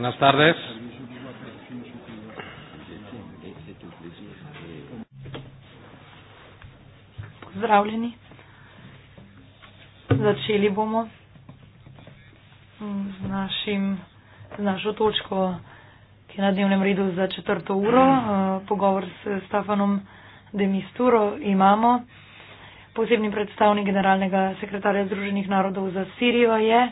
Buenas tardes. Pozdravljeni. Začeli bomo z, našim, z našo točko, ki je na dnevnem redu za četrto uro. Eh, pogovor s Stefanom Demisturo imamo. Posebni predstavnik generalnega sekretarja Združenih narodov za Sirijo je.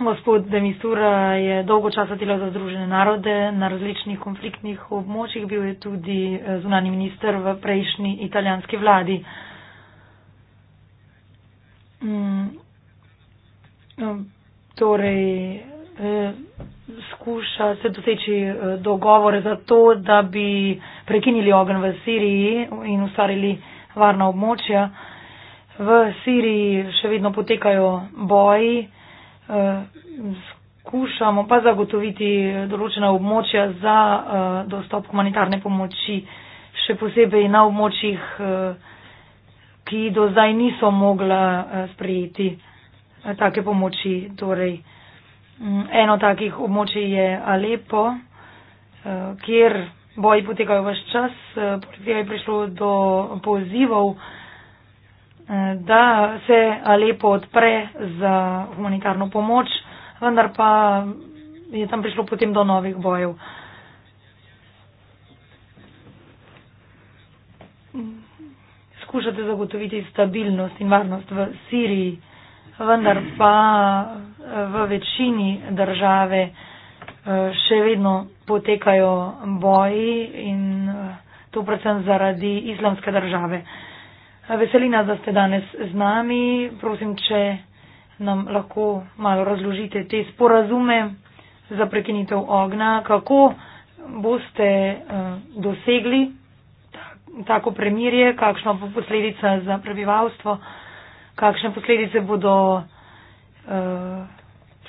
Gospod Demisura je dolgo časa delal za Združene narode na različnih konfliktnih območjih, bil je tudi eh, zunani minister v prejšnji italijanski vladi. Mm. No, torej, eh, skuša se doseči eh, dogovore za to, da bi prekinili ogen v Siriji in ustvarili varna območja. V Siriji še vedno potekajo boji skušamo pa zagotoviti določena območja za eh, dostop humanitarne pomoči, še posebej na območjih, eh, ki do zdaj niso mogla eh, sprejeti take pomoči. Torej, mm, eno takih območij je Alepo, kjer boji potekajo vse čas, prišlo je do pozivov, da se Alepo odpre za humanitarno pomoč, vendar pa je tam prišlo potem do novih bojev. Skušate zagotoviti stabilnost in varnost v Siriji, vendar pa v večini države eh, še vedno potekajo boji in eh, to predvsem zaradi islamske države. Veseli nas, da ste danes z nami. Prosim, če nam lahko malo razložite te sporazume za prekinitev ogna, kako boste eh, dosegli tako premirje, kakšna bo posledica za prebivalstvo, kakšne posledice bodo eh,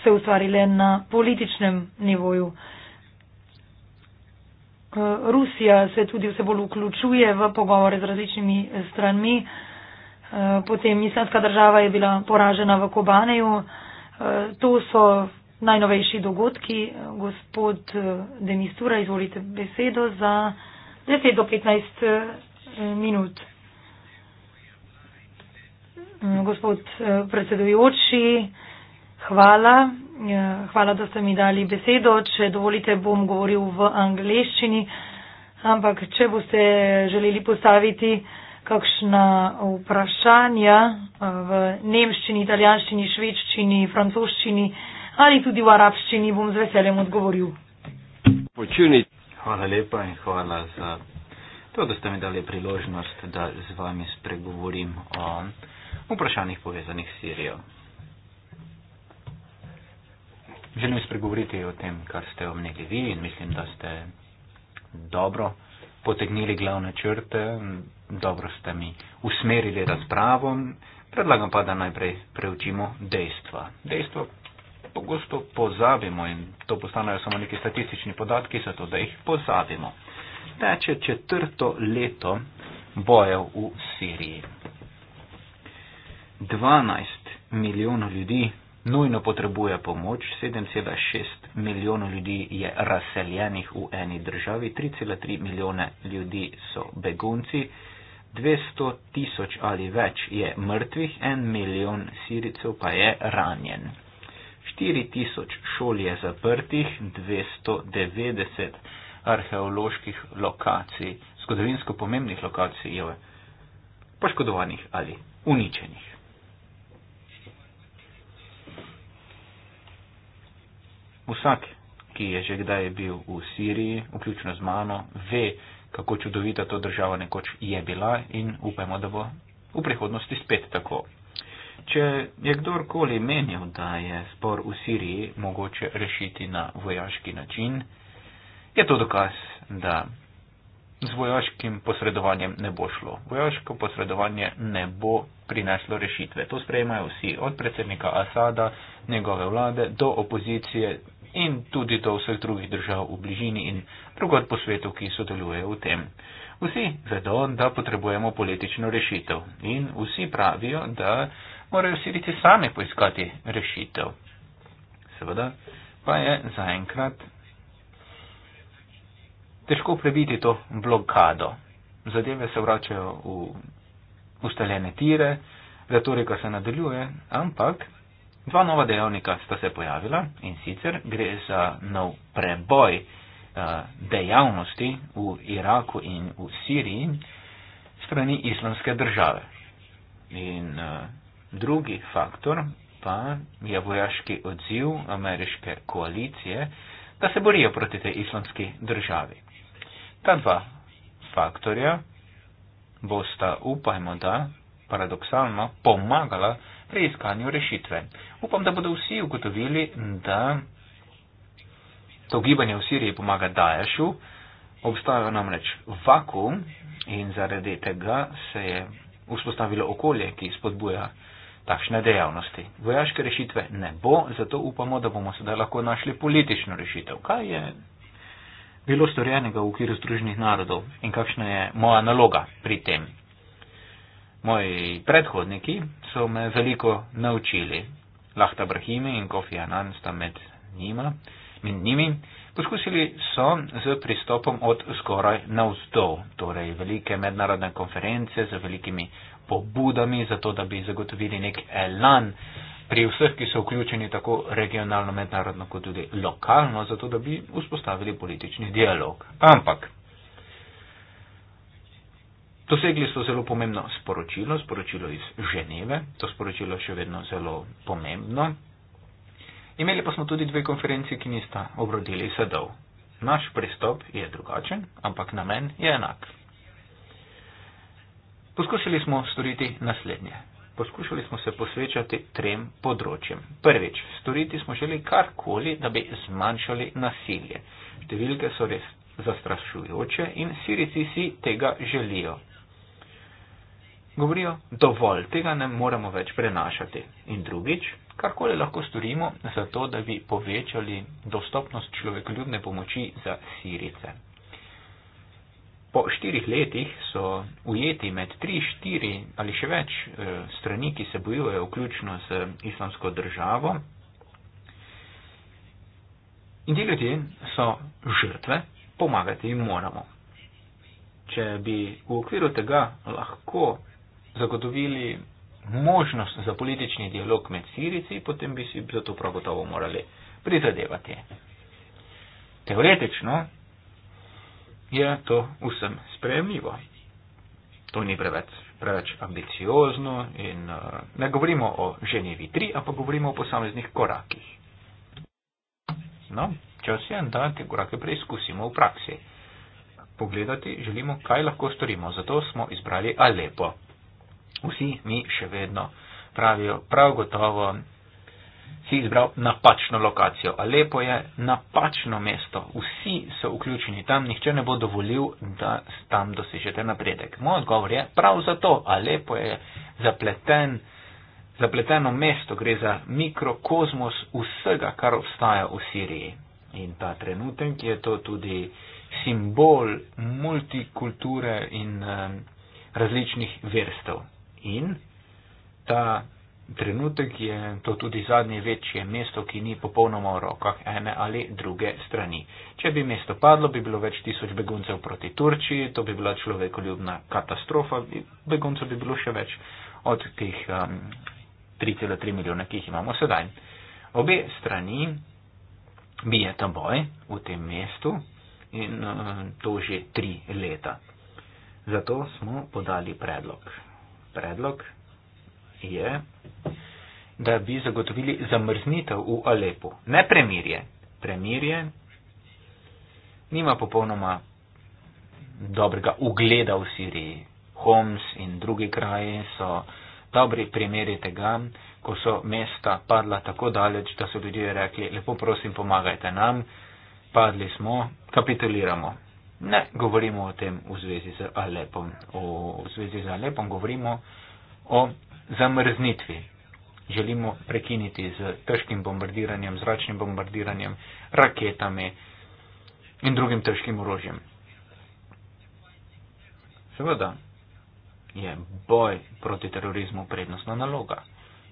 se ustvarile na političnem nivoju. Eh, Rusija se tudi vse bolj vključuje v pogovore z različnimi stranmi. Eh, potem islamska država je bila poražena v Kobaneju. Eh, to so najnovejši dogodki. Gospod Demistura, izvolite besedo za 10 do 15 minut. Mm, gospod predsedujoči, hvala. Ja, hvala, da ste mi dali besedo. Če dovolite, bom govoril v angleščini, ampak če boste želeli postaviti kakšna vprašanja eh, v nemščini, italijanščini, švedščini, francoščini ali tudi v arabščini, bom z veseljem odgovoril. Počuni. Hvala lepa in hvala za to, da ste mi dali priložnost, da z vami spregovorim o vprašanjih povezanih s Sirijo želim spregovoriti o tem, kar ste omenili vi in mislim, da ste dobro potegnili glavne črte, dobro ste mi usmerili razpravo. Predlagam pa, da najprej preučimo dejstva. Dejstva pogosto pozabimo in to postanejo samo neki statistični podatki, zato da jih pozabimo. Teče četrto leto bojev v Siriji. 12 milijonov ljudi nujno potrebuje pomoč, 7,6 milijonov ljudi je razseljenih v eni državi, 3,3 milijone ljudi so begunci, 200 tisoč ali več je mrtvih, en milijon siricev pa je ranjen. 4 tisoč šol je zaprtih, 290 arheoloških lokacij, zgodovinsko pomembnih lokacij je poškodovanih ali uničenih. Vsak, ki je že kdaj bil v Siriji, vključno z mano, ve, kako čudovita to država nekoč je bila in upajmo, da bo v prihodnosti spet tako. Če je kdorkoli menil, da je spor v Siriji mogoče rešiti na vojaški način, je to dokaz, da z vojaškim posredovanjem ne bo šlo. Vojaško posredovanje ne bo prineslo rešitve. To sprejemajo vsi, od predsednika Asada, njegove vlade do opozicije, in tudi do vseh drugih držav v bližini in drugod po svetu, ki sodelujejo v tem. Vsi vedo, da potrebujemo politično rešitev in vsi pravijo, da morajo siriti sami poiskati rešitev. Seveda pa je zaenkrat težko prebiti to blokado. Zadeve se vračajo v ustaljene tire, retorika se nadaljuje, ampak Dva nova dejavnika sta se pojavila in sicer gre za nov preboj eh, dejavnosti v Iraku in v Siriji strani islamske države. In eh, drugi faktor pa je vojaški odziv ameriške koalicije, da se borijo proti tej islamski državi. Ta dva faktorja bosta, upajmo, da paradoksalno pomagala pri iskanju rešitve. Upam, da bodo vsi ugotovili, da to gibanje v Siriji pomaga Daješu, obstaja namreč vakum in zaradi tega se je vzpostavilo okolje, ki spodbuja takšne dejavnosti. Vojaške rešitve ne bo, zato upamo, da bomo sedaj lahko našli politično rešitev. Kaj je bilo storjenega v okviru Združenih narodov in kakšna je moja naloga pri tem? Moji predhodniki so me veliko naučili. Lahta Brahimi in Kofi Anan sta med njima, med njimi. Poskusili so z pristopom od skoraj navzdol, torej velike mednarodne konference z velikimi pobudami, zato da bi zagotovili nek elan pri vseh, ki so vključeni tako regionalno, mednarodno kot tudi lokalno, zato da bi vzpostavili politični dialog. Ampak Dosegli so zelo pomembno sporočilo, sporočilo iz Ženeve, to sporočilo je še vedno zelo pomembno. Imeli pa smo tudi dve konferenci, ki nista obrodili sedov. Naš pristop je drugačen, ampak namen je enak. Poskušali smo storiti naslednje. Poskušali smo se posvečati trem področjem. Prvič, storiti smo želeli karkoli, da bi zmanjšali nasilje. Številke so res zastrašujoče in sirici si tega želijo govorijo, dovolj tega ne moremo več prenašati. In drugič, karkoli lahko storimo za to, da bi povečali dostopnost človekoljubne pomoči za sirice. Po štirih letih so ujeti med tri, štiri ali še več eh, strani, ki se bojujejo vključno z islamsko državo. In ti ljudje so žrtve, pomagati jim moramo. Če bi v okviru tega lahko zagotovili možnost za politični dialog med Sirici, potem bi si za to prav gotovo morali prizadevati. Teoretično je to vsem sprejemljivo. To ni preveč, preveč ambiciozno in uh, ne govorimo o Ženevi 3, ampak govorimo o posameznih korakih. No, čas je, da te korake preizkusimo v praksi. Pogledati želimo, kaj lahko storimo. Zato smo izbrali Alepo. Vsi mi še vedno pravijo, prav gotovo si izbral napačno lokacijo, a lepo je napačno mesto. Vsi so vključeni tam, nihče ne bo dovolil, da tam dosežete napredek. Moj odgovor je prav zato, a lepo je zapleten. Zapleteno mesto gre za mikrokozmos vsega, kar obstaja v Siriji. In ta trenutek je to tudi simbol multikulture in um, različnih verstev in ta trenutek je to tudi zadnje večje mesto, ki ni popolnoma v rokah ene ali druge strani. Če bi mesto padlo, bi bilo več tisoč beguncev proti Turčiji, to bi bila človekoljubna katastrofa, beguncev bi bilo še več od teh 3,3 um, milijona, ki jih imamo sedaj. Obe strani bije ta boj v tem mestu in uh, to že tri leta. Zato smo podali predlog predlog je, da bi zagotovili zamrznitev v Alepu. Ne premirje. Premirje nima popolnoma dobrega ugleda v Siriji. Homs in drugi kraji so dobri primeri tega, ko so mesta padla tako daleč, da so ljudje rekli, lepo prosim, pomagajte nam, padli smo, kapituliramo ne govorimo o tem v zvezi z Alepom. O, v zvezi z Alepom govorimo o zamrznitvi. Želimo prekiniti z težkim bombardiranjem, zračnim bombardiranjem, raketami in drugim težkim orožjem. Seveda je boj proti terorizmu prednostna naloga.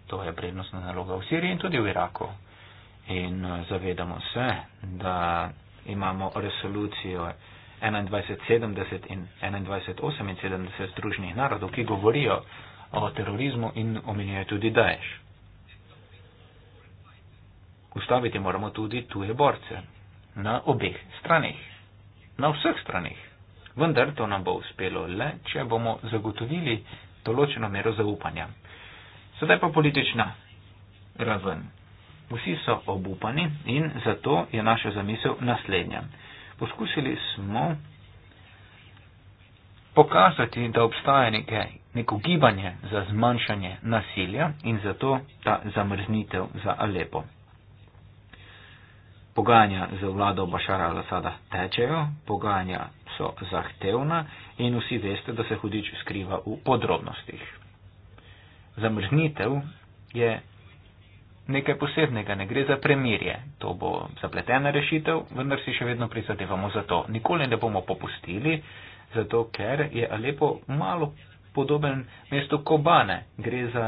To je prednostna naloga v Siriji in tudi v Iraku. In eh, zavedamo se, da imamo resolucijo 21.70 in 21.78 združenih narodov, ki govorijo o terorizmu in omenjajo tudi Daesh. Ustaviti moramo tudi tuje borce na obeh stranih, na vseh stranih. Vendar to nam bo uspelo le, če bomo zagotovili določeno mero zaupanja. Sedaj pa politična raven. Vsi so obupani in zato je naša zamisel naslednja. Poskusili smo pokazati, da obstaja neke, neko gibanje za zmanjšanje nasilja in zato ta zamrznitev za Alepo. Pogajanja z vlado Bašara Al-Asada tečejo, pogajanja so zahtevna in vsi veste, da se hudič skriva v podrobnostih. Zamrznitev je nekaj posebnega, ne gre za premirje. To bo zapletena rešitev, vendar si še vedno prizadevamo za to. Nikoli ne bomo popustili, zato ker je Alepo malo podoben mestu Kobane. Gre za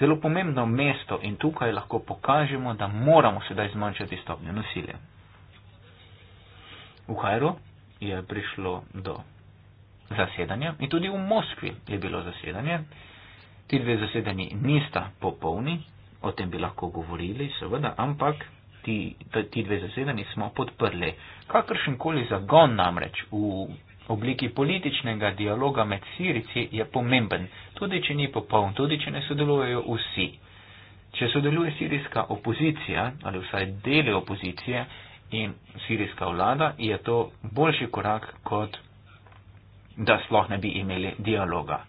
zelo pomembno mesto in tukaj lahko pokažemo, da moramo sedaj zmanjšati stopnjo nasilja. V Kajru je prišlo do zasedanja in tudi v Moskvi je bilo zasedanje. Ti dve zasedanji nista popolni, o tem bi lahko govorili, seveda, ampak ti, ti dve zasedani smo podprli. Kakršen koli zagon namreč v obliki političnega dialoga med Sirici je pomemben, tudi če ni popoln, tudi če ne sodelujejo vsi. Če sodeluje sirijska opozicija ali vsaj dele opozicije in sirijska vlada, je to boljši korak, kot da sploh ne bi imeli dialoga.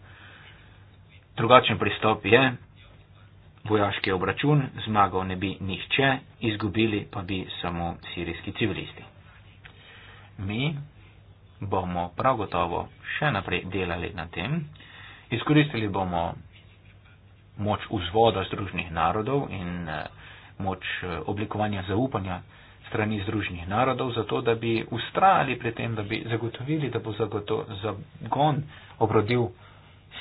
Drugačen pristop je, vojaški obračun, zmagal ne bi nihče, izgubili pa bi samo sirijski civilisti. Mi bomo prav gotovo še naprej delali na tem, izkoristili bomo moč vzvoda Združenih narodov in eh, moč eh, oblikovanja zaupanja strani Združenih narodov, zato da bi ustrajali pri tem, da bi zagotovili, da bo zagon obrodil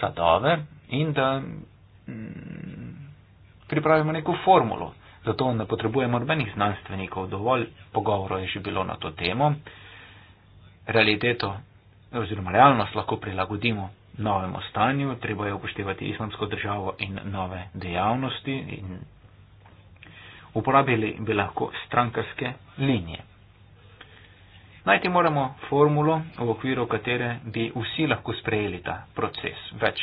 sadove in da mm, pripravimo neko formulo. Zato ne potrebujemo nobenih znanstvenikov, dovolj pogovorov je že bilo na to temo. Realiteto oziroma realnost lahko prilagodimo novemu stanju, treba je upoštevati islamsko državo in nove dejavnosti. In uporabili bi lahko strankarske linije. Najti moramo formulo, v okviru katere bi vsi lahko sprejeli ta proces. Več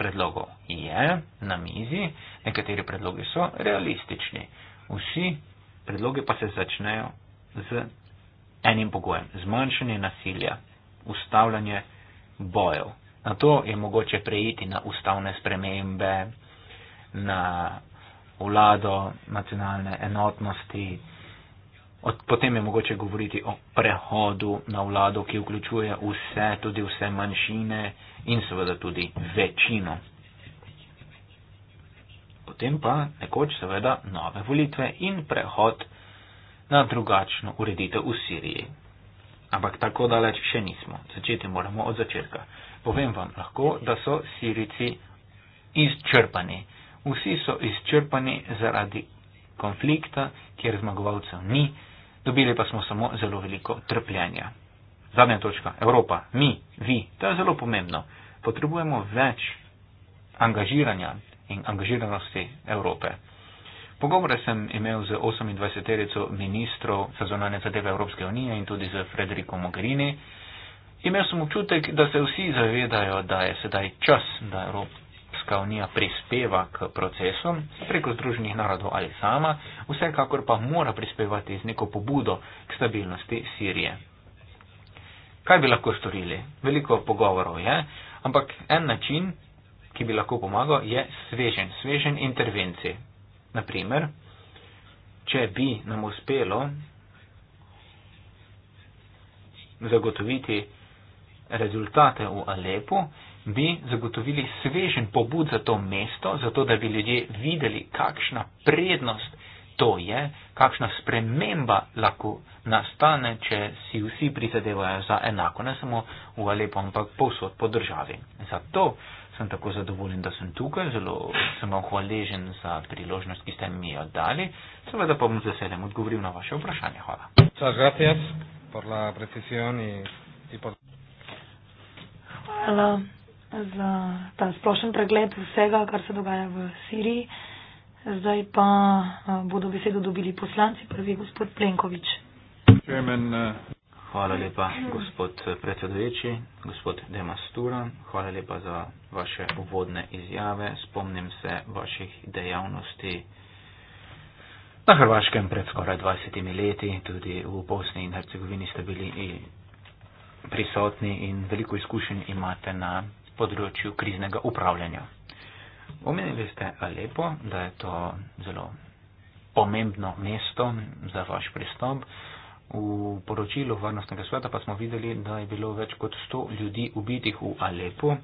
predlogov je na mizi, nekateri predlogi so realistični. Vsi predlogi pa se začnejo z enim pogojem - zmanjšanje nasilja, ustavljanje bojev. Na to je mogoče prejiti na ustavne spremembe, na vlado nacionalne enotnosti, Od, potem je mogoče govoriti o prehodu na vlado, ki vključuje vse, tudi vse manjšine, in seveda tudi večino. Potem pa nekoč seveda nove volitve in prehod na drugačno ureditev v Siriji. Ampak tako daleč še nismo. Začeti moramo od začetka. Povem vam lahko, da so Sirici izčrpani. Vsi so izčrpani zaradi konflikta, kjer zmagovalcev ni, dobili pa smo samo zelo veliko trpljenja zadnja točka, Evropa, mi, vi, to je zelo pomembno. Potrebujemo več angažiranja in angažiranosti Evrope. Pogovore sem imel z 28-terico ministrov za zonanje zadeve Evropske unije in tudi z Frederikom Mogherini. Imel sem občutek, da se vsi zavedajo, da je sedaj čas, da Evropska unija prispeva k procesom preko Združenih narodov ali sama, vsekakor pa mora prispevati z neko pobudo k stabilnosti Sirije kaj bi lahko storili? Veliko pogovorov je, ampak en način, ki bi lahko pomagal, je svežen, svežen intervencij. Naprimer, če bi nam uspelo zagotoviti rezultate v Alepu, bi zagotovili svežen pobud za to mesto, zato da bi ljudje videli, kakšna prednost je to je, kakšna sprememba lahko nastane, če si vsi prizadevajo za enako, ne samo v Alepo, ampak povsod po državi. Zato sem tako zadovoljen, da sem tukaj, zelo sem vam hvaležen za priložnost, ki ste mi jo dali. Seveda pa bom z veseljem odgovoril na vaše vprašanje. Hvala. Hvala za ta splošen pregled vsega, kar se dogaja v Siriji. Zdaj pa eh, bodo besedo dobili poslanci, prvi gospod Plenkovič. Eh. Hvala lepa, gospod eh, predsedujoči, gospod Demastura, hvala lepa za vaše uvodne izjave. Spomnim se vaših dejavnosti na Hrvaškem pred skoraj 20 leti, tudi v Bosni in Hercegovini ste bili prisotni in veliko izkušenj imate na področju kriznega upravljanja. Omenili ste Alepo, da je to zelo pomembno mesto za vaš pristop. V poročilu Varnostnega sveta pa smo videli, da je bilo več kot 100 ljudi ubitih v Alepo,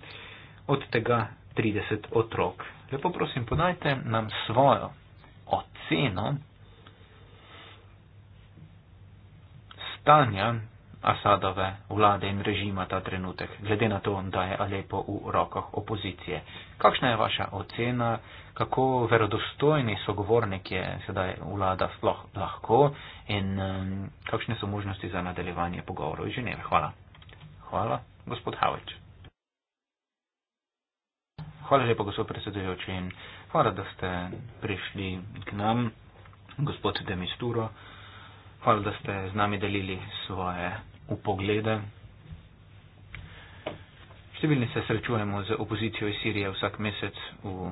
od tega 30 otrok. Lepo prosim, podajte nam svojo oceno stanja Asadove vlade in režima ta trenutek, glede na to, da je Alepo v rokah opozicije. Kakšna je vaša ocena, kako verodostojni sogovornik je sedaj vlada sploh lahko in um, kakšne so možnosti za nadaljevanje pogovorov iz Ženeve? Hvala. Hvala, gospod Havič. Hvala lepo, gospod predsedujoči, in hvala, da ste prišli k nam, gospod Demisturo. Hvala, da ste z nami delili svoje upoglede. Številni se srečujemo z opozicijo iz Sirije vsak mesec v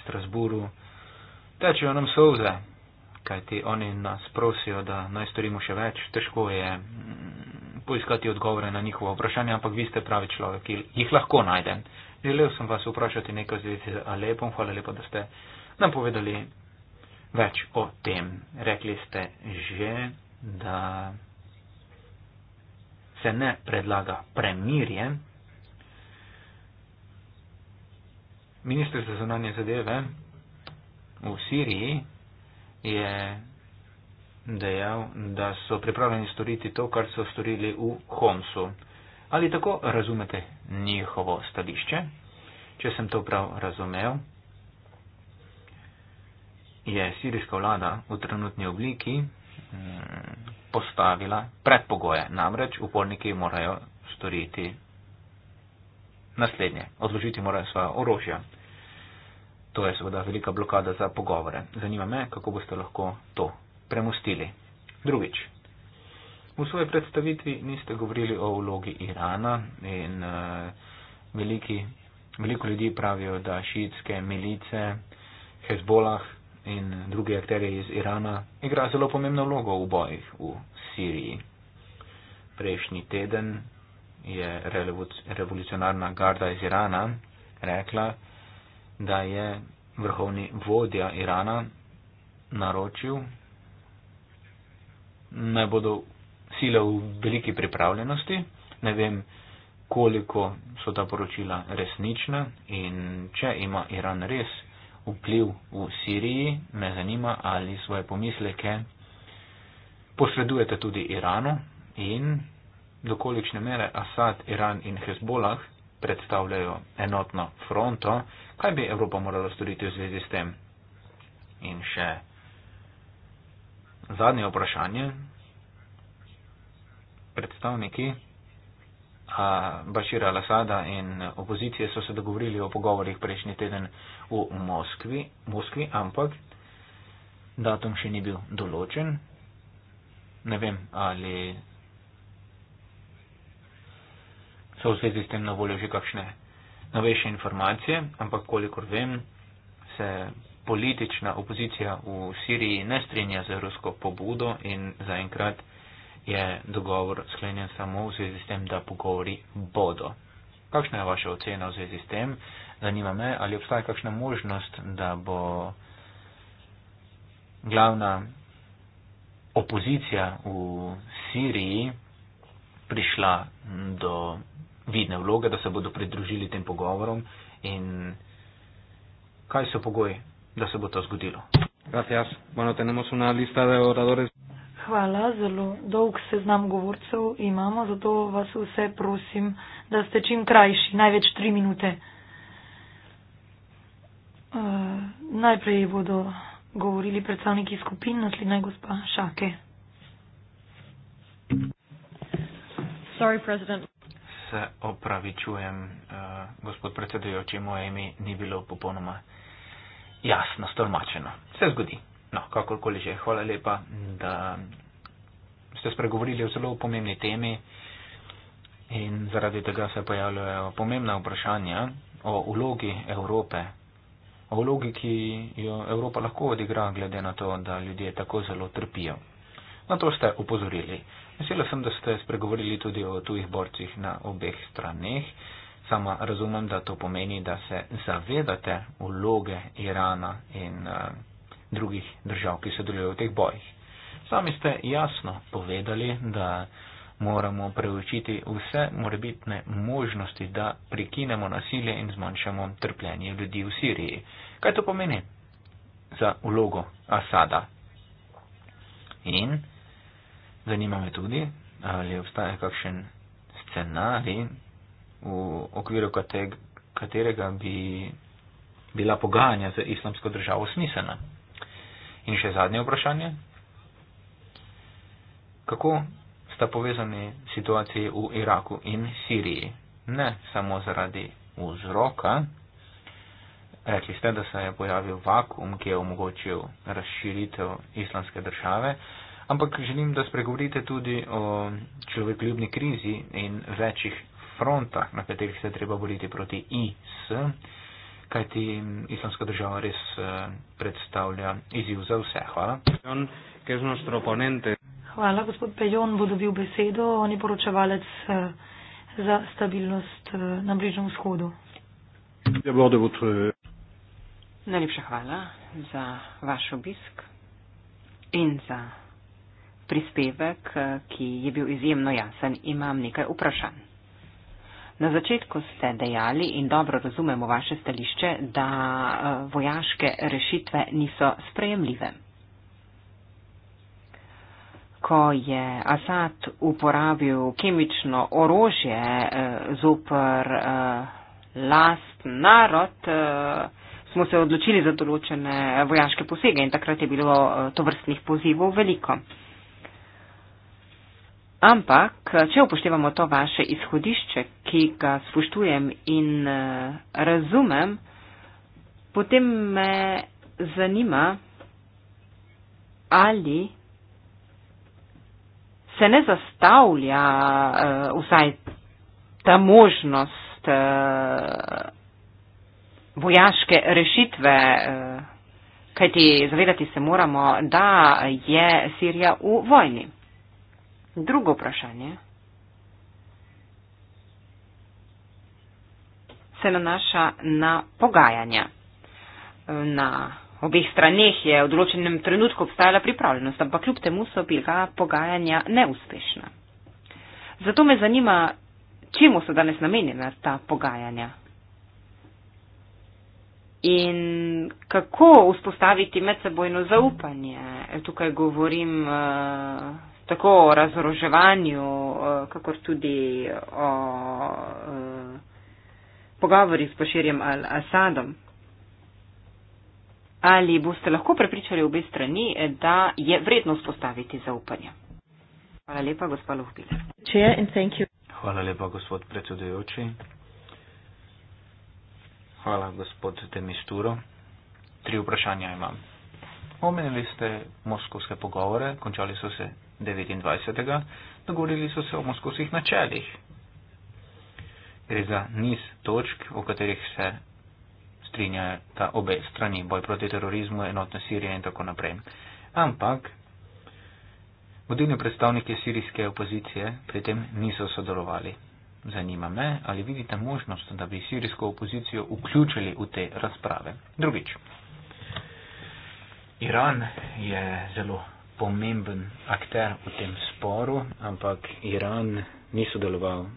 Strasburu. Tečejo nam solze, kajti oni nas prosijo, da naj storimo še več. Težko je mm, poiskati odgovore na njihovo vprašanje, ampak vi ste pravi človek, ki jih lahko najde. Želel sem vas vprašati nekaj z Alepom. Hvala lepa, da ste nam povedali več o tem. Rekli ste že da se ne predlaga premirje. Ministr za zunanje zadeve v Siriji je dejal, da so pripravljeni storiti to, kar so storili v Homsu. Ali tako razumete njihovo stališče? Če sem to prav razumel, je sirijska vlada v trenutni obliki postavila predpogoje. Namreč uporniki morajo storiti naslednje. Odložiti morajo svoje orožje. To je seveda velika blokada za pogovore. Zanima me, kako boste lahko to premustili. Drugič. V svoji predstavitvi niste govorili o vlogi Irana in eh, veliki, veliko ljudi pravijo, da šiitske milice, Hezbolah, in druge akterje iz Irana igra zelo pomembno vlogo v bojih v Siriji. Prejšnji teden je revolucionarna garda iz Irana rekla, da je vrhovni vodja Irana naročil, naj bodo sile v veliki pripravljenosti. Ne vem, koliko so ta poročila resnična in če ima Iran res vpliv v Siriji, me zanima, ali svoje pomisleke posredujete tudi Iranu in dokolične mere Asad, Iran in Hezbollah predstavljajo enotno fronto, kaj bi Evropa morala storiti v zvezi s tem. In še zadnje vprašanje. Predstavniki Bašira Lasada in opozicije so se dogovorili o pogovorih prejšnji teden v Moskvi, Moskvi, ampak datum še ni bil določen. Ne vem, ali so v zvezi s tem na voljo že kakšne novejše informacije, ampak kolikor vem, se politična opozicija v Siriji ne strinja z evropsko pobudo in zaenkrat je dogovor sklenjen samo v zvezi s tem, da pogovori bodo. Kakšna je vaša ocena v zvezi s tem? Zanima me, ali obstaja kakšna možnost, da bo glavna opozicija v Siriji prišla do vidne vloge, da se bodo pridružili tem pogovorom in kaj so pogoji, da se bo to zgodilo. Gracias. Bueno, tenemos una lista de oradores. Hvala, zelo dolg seznam govorcev imamo, zato vas vse prosim, da ste čim krajši, največ tri minute. Uh, najprej bodo govorili predstavniki skupin, naslednja je gospa Šake. Sorry, Se opravičujem, uh, gospod predsedujoči, moje ime ni bilo popolnoma jasno, stolmačeno. Se zgodi. No, kakorkoli že, hvala lepa, da ste spregovorili o zelo pomembni temi in zaradi tega se pojavljajo pomembna vprašanja o vlogi Evrope, o vlogi, ki jo Evropa lahko odigra, glede na to, da ljudje tako zelo trpijo. Na to ste upozorili. Vesela sem, da ste spregovorili tudi o tujih borcih na obeh straneh. Sama razumem, da to pomeni, da se zavedate vloge Irana in. Uh, drugih držav, ki se delujejo v teh bojih. Sami ste jasno povedali, da moramo preučiti vse morebitne možnosti, da prekinemo nasilje in zmanjšamo trpljenje ljudi v Siriji. Kaj to pomeni za vlogo Asada? In zanima me tudi, ali obstaja kakšen scenarij, v okviru kateg, katerega bi bila pogajanja za islamsko državo smiselna. In še zadnje vprašanje. Kako sta povezani situaciji v Iraku in Siriji? Ne samo zaradi vzroka. Rekli ste, da se je pojavil vakum, ki je omogočil razširitev islamske države, ampak želim, da spregovorite tudi o človekoljubni krizi in večjih frontah, na katerih se treba boriti proti IS kajti islamska država res eh, predstavlja izjiv za vse. Hvala. Hvala, gospod Pejon bo dobil besedo. On je poročevalec eh, za stabilnost eh, na Bližnjem vzhodu. Ja, Najlepša hvala za vaš obisk in za prispevek, ki je bil izjemno jasen. Imam nekaj vprašanj. Na začetku ste dejali in dobro razumemo vaše stališče, da eh, vojaške rešitve niso sprejemljive. Ko je Asad uporabil kemično orožje eh, zopr eh, last narod, smo se odločili za določene vojaške posege in takrat je bilo to vrstnih pozivov veliko. Ampak, če upoštevamo to vaše izhodišče, ki ga spoštujem in eh, razumem, potem me zanima, ali se ne zastavlja eh, vsaj ta možnost eh, vojaške rešitve, kajti zavedati se moramo, da je Sirija v vojni. Drugo vprašanje se nanaša na pogajanja. Na obeh straneh je v določenem trenutku obstajala pripravljenost, ampak kljub temu so bila pogajanja neuspešna. Zato me zanima, čemu so danes namenjena ta pogajanja in kako vzpostaviti medsebojno zaupanje. Tukaj govorim eh, tako o razoroževanju, eh, kakor tudi o eh, pogovori s poširjem Al-Asadom. Ali boste lahko prepričali obe strani, eh, da je vredno spostaviti zaupanje? Hvala lepa, gospod Luhbil. Hvala lepa, gospod predsedujoči. Hvala, gospod Demisturo. Tri vprašanja imam omenili ste moskovske pogovore, končali so se 29. dogovorili so se o moskovskih načelih. Gre za niz točk, o katerih se strinjajo ta obe strani, boj proti terorizmu, enotna Sirija in tako naprej. Ampak vodilni predstavniki sirijske opozicije pri tem niso sodelovali. Zanima me, ali vidite možnost, da bi sirijsko opozicijo vključili v te razprave. Drugič. Iran je zelo pomemben akter v tem sporu, ampak Iran ni sodeloval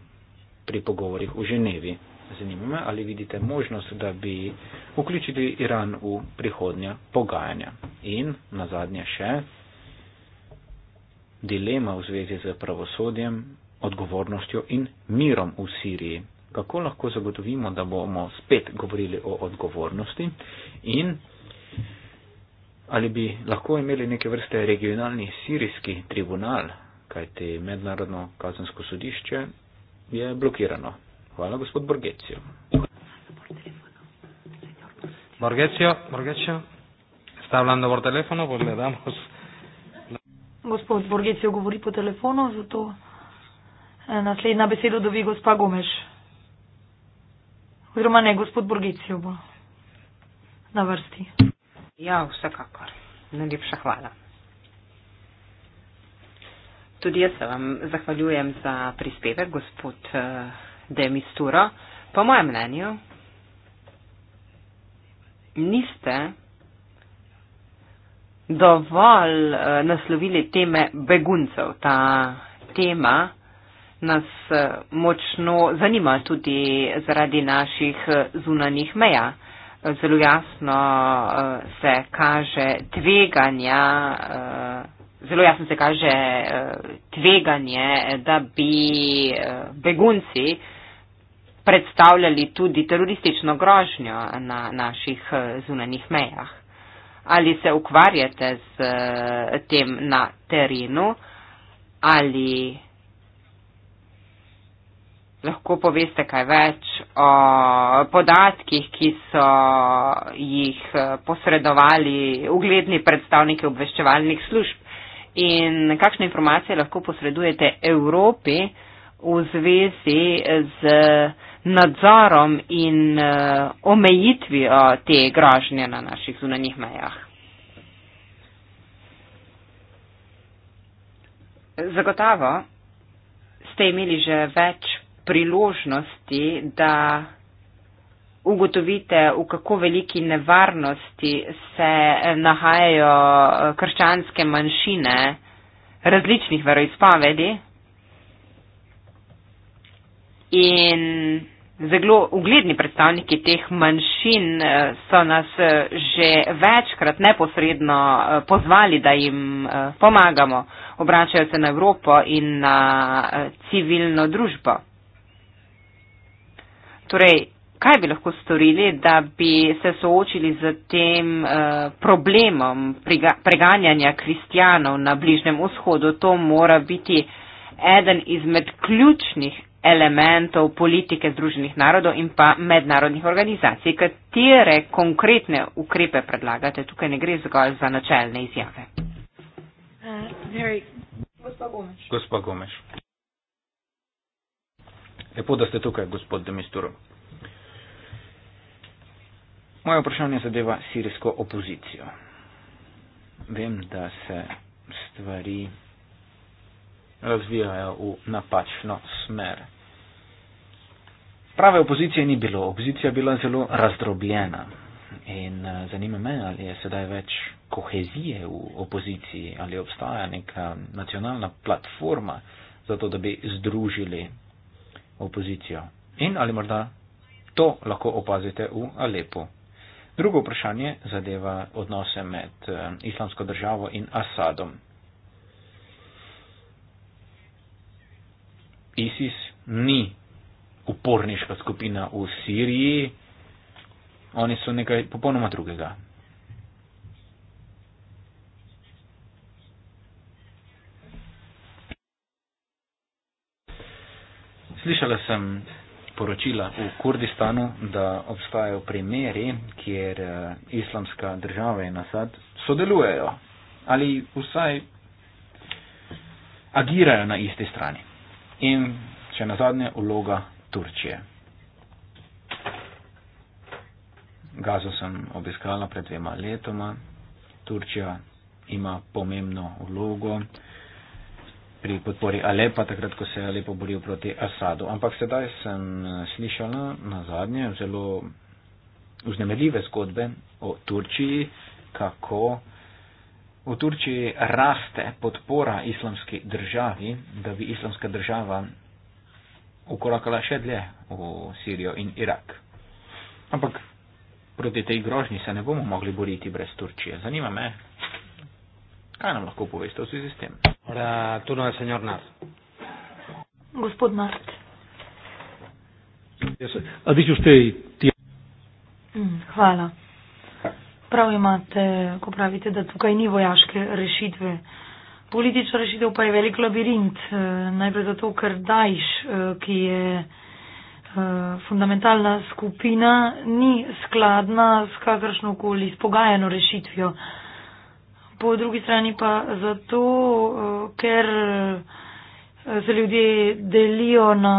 pri pogovorih v Ženevi. Zanima me, ali vidite možnost, da bi vključili Iran v prihodnja pogajanja. In na zadnje še dilema v zvezi z pravosodjem, odgovornostjo in mirom v Siriji. Kako lahko zagotovimo, da bomo spet govorili o odgovornosti in ali bi lahko imeli neke vrste regionalni sirijski tribunal, kajti mednarodno kazansko sodišče je blokirano. Hvala, gospod Borgecijo. Borgecijo, Borgecijo, stavljam dobro telefono, pogledam. Gospod Borgecijo govori po telefonu, zato eh, naslednja beseda dobi gospa Gomeš. Oziroma ne, gospod Borgecijo bo na vrsti. Ja, vsekakor. Najlepša hvala. Tudi jaz se vam zahvaljujem za prispevek, gospod eh, Demisturo. Po mojem mnenju niste dovolj eh, naslovili teme beguncev. Ta tema nas eh, močno zanima tudi zaradi naših zunanih meja zelo jasno uh, se kaže tveganja, uh, zelo jasno se kaže uh, tveganje, da bi uh, begunci predstavljali tudi teroristično grožnjo na naših zunanih mejah. Ali se ukvarjate s tem na terenu ali lahko poveste kaj več o podatkih, ki so jih eh, posredovali ugledni predstavniki obveščevalnih služb in kakšne informacije lahko posredujete Evropi v zvezi z nadzorom in eh, omejitvijo te grožnje na naših zunanjih mejah. Zagotavo ste imeli že več priložnosti, da ugotovite, v kako veliki nevarnosti se nahajajo eh, krščanske manjšine različnih veroizpovedi. In zelo ugledni predstavniki teh manjšin eh, so nas eh, že večkrat neposredno pozvali, da jim pomagamo. Obračajo se na Evropo in na civilno družbo. Torej, kaj bi lahko storili, da bi se soočili z tem uh, problemom prega, preganjanja kristijanov na Bližnjem vzhodu? To mora biti eden izmed ključnih elementov politike Združenih narodov in pa mednarodnih organizacij. Katere konkretne ukrepe predlagate? Tukaj ne gre zgolj za načelne izjave. Uh, Gospa Gomeš. Gospa Gomeš. Lepo, da ste tukaj, gospod Demisturo. Moje vprašanje zadeva sirijsko opozicijo. Vem, da se stvari razvijajo v napačno smer. Prave opozicije ni bilo. Opozicija je bila zelo razdrobljena. In eh, zanima me, ali je sedaj več kohezije v opoziciji, ali obstaja neka nacionalna platforma za to, da bi združili opozicijo. In ali morda to lahko opazite v Alepu. Drugo vprašanje zadeva odnose med eh, islamsko državo in Asadom. ISIS ni uporniška skupina v Siriji, oni so nekaj popolnoma drugega. Slišala sem poročila v Kurdistanu, da obstajajo primeri, kjer eh, islamska država in Asad sodelujejo ali vsaj agirajo na isti strani. In še na zadnje vloga Turčije. Gazo sem obiskala pred dvema letoma. Turčija ima pomembno vlogo pri podpori Alepa, takrat, ko se je Alepo boril proti Asadu. Ampak sedaj sem eh, slišala na zadnje zelo uznemeljive zgodbe o Turčiji, kako v Turčiji raste podpora islamski državi, da bi islamska država ukorakala še dlje v Sirijo in Irak. Ampak proti tej grožnji se ne bomo mogli boriti brez Turčije. Zanima me, Kaj nam lahko poveste v zvezi s tem? Ora, tu no je senjor Nart. Gospod Nart. Mm, hvala. Prav imate, ko pravite, da tukaj ni vojaške rešitve. Politična rešitev pa je velik labirint. Eh, najprej zato, ker Dajš, eh, ki je eh, fundamentalna skupina, ni skladna s kakršnokoli spogajeno rešitvijo po drugi strani pa zato, eh, ker eh, se ljudje delijo na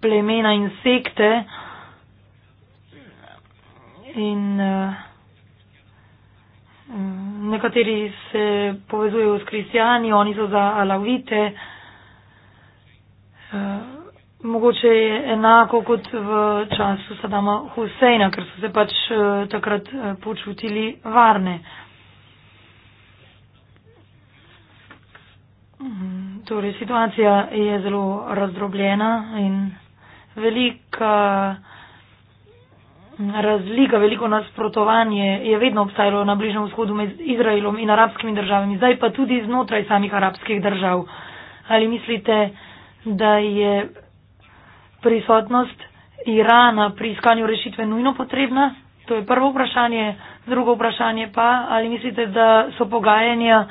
plemena in sekte eh, in nekateri se povezujejo s kristijani, oni so za alavite. Mogoče je enako kot v času Sadama Huseina, ker so se pač takrat počutili varne. Torej, situacija je zelo razdrobljena in velika razlika, veliko nasprotovanje je vedno obstajalo na Bližnem vzhodu med Izraelom in arabskimi državami, zdaj pa tudi znotraj samih arabskih držav. Ali mislite, da je prisotnost Irana pri iskanju rešitve nujno potrebna? To je prvo vprašanje. Drugo vprašanje pa, ali mislite, da so pogajanja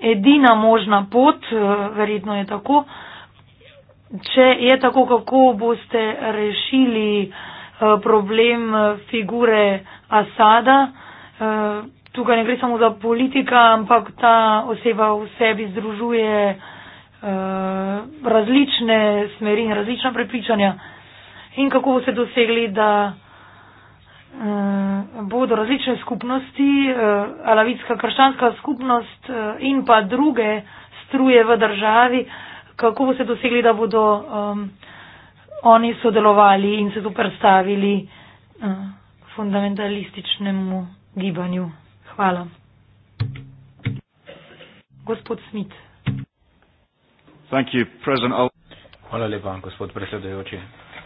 edina možna pot, eh, verjetno je tako. Če je tako, kako boste rešili eh, problem eh, figure Asada, tukaj ne gre samo za politika, ampak ta oseba v sebi združuje različne smeri in različna prepričanja. In kako boste dosegli, da Eh, bodo različne skupnosti, eh, alavitska krščanska skupnost eh, in pa druge struje v državi, kako bo se dosegli, da bodo um, oni sodelovali in se zoprstavili um, fundamentalističnemu gibanju. Hvala. Gospod Smit. Hvala lepa, gospod predsedajoči.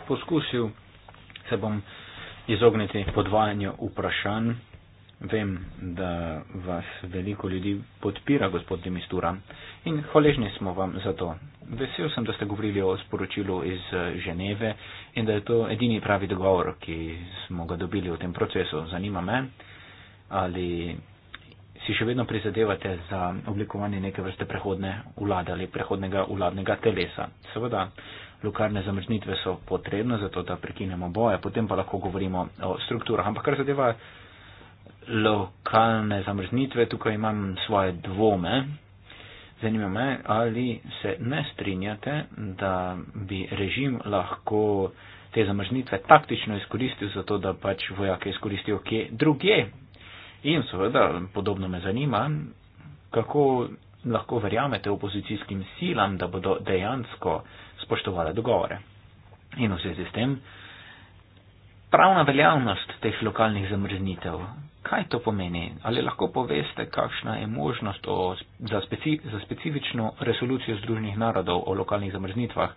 Poskusil se bom izogniti podvajanju vprašanj. Vem, da vas veliko ljudi podpira, gospod Demistura, in hvaležni smo vam za to. Vesel sem, da ste govorili o sporočilu iz eh, Ženeve in da je to edini pravi dogovor, ki smo ga dobili v tem procesu. Zanima me, ali si še vedno prizadevate za oblikovanje neke vrste prehodne vlade ali prehodnega vladnega telesa. Seveda, lokalne zamrznitve so potrebne, zato da prekinemo boje, potem pa lahko govorimo o strukturah. Ampak kar zadeva lokalne zamrznitve, tukaj imam svoje dvome. Zanima me, ali se ne strinjate, da bi režim lahko te zamrznitve taktično izkoristil, zato da pač vojake izkoristijo kje druge. In seveda, podobno me zanima, kako lahko verjamete opozicijskim silam, da bodo dejansko spoštovale dogovore. In v zvezi s tem, pravna veljavnost teh lokalnih zamrznitev, kaj to pomeni? Ali lahko poveste, kakšna je možnost o, za, speci, za specifično resolucijo Združenih narodov o lokalnih zamrznitvah,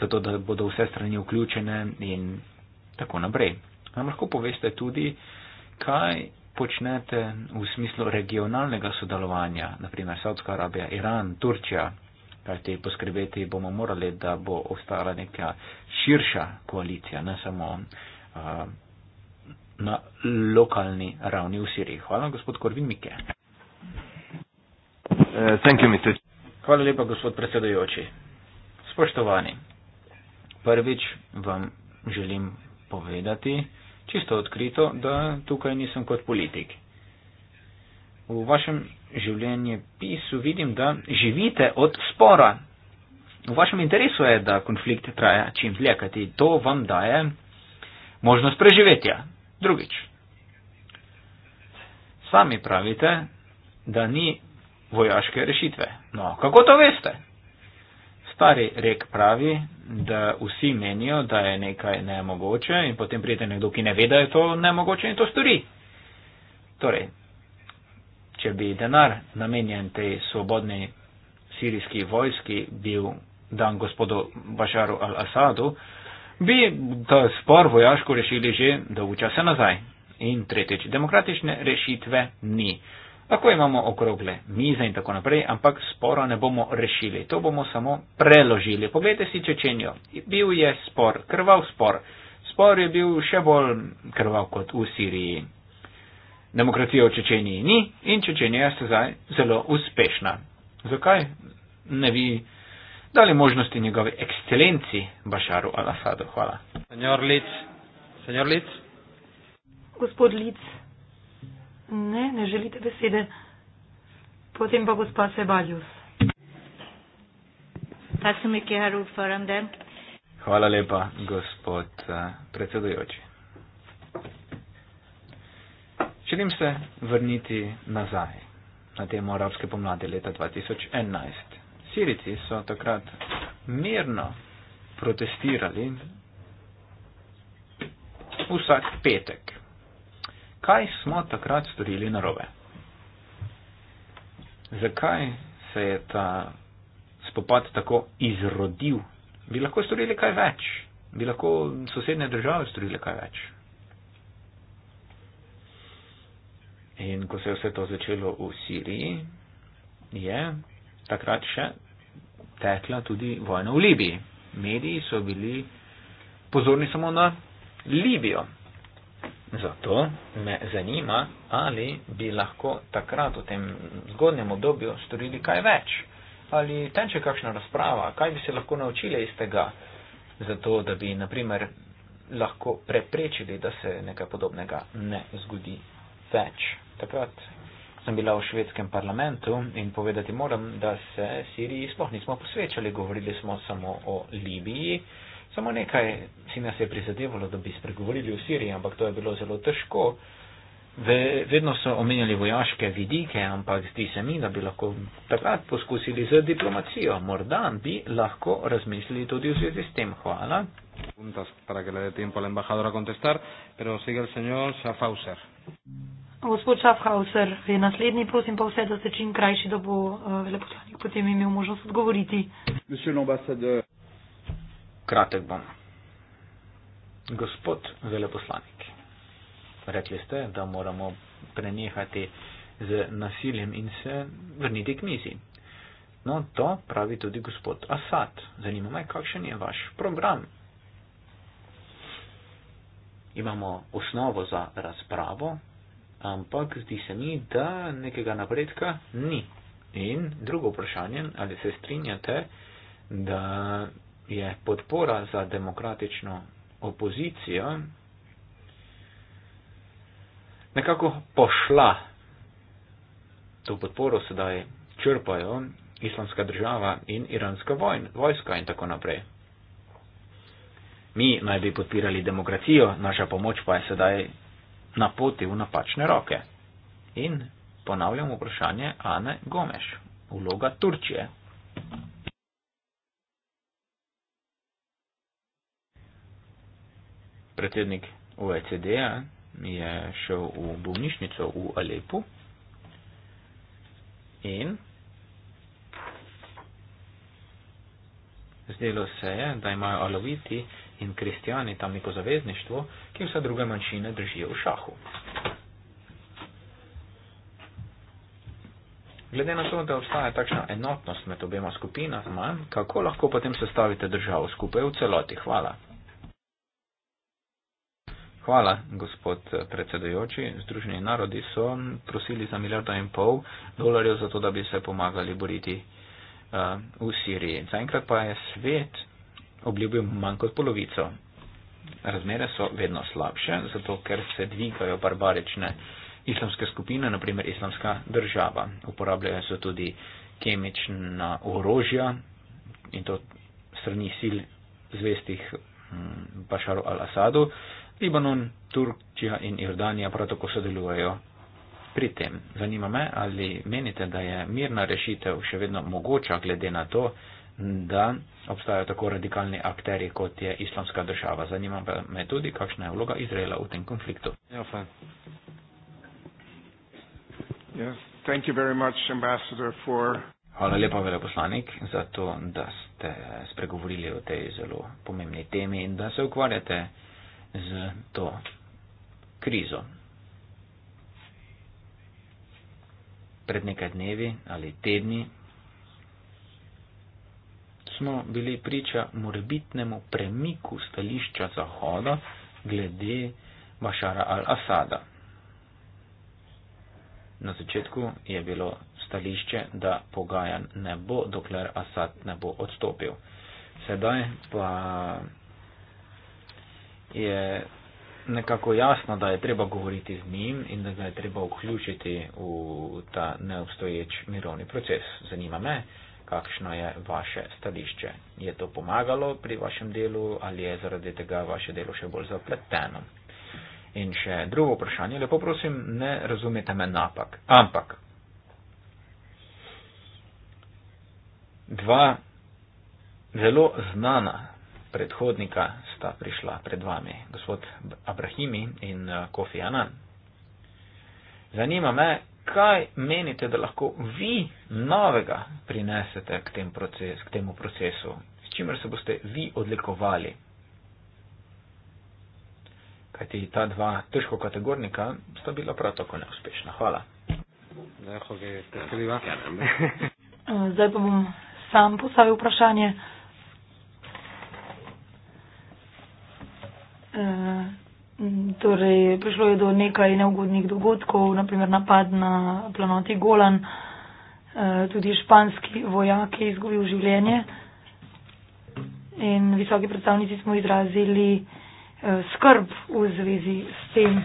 zato da bodo vse strani vključene in tako naprej? Nam lahko poveste tudi, kaj počnete v smislu regionalnega sodelovanja, naprimer Saudska Arabija, Iran, Turčija, Kajti poskrbeti bomo morali, da bo ostala neka širša koalicija, ne samo uh, na lokalni ravni v Siriji. Hvala, gospod Korvin Mike. Uh, Hvala lepa, gospod predsedujoči. Spoštovani, prvič vam želim povedati čisto odkrito, da tukaj nisem kot politik. V vašem življenje pisu, vidim, da živite od spora. V vašem interesu je, da konflikt traja čim dlje, kajti to vam daje možnost preživetja. Drugič, sami pravite, da ni vojaške rešitve. No, kako to veste? Stari rek pravi, da vsi menijo, da je nekaj nemogoče in potem pride nekdo, ki ne ve, da je to nemogoče in to stori. Torej, če bi denar namenjen tej svobodni sirijski vojski bil dan gospodu Bašaru al-Asadu, bi ta spor vojaško rešili že dolgo časa nazaj. In tretjič, demokratične rešitve ni. Lahko imamo okrogle mize in tako naprej, ampak spora ne bomo rešili, to bomo samo preložili. Poglejte si Čečenijo. Bil je spor, krval spor. Spor je bil še bolj krval kot v Siriji demokracije v Čečeniji ni in Čečenija je zdaj zelo uspešna. Zakaj ne bi dali možnosti njegovi ekscelenci Bašaru Al-Asadu? Hvala. Senjor Lic. Senjor Lic. Gospod Lic. Ne, ne želite besede. Potem pa gospod Sebaljus. Hvala lepa, gospod uh, predsedujoči. Želim se vrniti nazaj na temo arabske pomladi leta 2011. Sirici so takrat mirno protestirali vsak petek. Kaj smo takrat storili narobe? Zakaj se je ta spopad tako izrodil? Bi lahko storili kaj več? Bi lahko sosednje države storile kaj več? In ko se je vse to začelo v Siriji, je takrat še tekla tudi vojna v Libiji. Mediji so bili pozorni samo na Libijo. Zato me zanima, ali bi lahko takrat v tem zgodnjem obdobju storili kaj več. Ali teče kakšna razprava, kaj bi se lahko naučili iz tega, zato da bi naprimer lahko preprečili, da se nekaj podobnega ne zgodi več takrat sem bila v švedskem parlamentu in povedati moram, da se Siriji sploh nismo posvečali, govorili smo samo o Libiji. Samo nekaj si nas je prizadevalo, da bi spregovorili o Siriji, ampak to je bilo zelo težko. Vedno so omenjali vojaške vidike, ampak zdi se mi, da bi lahko takrat poskusili z diplomacijo. Morda bi lahko razmislili tudi v zvezi s tem. Hvala. Preguntas para que le dé tiempo al embajador a contestar, pero sigue el señor Schaffhauser. Gospod Schaffhauser, je naslednji, prosim pa vse, da ste čim krajši, da bo uh, veleposlanik potem imel možnost odgovoriti. Kratek bom. Gospod veleposlanik, rekli ste, da moramo prenehati z nasiljem in se vrniti k mizi. No, to pravi tudi gospod Assad. Zanima me, kakšen je vaš program. Imamo osnovo za razpravo, ampak zdi se mi, da nekega napredka ni. In drugo vprašanje, ali se strinjate, da je podpora za demokratično opozicijo nekako pošla. To podporo sedaj črpajo islamska država in iranska vojska in tako naprej. Mi naj bi podpirali demokracijo, naša pomoč pa je sedaj na poti v napačne roke. In ponavljam vprašanje Ane Gomeš, vloga Turčije. Predsednik OECD-a je šel v bolnišnico v Alepu in zdelo se je, da imajo aloviti in kristijani tam neko zavezništvo, ki vse druge manjšine držijo v šahu. Glede na to, da obstaja takšna enotnost med obema skupinama, kako lahko potem sestavite državo skupaj v celoti? Hvala. Hvala, gospod predsedojoči. Združeni narodi so prosili za milijardo in pol dolarjev za to, da bi se pomagali boriti uh, v Siriji. Zaenkrat pa je svet obljubil manj kot polovico. Razmere so vedno slabše, zato ker se dvigajo barbarične islamske skupine, naprimer islamska država. Uporabljajo se tudi kemična orožja in to strani sil zvestih mm, Bašaru al-Asadu. Libanon, Turčija in Jordanija prav tako sodelujejo pri tem. Zanima me, ali menite, da je mirna rešitev še vedno mogoča glede na to, da obstajajo tako radikalni akteri, kot je islamska država. Zanima me tudi, kakšna je vloga Izraela v tem konfliktu. Ja, ja, Hvala lepa, veleposlanik, za to, da ste spregovorili o tej zelo pomembni temi in da se ukvarjate z to krizo. Pred nekaj dnevi ali tedni smo bili priča morebitnemu premiku stališča Zahoda glede Bašara al-Asada. Na začetku je bilo stališče, da pogajan ne bo, dokler Asad ne bo odstopil. Sedaj pa je nekako jasno, da je treba govoriti z njim in da ga je treba vključiti v ta neobstoječ mirovni proces. Zanima me, kakšno je vaše stališče. Je to pomagalo pri vašem delu ali je zaradi tega vaše delo še bolj zapleteno? In še drugo vprašanje, lepo prosim, ne razumete me napak. Ampak. Dva zelo znana predhodnika sta prišla pred vami, gospod Abrahimi in eh, Kofi Anan. Zanima me, kaj menite, da lahko vi novega prinesete k, tem proces, k temu procesu, s čimer se boste vi odlikovali. Kajti ta dva težko kategornika sta bila prav tako neuspešna. Hvala. Zdaj pa bom sam postavil vprašanje. Eh, Mm, torej, prišlo je do nekaj neugodnih dogodkov, naprimer napad na planoti Golan, e, tudi španski vojak je izgubil življenje in visoki predstavnici smo izrazili e, skrb v zvezi s tem.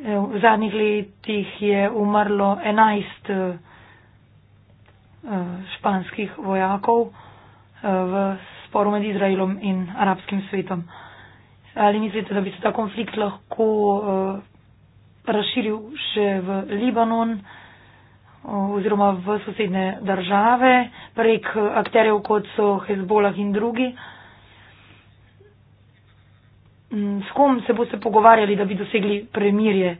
E, v zadnjih letih je umrlo 11 španskih vojakov v sporu med Izraelom in arabskim svetom. Ali mislite, da bi se ta konflikt lahko eh, razširil še v Libanon eh, oziroma v sosedne države prek eh, akterjev kot so Hezbolah in drugi? Mm, s kom se boste pogovarjali, da bi dosegli premirje?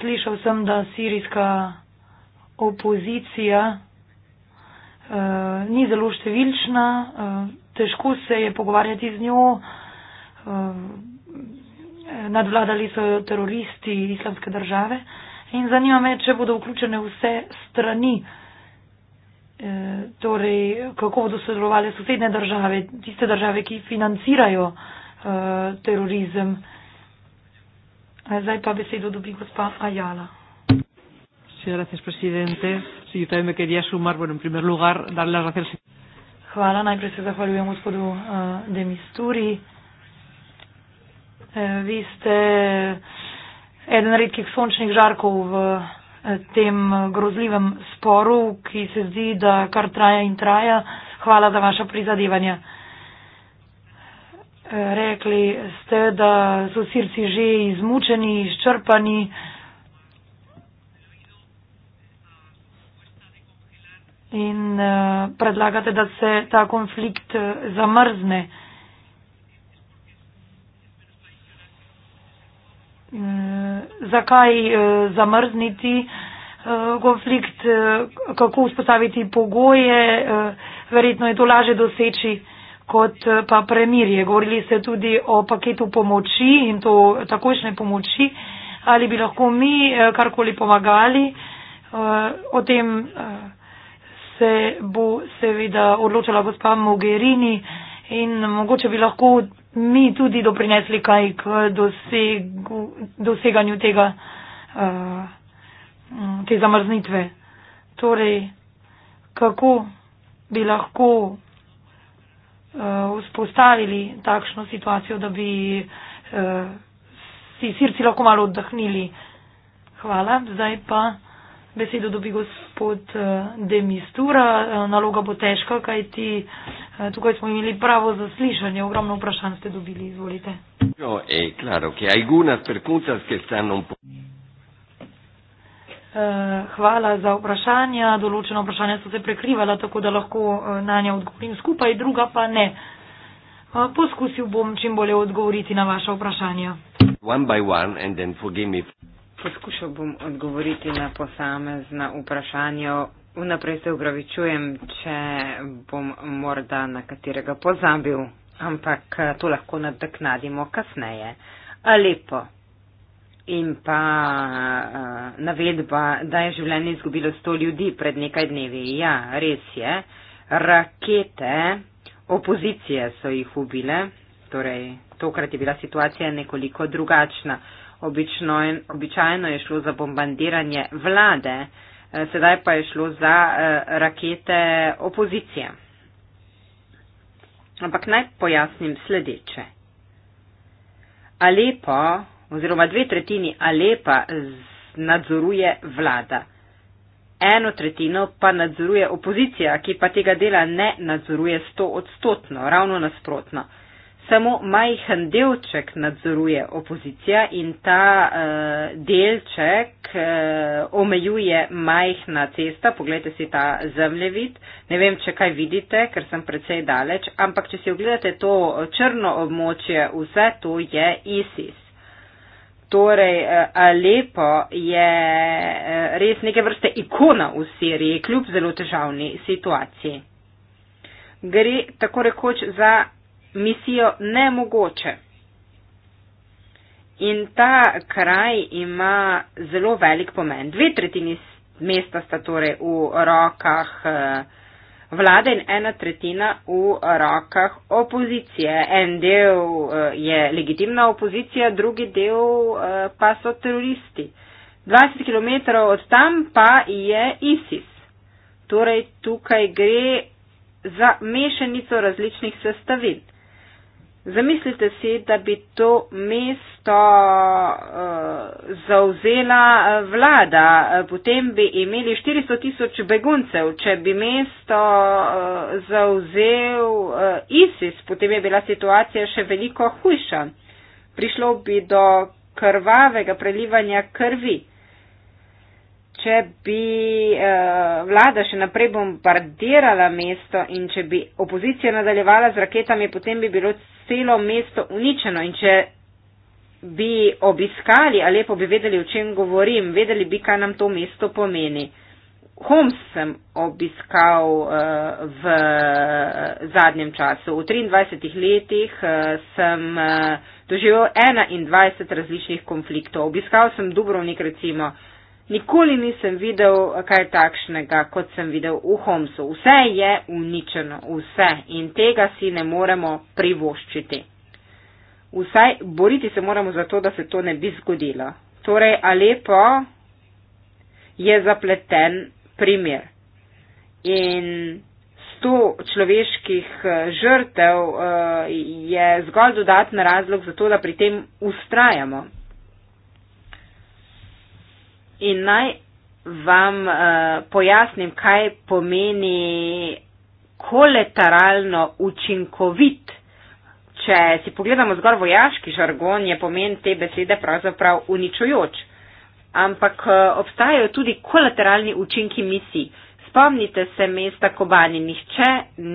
Slišal sem, da sirijska opozicija uh, ni zelo številčna, uh, težko se je pogovarjati z njo, uh, Ehm, nadvladali so jo teroristi islamske države in zanima me, če bodo vključene vse strani, ehm, torej kako bodo sodelovali sosedne države, tiste države, ki financirajo ehm, terorizem. Zdaj pa besedo dobi gospa Ajala. Hvala, najprej se zahvaljujem gospodu uh, eh, Demisturi. Eh, vi ste eden redkih sončnih žarkov v eh, tem eh, grozljivem sporu, ki se zdi, da kar traja in traja. Hvala za vaše prizadevanja. Rekli ste, da so sirci že izmučeni, izčrpani. In uh, predlagate, da se ta konflikt zamrzne. zakaj uh, zamrzniti uh, konflikt, uh, kako vzpostaviti pogoje, uh, verjetno je to laže doseči kot uh, pa premirje. Govorili ste tudi o paketu pomoči in to takošne pomoči, ali bi lahko mi uh, karkoli pomagali. Uh, o tem uh, se bo seveda odločila gospa Mogherini in mogoče bi lahko mi tudi doprinesli kaj k doseg, doseganju tega, eh, te zamrznitve. Torej, kako bi lahko eh, vzpostavili takšno situacijo, da bi eh, si sirci lahko malo oddahnili. Hvala, zdaj pa besedo dobi gospod eh, Demistura. Eh, naloga bo težka, kajti eh, tukaj smo imeli pravo zaslišanje. Ogromno vprašanj ste dobili, izvolite. No, e, hvala za vprašanja. Določena vprašanja so se prekrivala, tako da lahko na nje odgovorim skupaj, druga pa ne. Poskusil bom čim bolje odgovoriti na vaše vprašanje. One one Poskušal bom odgovoriti na posamezna vprašanja. Vnaprej se upravičujem, če bom morda na katerega pozabil, ampak eh, to lahko nadoknadimo kasneje. Lepo. In pa uh, navedba, da je življenje izgubilo sto ljudi pred nekaj dnevi. Ja, res je. Rakete, opozicije so jih ubile, torej tokrat je bila situacija nekoliko drugačna. Uh, Obično, običajno je šlo za bombardiranje vlade, eh, sedaj pa je šlo za eh, rakete opozicije. Ampak naj pojasnim sledeče. Alepo oziroma dve tretjini Alepa nadzoruje vlada. Eno tretjino pa nadzoruje opozicija, ki pa tega dela ne nadzoruje sto odstotno, ravno nasprotno. Uh, samo majhen delček nadzoruje opozicija in ta uh, delček uh, omejuje majhna cesta. Poglejte si ta zemljevid. Ne vem, če kaj vidite, ker sem precej daleč, ampak če si ogledate to črno območje, vse to je ISIS. Torej, eh, Alepo je res neke vrste ikona v Siriji, kljub zelo težavni situaciji. Gre tako rekoč za misijo nemogoče. In ta kraj ima zelo velik pomen. Dve tretjini mesta sta torej v rokah eh, vlade in ena tretjina v rokah opozicije. En del eh, je legitimna opozicija, drugi del eh, pa so teroristi. 20 km od tam pa je ISIS. Torej tukaj gre za mešanico različnih sestavin. Zamislite si, da bi to mesto uh, eh, zauzela eh, vlada, eh, potem bi imeli 400 tisoč beguncev. Če bi mesto uh, zauzel uh, ISIS, potem je bila situacija še veliko hujša. Prišlo bi do krvavega prelivanja krvi. Če bi eh, vlada še naprej bombardirala mesto in če bi opozicija nadaljevala z raketami, potem bi bilo celo mesto uničeno in če bi obiskali, ali pa bi vedeli, o čem govorim, vedeli bi, kaj nam to mesto pomeni. Homs sem obiskal uh, v eh, zadnjem času. V 23 letih uh, sem uh, doživel 21 različnih konfliktov. Obiskal sem Dubrovnik recimo. Uh, Nikoli nisem videl eh, kaj takšnega, kot sem videl v Homsu. Vse je uničeno, vse in tega si ne moremo privoščiti. Vsaj boriti se moramo za to, da se to ne bi zgodilo. Torej, Alepo je zapleten primer in sto človeških eh, žrtev eh, je zgolj dodatna razlog za to, da pri tem ustrajamo In naj vam uh, pojasnim, kaj pomeni kolateralno učinkovit. Če si pogledamo zgolj vojaški žargon, je pomen te besede pravzaprav uničujoč. Ampak uh, obstajajo tudi kolateralni učinki misij. Spomnite se mesta Kobani, nihče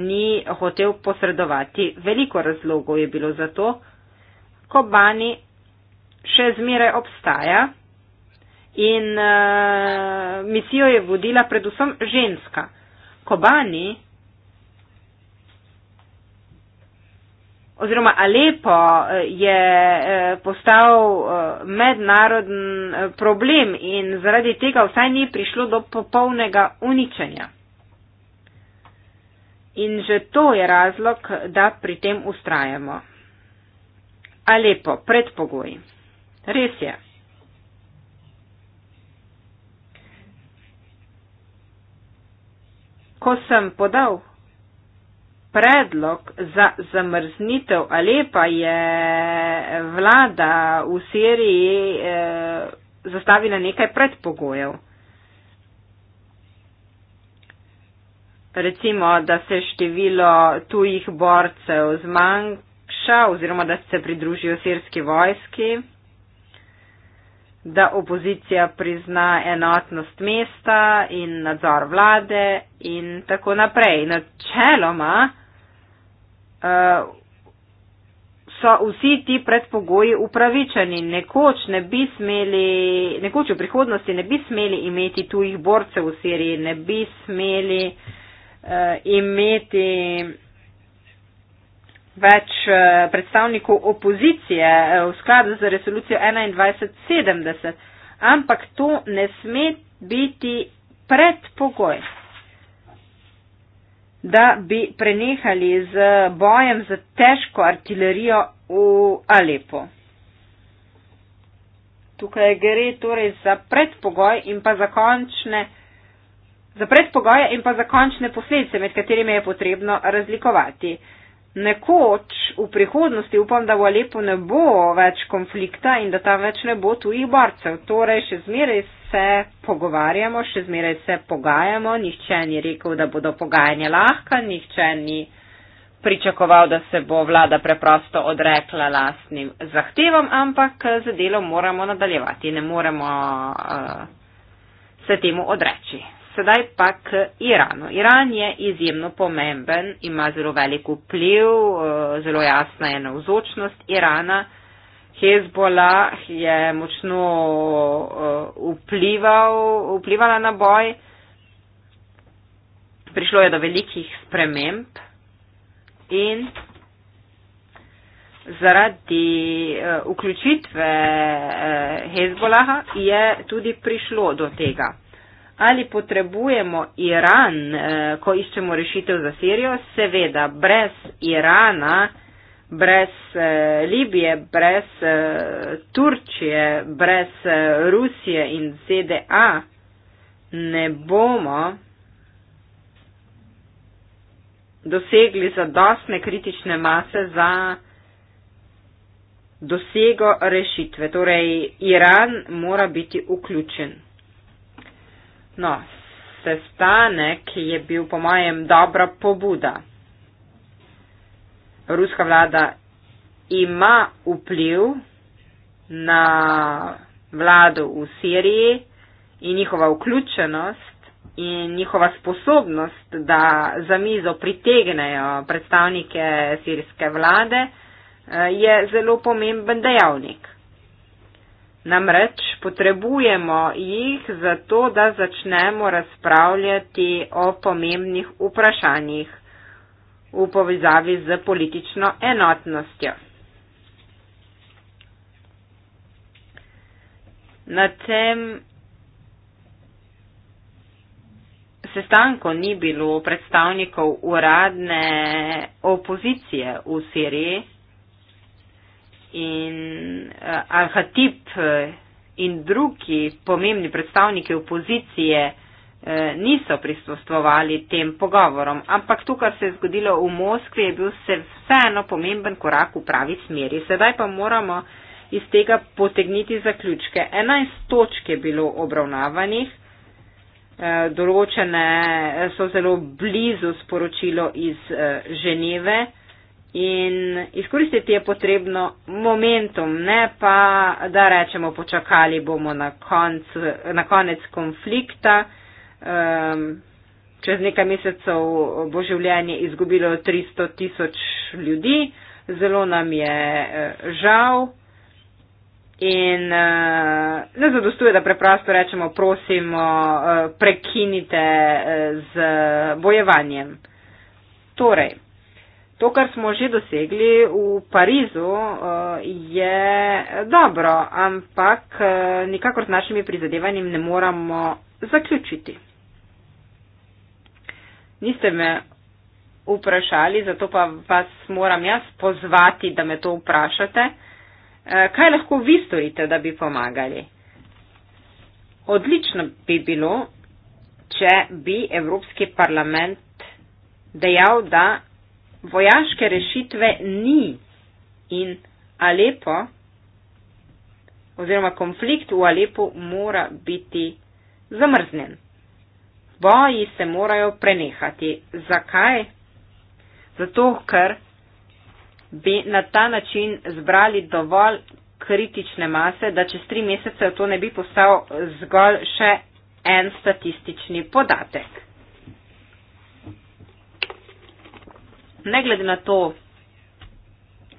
ni hotel posredovati. Veliko razlogov je bilo za to. Kobani še zmeraj obstaja in uh, misijo je vodila predvsem ženska. Kobani oziroma Alepo eh, je uh, postal uh, mednaroden problem in zaradi tega vsaj ni prišlo do popolnega uničenja. In že to je razlog, da pri tem ustrajamo. Alepo, predpogoj. Res je. ko sem podal predlog za zamrznitev Alepa, je vlada v Siriji eh, zastavila nekaj predpogojev. Recimo, da se število tujih borcev zmanjša oziroma da se pridružijo sirski vojski da opozicija prizna enotnost mesta in nadzor vlade in tako naprej. Načeloma uh, so vsi ti predpogoji upravičeni. Nekoč, ne bi smeli, nekoč v prihodnosti ne bi smeli imeti tujih borcev v Siriji, ne bi smeli uh, imeti več eh, predstavnikov opozicije eh, v skladu z resolucijo 2170, ampak to ne sme biti predpogoj, da bi prenehali z bojem za težko artilerijo v Alepo. Tukaj gre torej za predpogoj in pa za končne. Za predpogoje in pa za končne posledice, med katerimi je potrebno razlikovati. Uh, nekoč v prihodnosti upam, da v Alepu ne bo več konflikta in da tam več ne bo tujih barcev. Torej, še zmeraj se pogovarjamo, še zmeraj se pogajamo, nihče ni rekel, da bodo pogajanja lahka, nihče ni pričakoval, da se bo vlada preprosto odrekla lastnim zahtevam, ampak eh, z delom moramo nadaljevati, ne moremo uh, se temu odreči. Sedaj pa k Iranu. Iran je izjemno pomemben, ima zelo velik vpliv, eh, zelo jasna je navzočnost Irana. Hezbollah je močno eh, vplival, vplivala na boj. Prišlo je do velikih sprememb in zaradi eh, vključitve Hezbollaha je tudi prišlo do tega ali potrebujemo Iran, eh, ko iščemo rešitev za Sirijo? Seveda, brez Irana, brez eh, Libije, brez eh, Turčije, brez Rusije in ZDA ne bomo dosegli zadostne kritične mase za dosego rešitve. Torej, Iran mora biti vključen. No, sestanek je bil po mojem dobra pobuda. Ruska vlada ima vpliv na vlado v Siriji in njihova vključenost in njihova sposobnost, da za mizo pritegnejo predstavnike sirijske vlade, eh, je zelo pomemben dejavnik. Namreč potrebujemo jih zato, da začnemo razpravljati o pomembnih vprašanjih v povezavi z politično enotnostjo. Na tem sestanku ni bilo predstavnikov uradne opozicije v Siriji in uh, arhetip eh, in drugi pomembni predstavniki opozicije uh, niso prisostvovali tem pogovorom. Ampak to, kar se je zgodilo v Moskvi, je bil se vseeno pomemben korak v pravi smeri. Sedaj pa moramo iz tega potegniti zaključke. 11 točk je bilo obravnavanih. Določene so zelo blizu sporočilo iz Ženeve, In izkoristiti je potrebno momentum, ne pa, da rečemo, počakali bomo na, konc, na konec konflikta. Um, čez nekaj mesecev bo življenje izgubilo 300 tisoč ljudi, zelo nam je e, žal. In uh, ne zadostuje, da preprosto rečemo, prosimo, uh, prekinite uh, z bojevanjem. Torej, To, kar smo že dosegli v Parizu, eh, je dobro, ampak eh, nikakor z našimi prizadevanjem ne moramo zaključiti. Niste me vprašali, zato pa vas moram jaz pozvati, da me to vprašate. Eh, kaj lahko vi storite, da bi pomagali? Odlično bi bilo, če bi Evropski parlament dejal, da vojaške rešitve ni in Alepo oziroma konflikt v Alepu mora biti zamrznen. Boji se morajo prenehati. Zakaj? Zato, ker bi na ta način zbrali dovolj kritične mase, da čez tri mesece to ne bi postal zgolj še en statistični podatek. ne glede na to,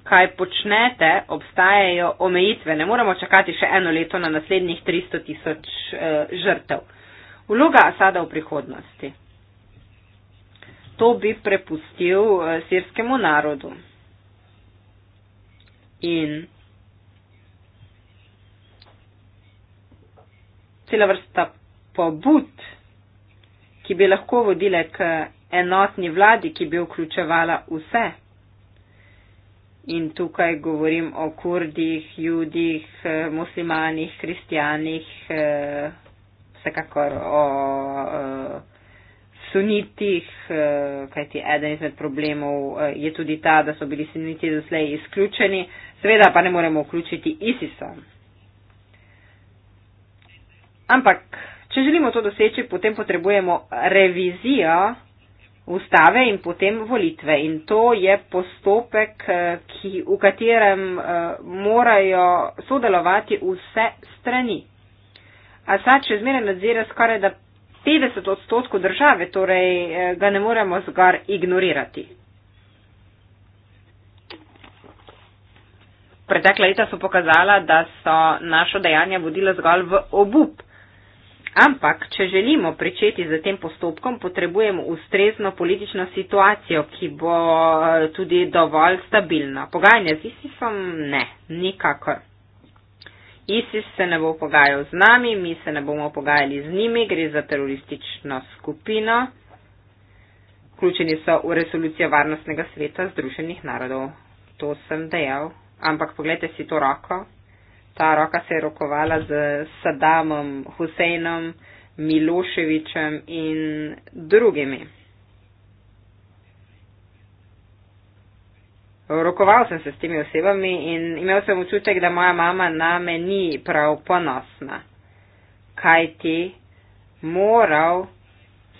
kaj počnete, obstajajo omejitve. Ne moramo čakati še eno leto na naslednjih 300 tisoč uh, žrtev. Vloga Asada v prihodnosti. To bi prepustil uh, sirskemu narodu. In cela vrsta pobud, ki bi lahko vodile k enotni vladi, ki bi vključevala vse. In tukaj govorim o kurdih, judih, eh, muslimanih, kristijanih, eh, vsekakor o eh, sunitih, kajti eden izmed problemov je tudi ta, da so bili suniti doslej izključeni, seveda pa ne moremo vključiti ISIS-a. Ampak, če želimo to doseči, potem potrebujemo revizijo ustave in potem volitve. In to je postopek, eh, ki, v katerem eh, morajo sodelovati vse strani. Asad še zmeraj nadzira skoraj da 50 odstotkov države, torej eh, ga ne moremo zgar ignorirati. Pretekla leta so pokazala, da so našo dejanje vodila zgolj v obup Ampak, če želimo pričeti z tem postopkom, potrebujemo ustrezno politično situacijo, ki bo eh, tudi dovolj stabilna. Pogajanje z ISIS-om ne, nikakor. ISIS se ne bo pogajal z nami, mi se ne bomo pogajali z njimi, gre za teroristično skupino. Vključeni so v resolucijo Varnostnega sveta Združenih narodov. To sem dejal. Ampak pogledajte si to roko, ta roka se je rokovala z Sadamom, Husejnom, Miloševičem in drugimi. Rokoval sem se s temi osebami in imel sem občutek, da moja mama name ni prav ponosna. Kaj ti? Moral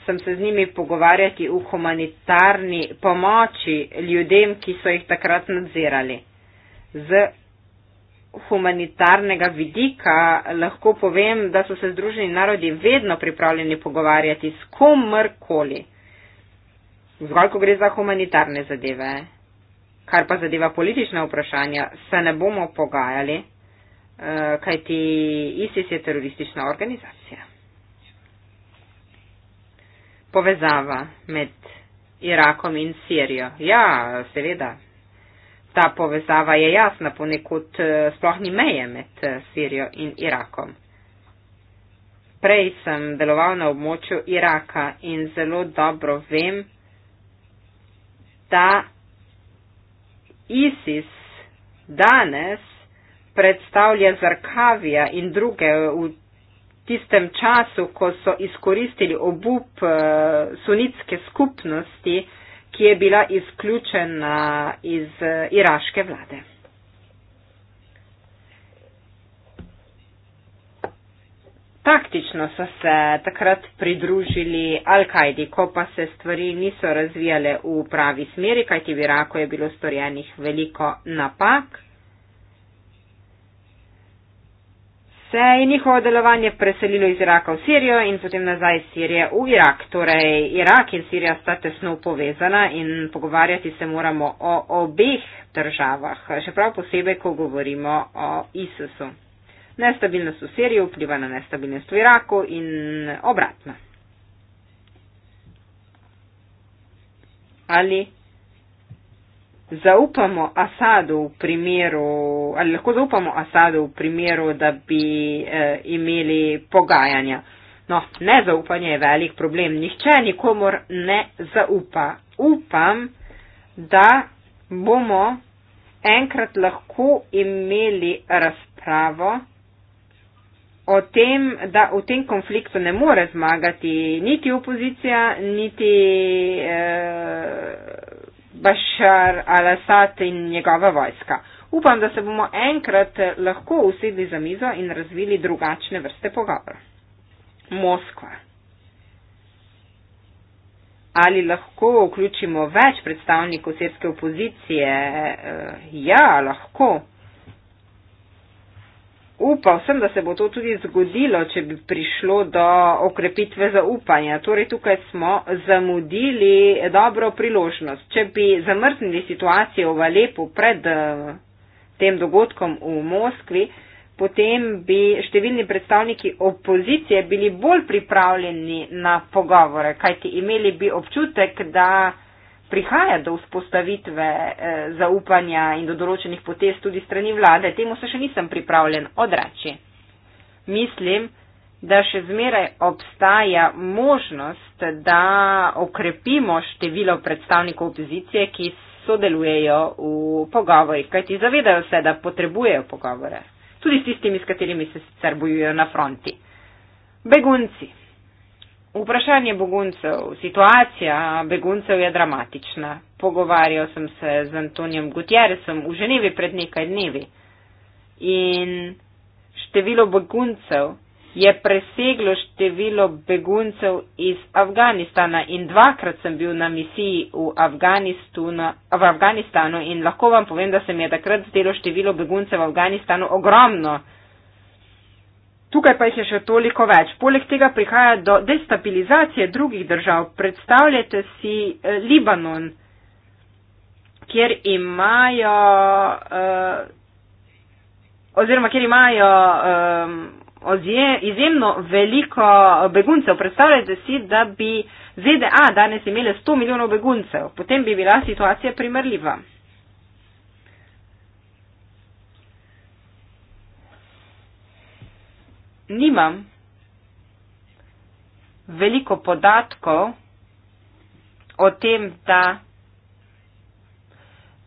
sem se z njimi pogovarjati v humanitarni pomoči ljudem, ki so jih takrat nadzirali. Z humanitarnega vidika lahko povem, da so se Združeni narodi vedno pripravljeni pogovarjati s komrkoli. Zgolj, ko gre za humanitarne zadeve, kar pa zadeva politična vprašanja, se ne bomo pogajali, eh, kajti ISIS je teroristična organizacija. Povezava med Irakom in Sirijo. Ja, seveda ta povezava je jasna, ponekud eh, sploh ni meje med eh, Sirijo in Irakom. Prej sem deloval na območju Iraka in zelo dobro vem, da ISIS danes predstavlja zrkavija in druge v tistem času, ko so izkoristili obup eh, sunitske skupnosti, ki je bila izključena iz eh, iraške vlade. Taktično so se takrat pridružili Al-Kajdi, ko pa se stvari niso razvijale v pravi smeri, kajti v Iraku je bilo storjenih veliko napak. se je njihovo delovanje preselilo iz Iraka v Sirijo in potem nazaj iz Sirije v Irak. Torej, Irak in Sirija sta tesno povezana in pogovarjati se moramo o obeh državah, še prav posebej, ko govorimo o ISIS-u. Nestabilnost v Siriji vpliva na nestabilnost v Iraku in obratno. Ali zaupamo Asadu v primeru, ali lahko zaupamo Asadu v primeru, da bi eh, imeli pogajanja. No, nezaupanje je velik problem. Nihče nikomor ne zaupa. Upam, da bomo enkrat lahko imeli razpravo o tem, da v tem konfliktu ne more zmagati niti opozicija, niti. Eh, Bašar al-Assad in njegova vojska. Upam, da se bomo enkrat lahko usedli za mizo in razvili drugačne vrste pogovora. Moskva. Ali lahko vključimo več predstavnikov sirske opozicije? Eh, ja, lahko upal sem, da se bo to tudi zgodilo, če bi prišlo do okrepitve zaupanja. Torej, tukaj smo zamudili dobro priložnost. Če bi zamrznili situacijo v Alepu pred eh, tem dogodkom v Moskvi, potem bi številni predstavniki opozicije bili bolj pripravljeni na pogovore, kajti imeli bi občutek, da prihaja do vzpostavitve eh, zaupanja in do določenih potez tudi strani vlade, temu se še nisem pripravljen odrači. Mislim, da še zmeraj obstaja možnost, da okrepimo število predstavnikov opozicije, ki sodelujejo v pogovorih, kajti zavedajo se, da potrebujejo pogovore. Tudi s tistimi, s katerimi se sicer bojujejo na fronti. Begunci. Vprašanje beguncev, situacija beguncev je dramatična. Pogovarjal sem se z Antonijem Gutjeresom v Ženevi pred nekaj dnevi in število beguncev je preseglo število beguncev iz Afganistana in dvakrat sem bil na misiji v, v Afganistanu in lahko vam povem, da se mi je takrat zdelo število beguncev v Afganistanu ogromno. Tukaj pa jih je še toliko več. Poleg tega prihaja do destabilizacije drugih držav. Predstavljajte si eh, Libanon, kjer imajo, eh, oziroma kjer imajo eh, ozje, izjemno veliko beguncev. Predstavljajte si, da bi ZDA danes imele 100 milijonov beguncev. Potem bi bila situacija primerljiva. nimam veliko podatkov o tem, da,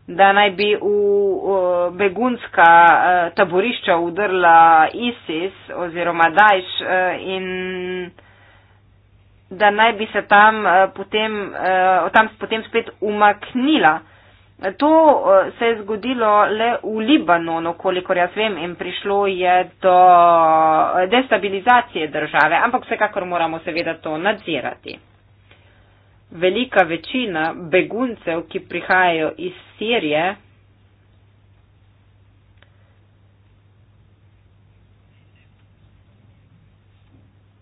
da naj bi v begunska eh, taborišča udrla ISIS oziroma Daesh eh, in da naj bi se tam eh, potem, tam potem spet umaknila. To eh, se je zgodilo le v Libanonu, kolikor jaz vem, in prišlo je do eh, destabilizacije države, ampak vsekakor moramo seveda to nadzirati. Velika večina beguncev, ki prihajajo iz Sirije,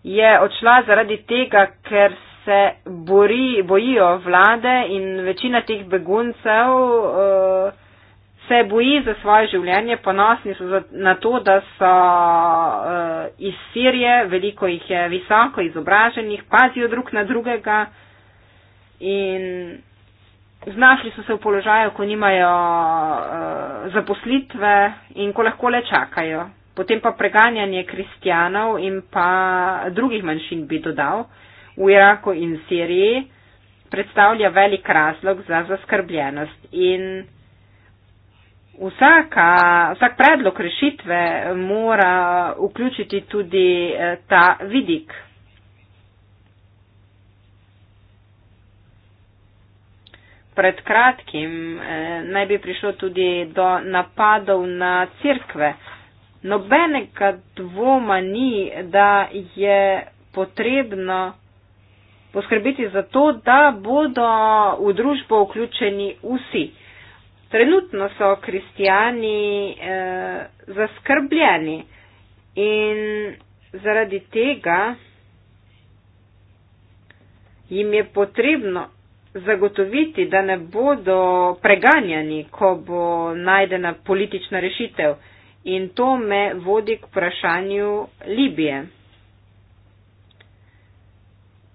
je odšla zaradi tega, ker so se bori, bojijo vlade in večina teh beguncev uh, se boji za svoje življenje, ponosni so za, na to, da so uh, iz Sirije, veliko jih je visoko izobraženih, pazijo drug na drugega in znašli so se v položaju, ko nimajo uh, zaposlitve in ko lahko le čakajo. Potem pa preganjanje kristjanov in pa drugih manjšin bi dodal. Uh, v Iraku in Siriji predstavlja velik razlog za zaskrbljenost. In vsaka, vsak predlog rešitve mora vključiti tudi eh, ta vidik. Pred kratkim eh, naj bi prišlo tudi do napadov na crkve. Nobenega dvoma ni, da je potrebno poskrbeti za to, da bodo v družbo vključeni vsi. Trenutno so kristijani eh, zaskrbljeni in zaradi tega jim je potrebno zagotoviti, da ne bodo preganjani, ko bo najdena politična rešitev. In to me vodi k vprašanju Libije.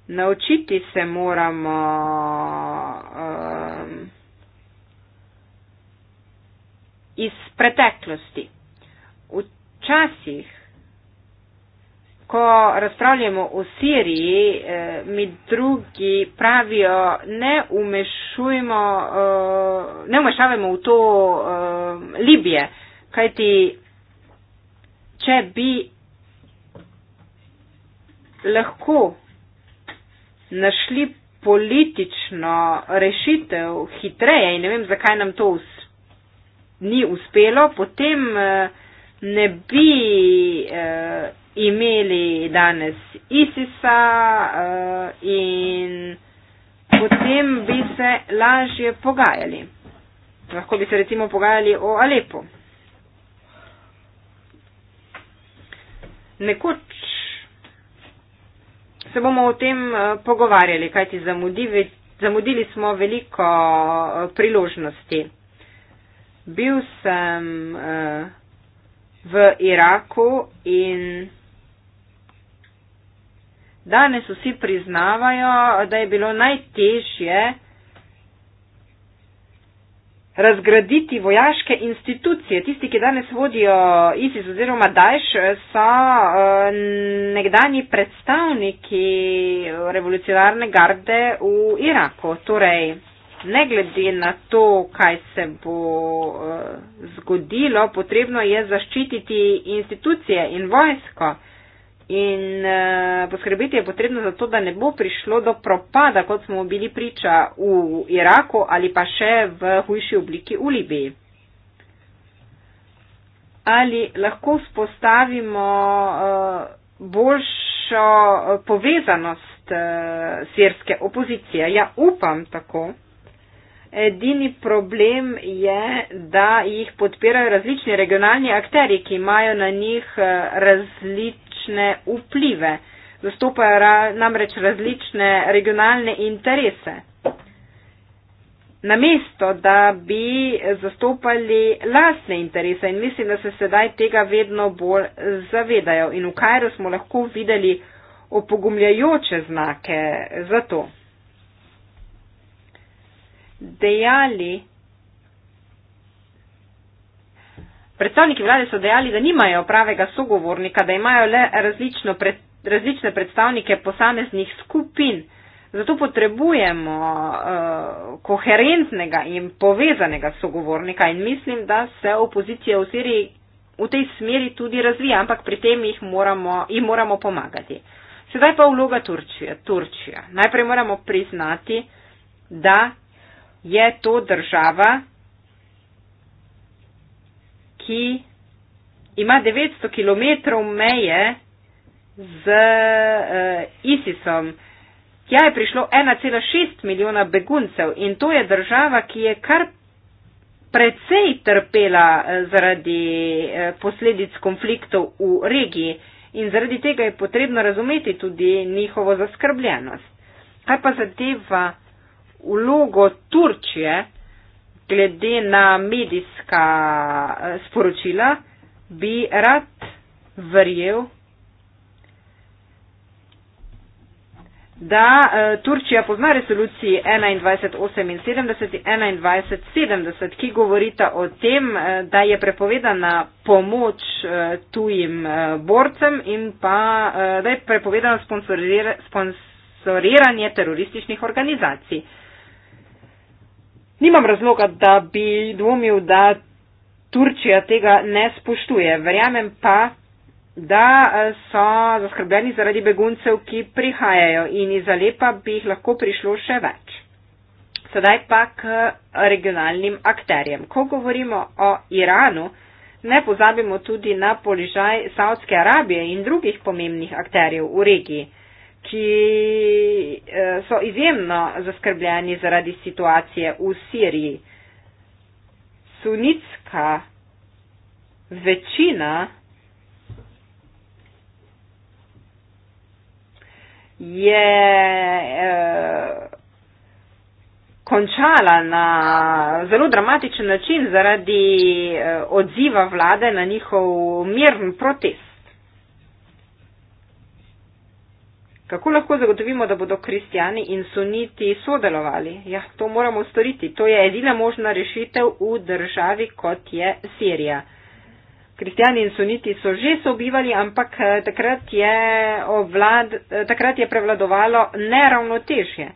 Naučiti se moramo um, iz preteklosti. Včasih, ko razpravljamo o Siriji, eh, mi drugi pravijo, ne, uh, ne umešavamo v to uh, Libije, kajti če bi lahko našli politično rešitev hitreje in ne vem, zakaj nam to us ni uspelo, potem eh, ne bi eh, imeli danes ISISA eh, in potem bi se lažje pogajali. Lahko bi se recimo pogajali o Alepo. Nekoč se bomo o tem eh, pogovarjali, kajti zamudili, zamudili smo veliko eh, priložnosti. Bil sem eh, v Iraku in danes vsi priznavajo, da je bilo najtežje, razgraditi vojaške institucije. Tisti, ki danes vodijo ISIS oziroma DAJŠ, so eh, nekdani predstavniki revolucionarne garde v Iraku. Torej, ne glede na to, kaj se bo eh, zgodilo, potrebno je zaščititi institucije in vojsko. In uh, poskrbeti je potrebno za to, da ne bo prišlo do propada, kot smo bili priča v Iraku ali pa še v hujši obliki v Libiji. Ali lahko spostavimo uh, boljšo eh, povezanost uh, sirske opozicije? Ja, upam tako. Edini problem je, da jih podpirajo različni regionalni akteri, ki imajo na njih različne različne vplive, zastopajo ra namreč različne regionalne interese. Namesto, da bi zastopali lastne interese in mislim, da se sedaj tega vedno bolj zavedajo in v Kajru smo lahko videli opogumljajoče znake za to. Dejali, Predstavniki vlade so dejali, da nimajo pravega sogovornika, da imajo le pred, različne predstavnike posameznih skupin. Zato potrebujemo uh, koherentnega in povezanega sogovornika in mislim, da se opozicija v Siriji v tej smeri tudi razvija, ampak pri tem jih moramo, jih moramo pomagati. Sedaj pa vloga Turčije. Turčija. Najprej moramo priznati, da je to država, ki ima 900 km meje z uh, ISISom. Tja je prišlo 1,6 milijona beguncev in to je država, ki je kar precej trpela eh, zaradi eh, posledic konfliktov v regiji in zaradi tega je potrebno razumeti tudi njihovo zaskrbljenost. Kaj pa zadeva vlogo Turčije? glede na medijska eh, sporočila, bi rad verjel, da eh, Turčija pozna resoluciji 2178 in 2170, ki govorita o tem, eh, da je prepovedana pomoč tujim borcem in pa da je prepovedano sponsoriranje terorističnih organizacij. Nimam razloga, da bi dvomil, da Turčija tega ne spoštuje. Verjamem pa, da eh, so zaskrbljeni zaradi beguncev, ki prihajajo in iz Alepa bi jih lahko prišlo še več. Sedaj pa k regionalnim akterjem. Ko govorimo o Iranu, ne pozabimo tudi na položaj Saudske Arabije in drugih pomembnih akterjev v regiji ki eh, so izjemno zaskrbljeni zaradi situacije v Siriji. Sunitska večina je eh, končala na zelo dramatičen način zaradi eh, odziva vlade na njihov mirn protest. Kako lahko zagotovimo, da bodo kristijani in suniti sodelovali? Ja, to moramo storiti. To je edina možna rešitev v državi, kot je Sirija. Kristijani in suniti so že sobivali, ampak eh, takrat je, ovlad, eh, takrat je prevladovalo neravnotežje.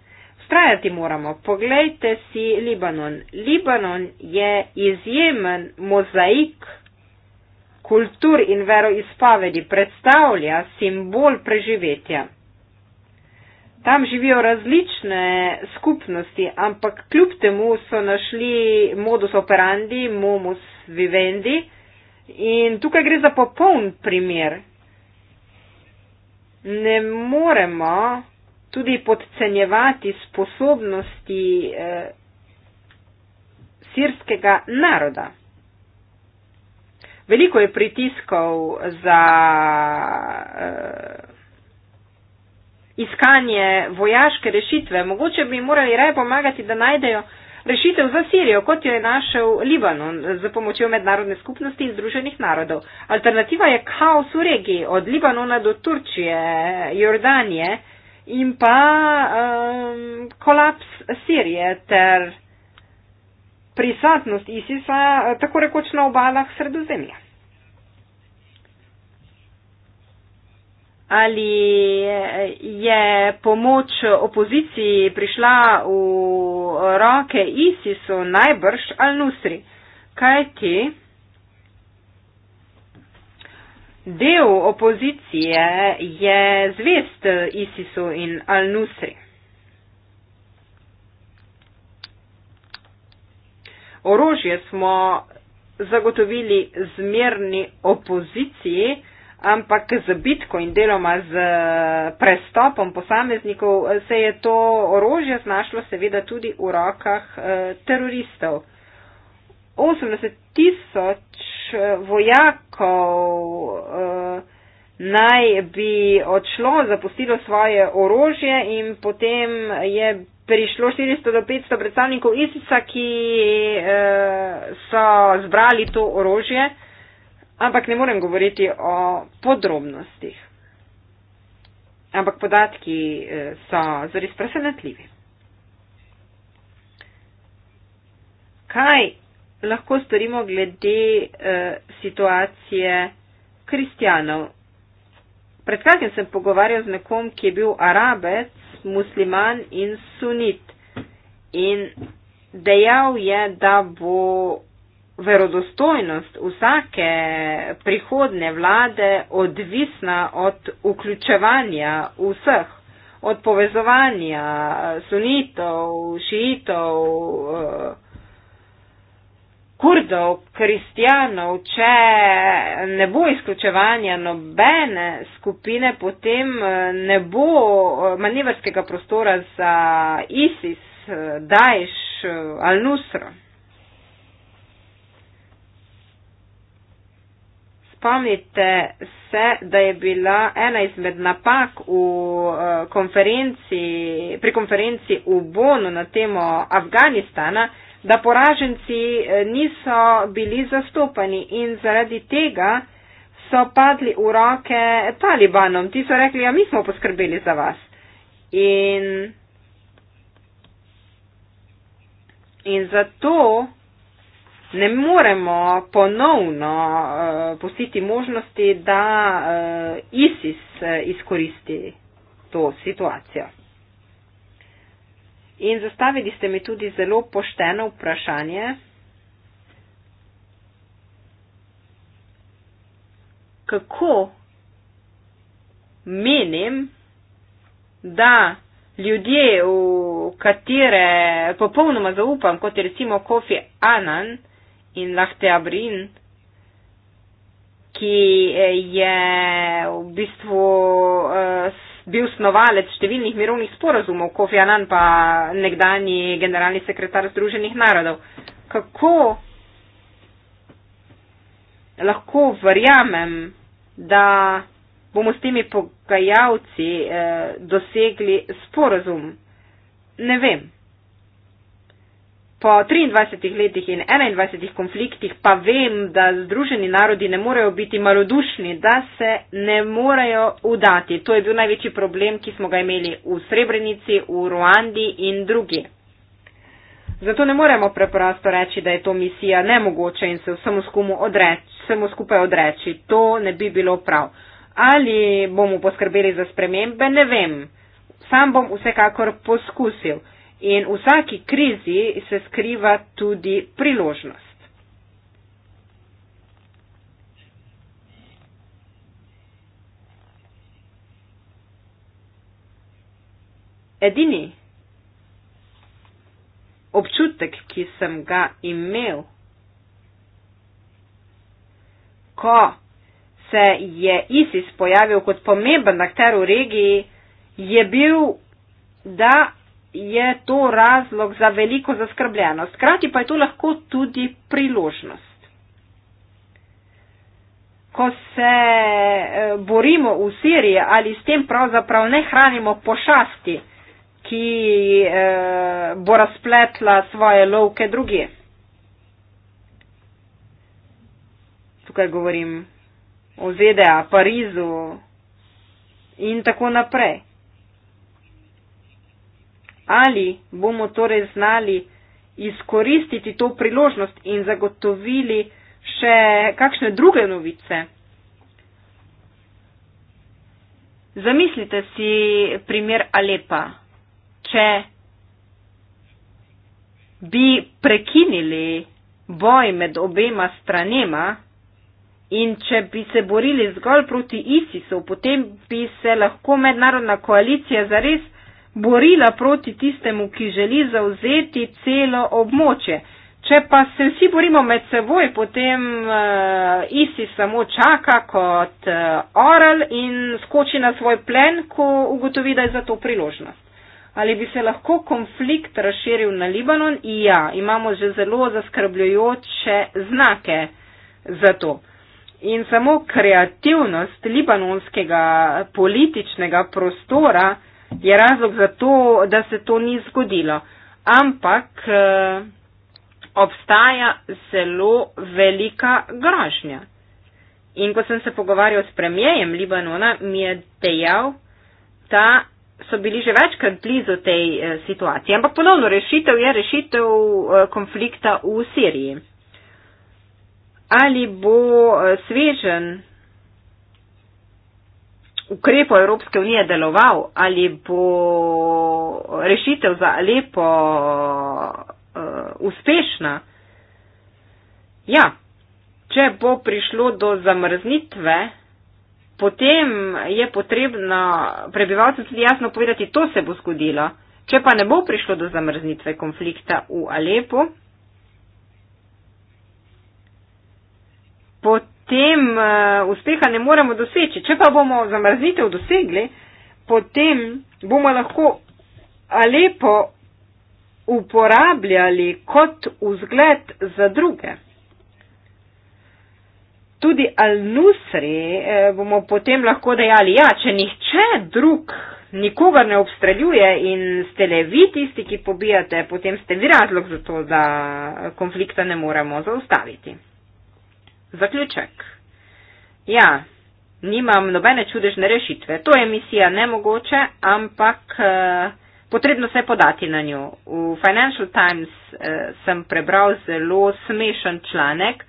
Strajati moramo. Poglejte si Libanon. Libanon je izjemen mozaik kultur in veroizpovedi. Predstavlja simbol preživetja. Tam živijo različne skupnosti, ampak kljub temu so našli modus operandi, momus vivendi in tukaj gre za popoln primer. Ne moremo tudi podcenjevati sposobnosti eh, sirskega naroda. Veliko je pritiskov za. Eh, iskanje vojaške rešitve. Mogoče bi morali raje pomagati, da najdejo rešitev za Sirijo, kot jo je našel Libanon z pomočjo mednarodne skupnosti in združenih narodov. Alternativa je kaos v regiji, od Libanona do Turčije, Jordanije in pa um, kolaps Sirije ter prisotnost ISIS-a tako rekoč na obalah sredozemlja. ali eh, je pomoč opoziciji prišla v roke ISIS-u najbrž ali nusri. Kaj ti? Del opozicije je zvest ISIS-u in al-Nusri. Orožje smo zagotovili zmerni opoziciji, ampak z bitko in deloma z eh, prestopom posameznikov eh, se je to orožje znašlo seveda tudi v rokah eh, teroristov. 80 tisoč vojakov naj bi odšlo, zapustilo svoje orožje in potem je prišlo 400 do 500 predstavnikov ISIS-a, ki so zbrali to orožje ampak ne morem govoriti o podrobnostih. Ampak podatki eh, so zares presenetljivi. Kaj lahko storimo glede eh, situacije kristjanov? Pred kratkim sem pogovarjal z nekom, ki je bil arabec, musliman in sunit. In dejal je, da bo verodostojnost vsake prihodne vlade odvisna od vključevanja vseh, od povezovanja sunitov, šiitov, eh, kurdov, kristjanov. Če ne bo izključevanja nobene skupine, potem eh, ne bo eh, manevrskega prostora za ISIS, Daesh, Al-Nusra. spomnite se, da je bila ena izmed napak v, uh, konferenci, pri konferenci v Bonu na temo Afganistana, da poraženci eh, niso bili zastopani in zaradi tega so padli v roke talibanom. Ti so rekli, ja, mi smo poskrbeli za vas. In, in zato ne moremo ponovno uh, pustiti možnosti, da uh, ISIS eh, izkoristi to situacijo. In zastavili ste mi tudi zelo pošteno vprašanje. Kako menim, da ljudje, v katere popolnoma zaupam, kot je recimo Kofi Anan, in Lahteabrin, ki eh, je v bistvu eh, bil snovalec številnih mirovnih sporazumov, Kofi Annan pa nekdani generalni sekretar Združenih narodov. Kako lahko verjamem, da bomo s temi pogajalci eh, dosegli sporazum? Ne vem. Po 23 letih in 21 konfliktih pa vem, da Združeni narodi ne morejo biti malodušni, da se ne morejo udati. To je bil največji problem, ki smo ga imeli v Srebrenici, v Ruandi in drugi. Zato ne moremo preprosto reči, da je to misija nemogoče in se vsemu, odreči, vsemu skupaj odreči. To ne bi bilo prav. Ali bomo poskrbeli za spremembe, ne vem. Sam bom vsekakor poskusil. In v vsaki krizi se skriva tudi priložnost. Edini občutek, ki sem ga imel, ko se je ISIS pojavil kot pomemben akter v regiji, je bil, da je to razlog za veliko zaskrbljenost. Hkrati pa je to lahko tudi priložnost. Ko se eh, borimo v Siriji ali s tem pravzaprav ne hranimo pošasti, ki eh, bo razpletla svoje lovke druge. Tukaj govorim o ZDA, Parizu in tako naprej ali bomo torej znali izkoristiti to priložnost in zagotovili še kakšne druge novice. Zamislite si primer Alepa. Če bi prekinili boj med obema stranema in če bi se borili zgolj proti ISIS-u, potem bi se lahko mednarodna koalicija zares borila proti tistemu, ki želi zauzeti celo območje. Če pa se vsi borimo med seboj, potem uh, eh, isi samo čaka kot uh, eh, oral in skoči na svoj plen, ko ugotovi, da je za to priložnost. Ali bi se lahko konflikt razširil na Libanon? Ja, imamo že zelo zaskrbljujoče znake za to. In samo kreativnost libanonskega političnega prostora, je razlog za to, da se to ni zgodilo. Ampak eh, obstaja zelo velika grožnja. In ko sem se pogovarjal s premijejem Libanona, mi je dejal, da so bili že večkrat blizu tej eh, situaciji. Ampak ponovno rešitev je rešitev eh, konflikta v Siriji. Ali bo svežen ukrepo Evropske unije deloval, ali bo rešitev za Alepo uh, uspešna. Ja, če bo prišlo do zamrznitve, potem je potrebno prebivalcem tudi jasno povedati, to se bo zgodilo. Če pa ne bo prišlo do zamrznitve konflikta v Alepo, potem uh, uspeha ne moremo doseči. Če pa bomo zamrznitev dosegli, potem bomo lahko Alepo uporabljali kot vzgled za druge. Tudi Al-Nusri eh, bomo potem lahko dejali, ja, če nihče drug nikogar ne obstreljuje in ste le vi tisti, ki pobijate, potem ste vi razlog za to, da konflikta ne moremo zaustaviti. Zaključek. Ja, nimam nobene čudežne rešitve. To je misija nemogoče, ampak eh, potrebno se podati na njo. V Financial Times eh, sem prebral zelo smešen članek,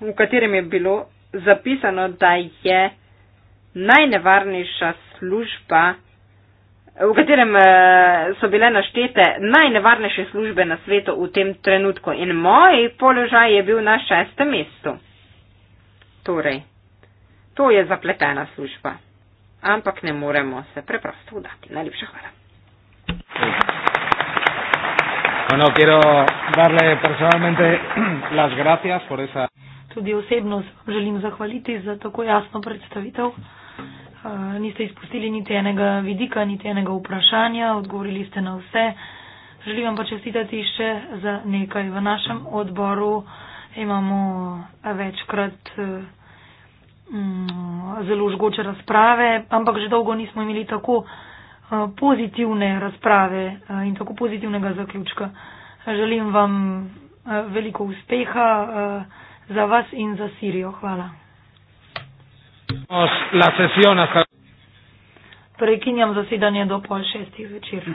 v katerem je bilo zapisano, da je najnevarnejša služba, v katerem eh, so bile naštete najnevarnejše službe na svetu v tem trenutku. In moj položaj je bil na šestem mestu. Torej, to je zapletena služba, ampak ne moremo se preprosto vdati. Najlepša hvala. Bueno, quiero darle personalmente las gracias por esa. Tudi osebno želim zahvaliti za tako jasno predstavitev. Uh, niste izpustili niti enega vidika, niti enega vprašanja, odgovorili ste na vse. Želim vam pa čestitati še za nekaj v našem odboru. Uh, imamo eh, večkrat eh, mm, zelo žgoče razprave, ampak že dolgo nismo imeli tako eh, pozitivne razprave in tako pozitivnega zaključka. Želim vam veliko uspeha za vas in za Sirijo. Hvala. Prekinjam zasedanje do pol šestih večer.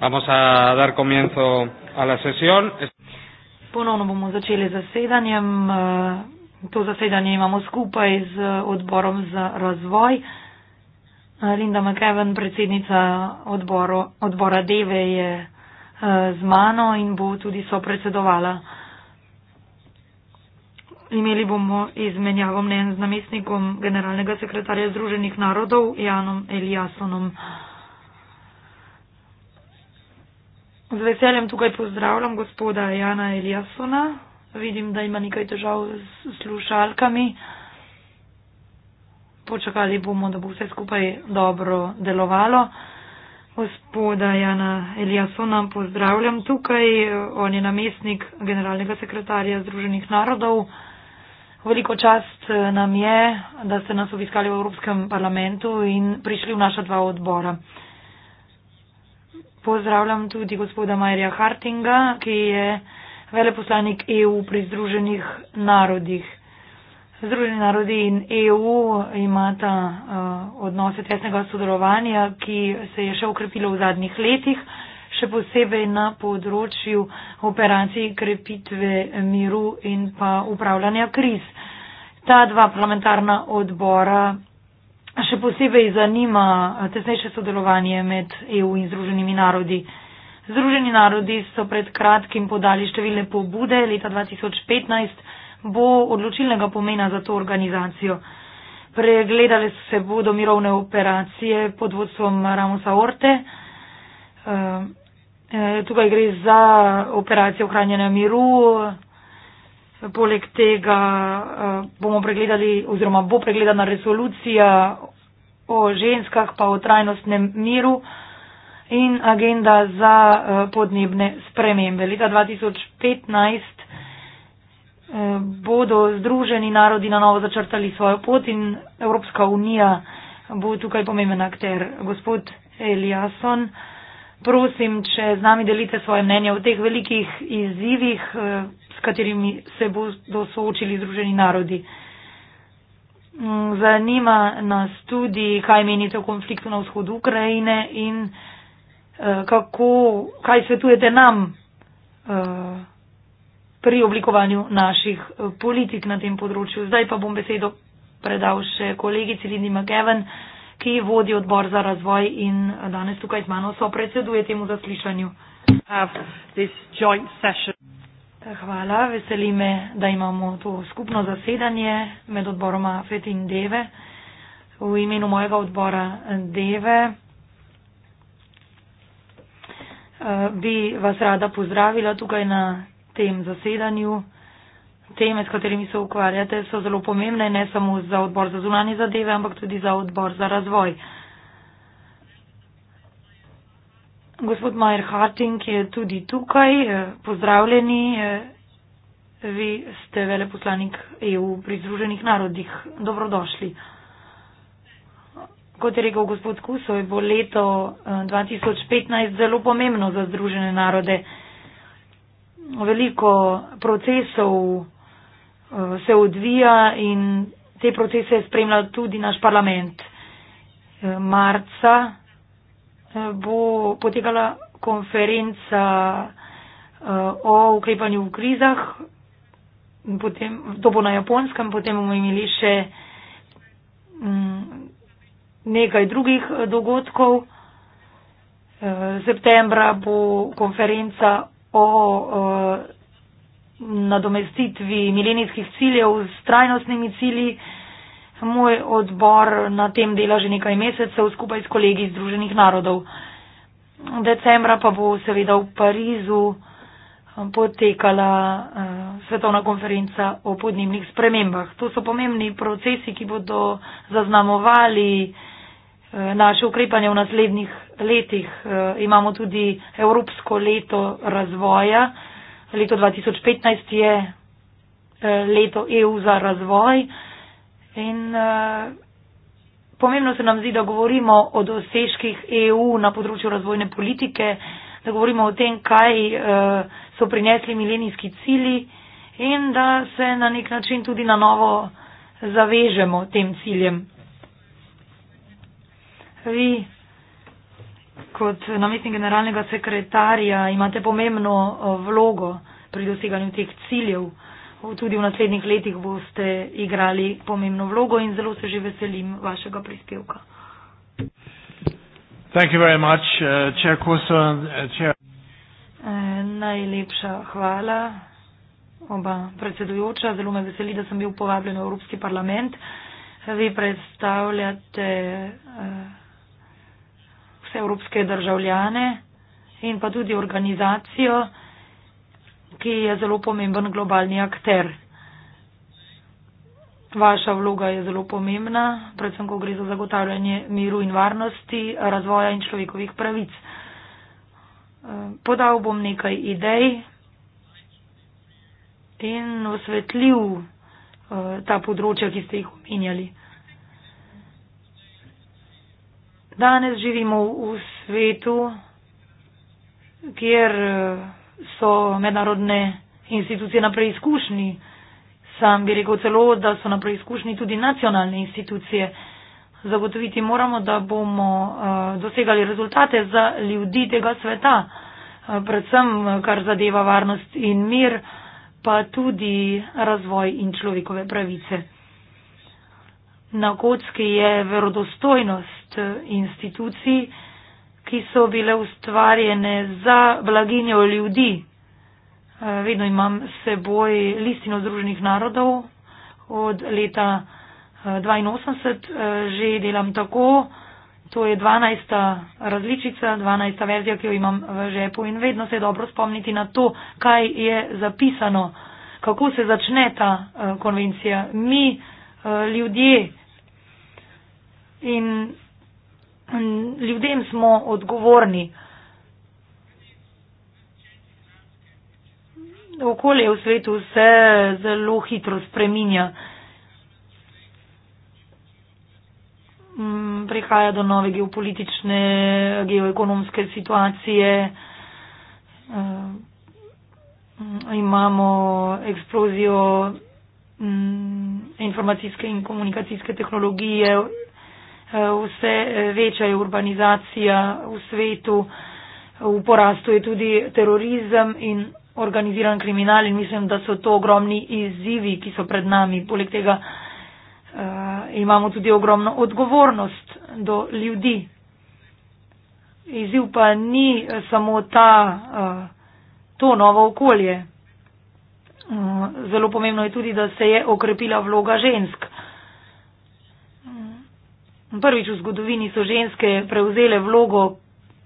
Vamos a dar comienzo a la sesión. Ponovno bomo začeli z zasedanjem. Eh, to zasedanje imamo skupaj z odborom za razvoj. Eh, Linda McEwen, predsednica odboru, odbora Deve, je eh, z mano in bo tudi sopredsedovala. Imeli bomo izmenjavo mnen z namestnikom generalnega sekretarja Združenih narodov Janom Eliasonom. Z veseljem tukaj pozdravljam gospoda Jana Eliasona. Vidim, da ima nekaj težav s slušalkami. Počakali bomo, da bo vse skupaj dobro delovalo. Gospoda Jana Eliasona pozdravljam tukaj. On je namestnik generalnega sekretarja Združenih narodov. Veliko čast eh, nam je, da ste nas obiskali v Evropskem parlamentu in prišli v naša dva odbora pozdravljam tudi gospoda Majerja Hartinga, ki je veleposlanik EU pri Združenih narodih. Združeni narodi in EU imata uh, odnose tesnega sodelovanja, ki se je še ukrepilo v zadnjih letih, še posebej na področju operacij krepitve miru in pa upravljanja kriz. Ta dva parlamentarna odbora še posebej zanima eh, tesnejše sodelovanje med EU in Združenimi narodi. Združeni narodi so pred kratkim podali številne pobude, leta 2015 bo odločilnega pomena za to organizacijo. Pregledale se bodo mirovne operacije pod vodstvom Ramosa Orte. Eh, eh, tukaj gre za operacijo ohranjanja miru, Poleg tega eh, bomo pregledali oziroma bo pregledana resolucija o ženskah pa o trajnostnem miru in agenda za eh, podnebne spremembe. Leta 2015 eh, bodo združeni narodi na novo začrtali svojo pot in Evropska unija bo tukaj pomemben akter. Gospod Eliasson prosim, če z nami delite svoje mnenje o teh velikih izzivih, eh, s katerimi se bodo soočili združeni narodi. Mm, zanima nas tudi, kaj menite o konfliktu na vzhodu Ukrajine in eh, kako, kaj svetujete nam eh, pri oblikovanju naših politik na tem področju. Zdaj pa bom besedo predal še kolegici Lidni McEwen ki vodi odbor za razvoj in danes tukaj z mano so predseduje temu zaslišanju. Hvala, veseli me, da imamo to skupno zasedanje med odboroma FET in DEVE. V imenu mojega odbora DEVE eh, bi vas rada pozdravila tukaj na tem zasedanju teme, s katerimi se ukvarjate, so zelo pomembne ne samo za odbor za zunanje zadeve, ampak tudi za odbor za razvoj. Gospod Majer Harting je tudi tukaj, eh, pozdravljeni. Eh, vi ste veleposlanik EU pri Združenih narodih. Dobrodošli. Kot je rekel gospod Kuso, je bo leto 2015 eh, zelo pomembno za Združene narode. Veliko procesov Eh, se odvija in te procese je spremljal tudi naš parlament. Eh, marca eh, bo potekala konferenca o ukrepanju v krizah, potem, to bo na japonskem, potem bomo imeli še mm, nekaj drugih dogodkov. Septembra bo konferenca o nadomestitvi milenijskih ciljev z trajnostnimi cilji. Moj odbor na tem dela že nekaj mesecev skupaj s kolegi iz Združenih narodov. Decembra pa bo seveda v Parizu eh, potekala eh, svetovna konferenca o podnebnih spremembah. To so pomembni procesi, ki bodo zaznamovali eh, naše ukrepanje v naslednjih letih. Imamo tudi Evropsko leto razvoja leto 2015 je eh, leto EU za razvoj in eh, pomembno se nam zdi, da govorimo o dosežkih EU na področju razvojne politike, da govorimo o tem, kaj eh, so prinesli milenijski cili in da se na nek način tudi na novo zavežemo tem ciljem. Vi kot namestnik generalnega sekretarja imate pomembno eh, vlogo pri doseganju teh ciljev. Tudi v naslednjih letih boste igrali pomembno vlogo in zelo se že veselim vašega prispevka. Much, uh, Kusson, uh, eh, najlepša hvala oba predsedujoča. Zelo me veseli, da sem bil povabljen v Evropski parlament. Vi predstavljate. Eh, vse evropske državljane in pa tudi organizacijo, ki je zelo pomemben globalni akter. Vaša vloga je zelo pomembna, predvsem, ko gre za zagotavljanje miru in varnosti, razvoja in človekovih pravic. Podal bom nekaj idej in osvetljiv eh, ta področja, ki ste jih omenjali. Danes živimo v svetu, kjer eh, so mednarodne institucije na preizkušnji. Sam bi rekel celo, da so na preizkušnji tudi nacionalne institucije. Zagotoviti moramo, da bomo eh, dosegali rezultate za ljudi tega sveta, eh, predvsem kar zadeva varnost in mir, pa tudi razvoj in človekove pravice. Na kocki je verodostojnost eh, institucij, ki so bile ustvarjene za blaginjo ljudi. Eh, vedno imam s seboj listino Združenih narodov od leta 82, eh, že delam tako. To je 12. različica, 12. verzija, ki jo imam v žepu in vedno se je dobro spomniti na to, kaj je zapisano, kako se začne ta konvencija. Mi, ljudje, in, in mm, ljudem smo odgovorni. Okolje v svetu se zelo hitro spreminja. Mm, prihaja do nove geopolitične, geoekonomske situacije. Mm, imamo eksplozijo informacijske in komunikacijske tehnologije, Eh, vse eh, večja je urbanizacija v svetu, v porastu je tudi terorizem in organiziran kriminal in mislim, da so to ogromni izzivi, ki so pred nami. Poleg tega uh, imamo tudi ogromno odgovornost do ljudi. Izziv pa ni samo ta, uh, to novo okolje. Uh, zelo pomembno je tudi, da se je okrepila vloga žensk. Uh, Prvič v zgodovini so ženske prevzele vlogo,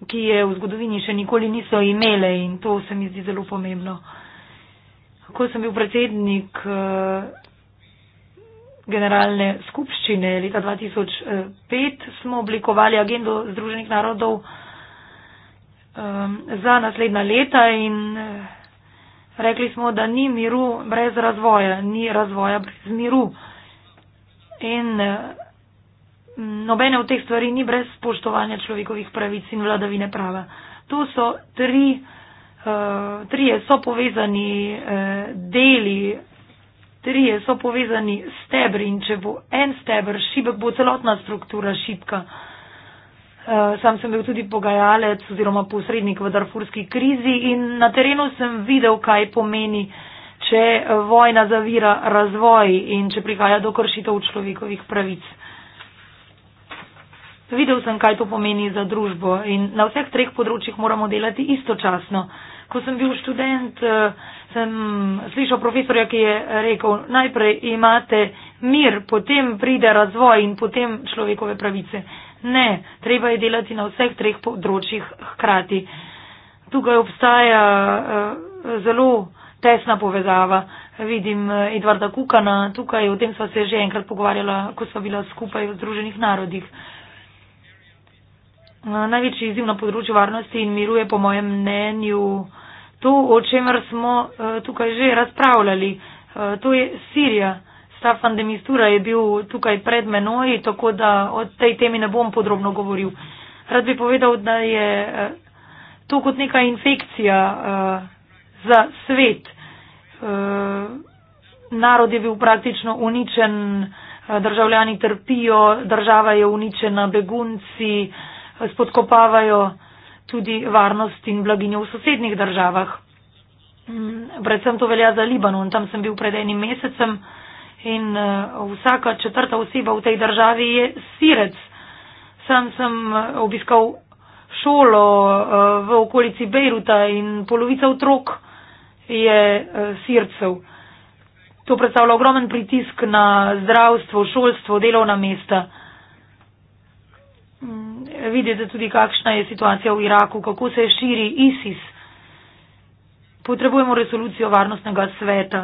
ki je v zgodovini še nikoli niso imele in to se mi zdi zelo pomembno. Ko sem bil predsednik eh, generalne skupščine leta 2005, eh, smo oblikovali agendo Združenih narodov eh, za naslednja leta in rekli smo, da ni miru brez razvoja, ni razvoja brez miru. In nobene od teh stvari ni brez spoštovanja človekovih pravic in vladavine prava. To so tri, uh, trije so povezani uh, eh, deli, trije so povezani stebri in če bo en stebr šibek, bo celotna struktura šibka. Eh, sam sem bil tudi pogajalec oziroma posrednik v Darfurski krizi in na terenu sem videl, kaj pomeni, če vojna zavira razvoj in če prihaja do kršitev človekovih pravic. Videl sem, kaj to pomeni za družbo in na vseh treh področjih moramo delati istočasno. Ko sem bil študent, eh, sem slišal profesorja, ki je rekel, najprej imate mir, potem pride razvoj in potem človekove pravice. Ne, treba je delati na vseh treh področjih hkrati. Tukaj obstaja eh, zelo tesna povezava. Vidim eh, Edvarda Kukana, tukaj o tem sva se že enkrat pogovarjala, ko sva bila skupaj v Združenih narodih. Največji izziv na področju varnosti in miru je po mojem mnenju to, o čemer smo e, tukaj že razpravljali. E, to je Sirija. Stefan de Mistura je bil tukaj pred menoj, tako da o tej temi ne bom podrobno govoril. Rad bi povedal, da je e, to kot neka infekcija za svet. Narod je bil praktično uničen, državljani trpijo, država je uničena, begunci spodkopavajo tudi varnost in blaginjo v sosednjih državah. Mm, predvsem to velja za Libanon, tam sem bil pred enim mesecem in eh, vsaka četrta oseba v tej državi je sirec. Sam sem eh, obiskal šolo eh, v okolici Bejruta in polovica otrok je sircev. To predstavlja ogromen pritisk na zdravstvo, šolstvo, delovna mesta. Mm, Vidite tudi, kakšna je situacija v Iraku, kako se širi ISIS. Potrebujemo resolucijo varnostnega sveta.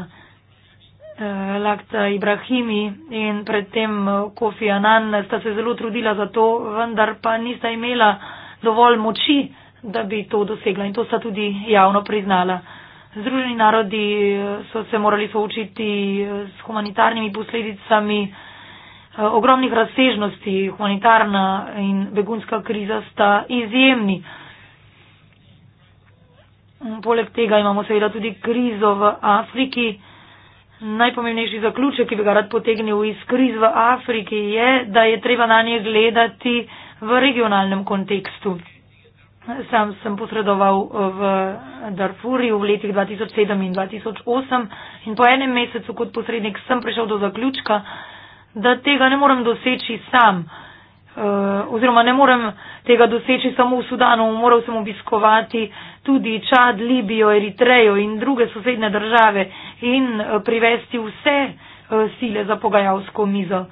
Eh, Lakta Ibrahimi in predtem eh, Kofi Anan sta se zelo trudila za to, vendar pa nista imela dovolj moči, da bi to dosegla in to sta tudi javno priznala. Združeni narodi eh, so se morali soočiti s humanitarnimi posledicami. Eh, ogromnih razsežnosti, humanitarna in begunska kriza sta izjemni. Mm, poleg tega imamo seveda tudi krizo v Afriki. Najpomembnejši zaključek, ki bi ga rad potegnil iz kriz v Afriki, je, da je treba na nje gledati v regionalnem kontekstu. Sam sem posredoval eh, v Darfuri v letih 2007 in 2008 in po enem mesecu kot posrednik sem prišel do zaključka, da tega ne morem doseči sam, eh, oziroma ne morem tega doseči samo v Sudanu, moral sem obiskovati tudi Čad, Libijo, Eritrejo in druge sosedne države in eh, privesti vse eh, sile za pogajalsko mizo.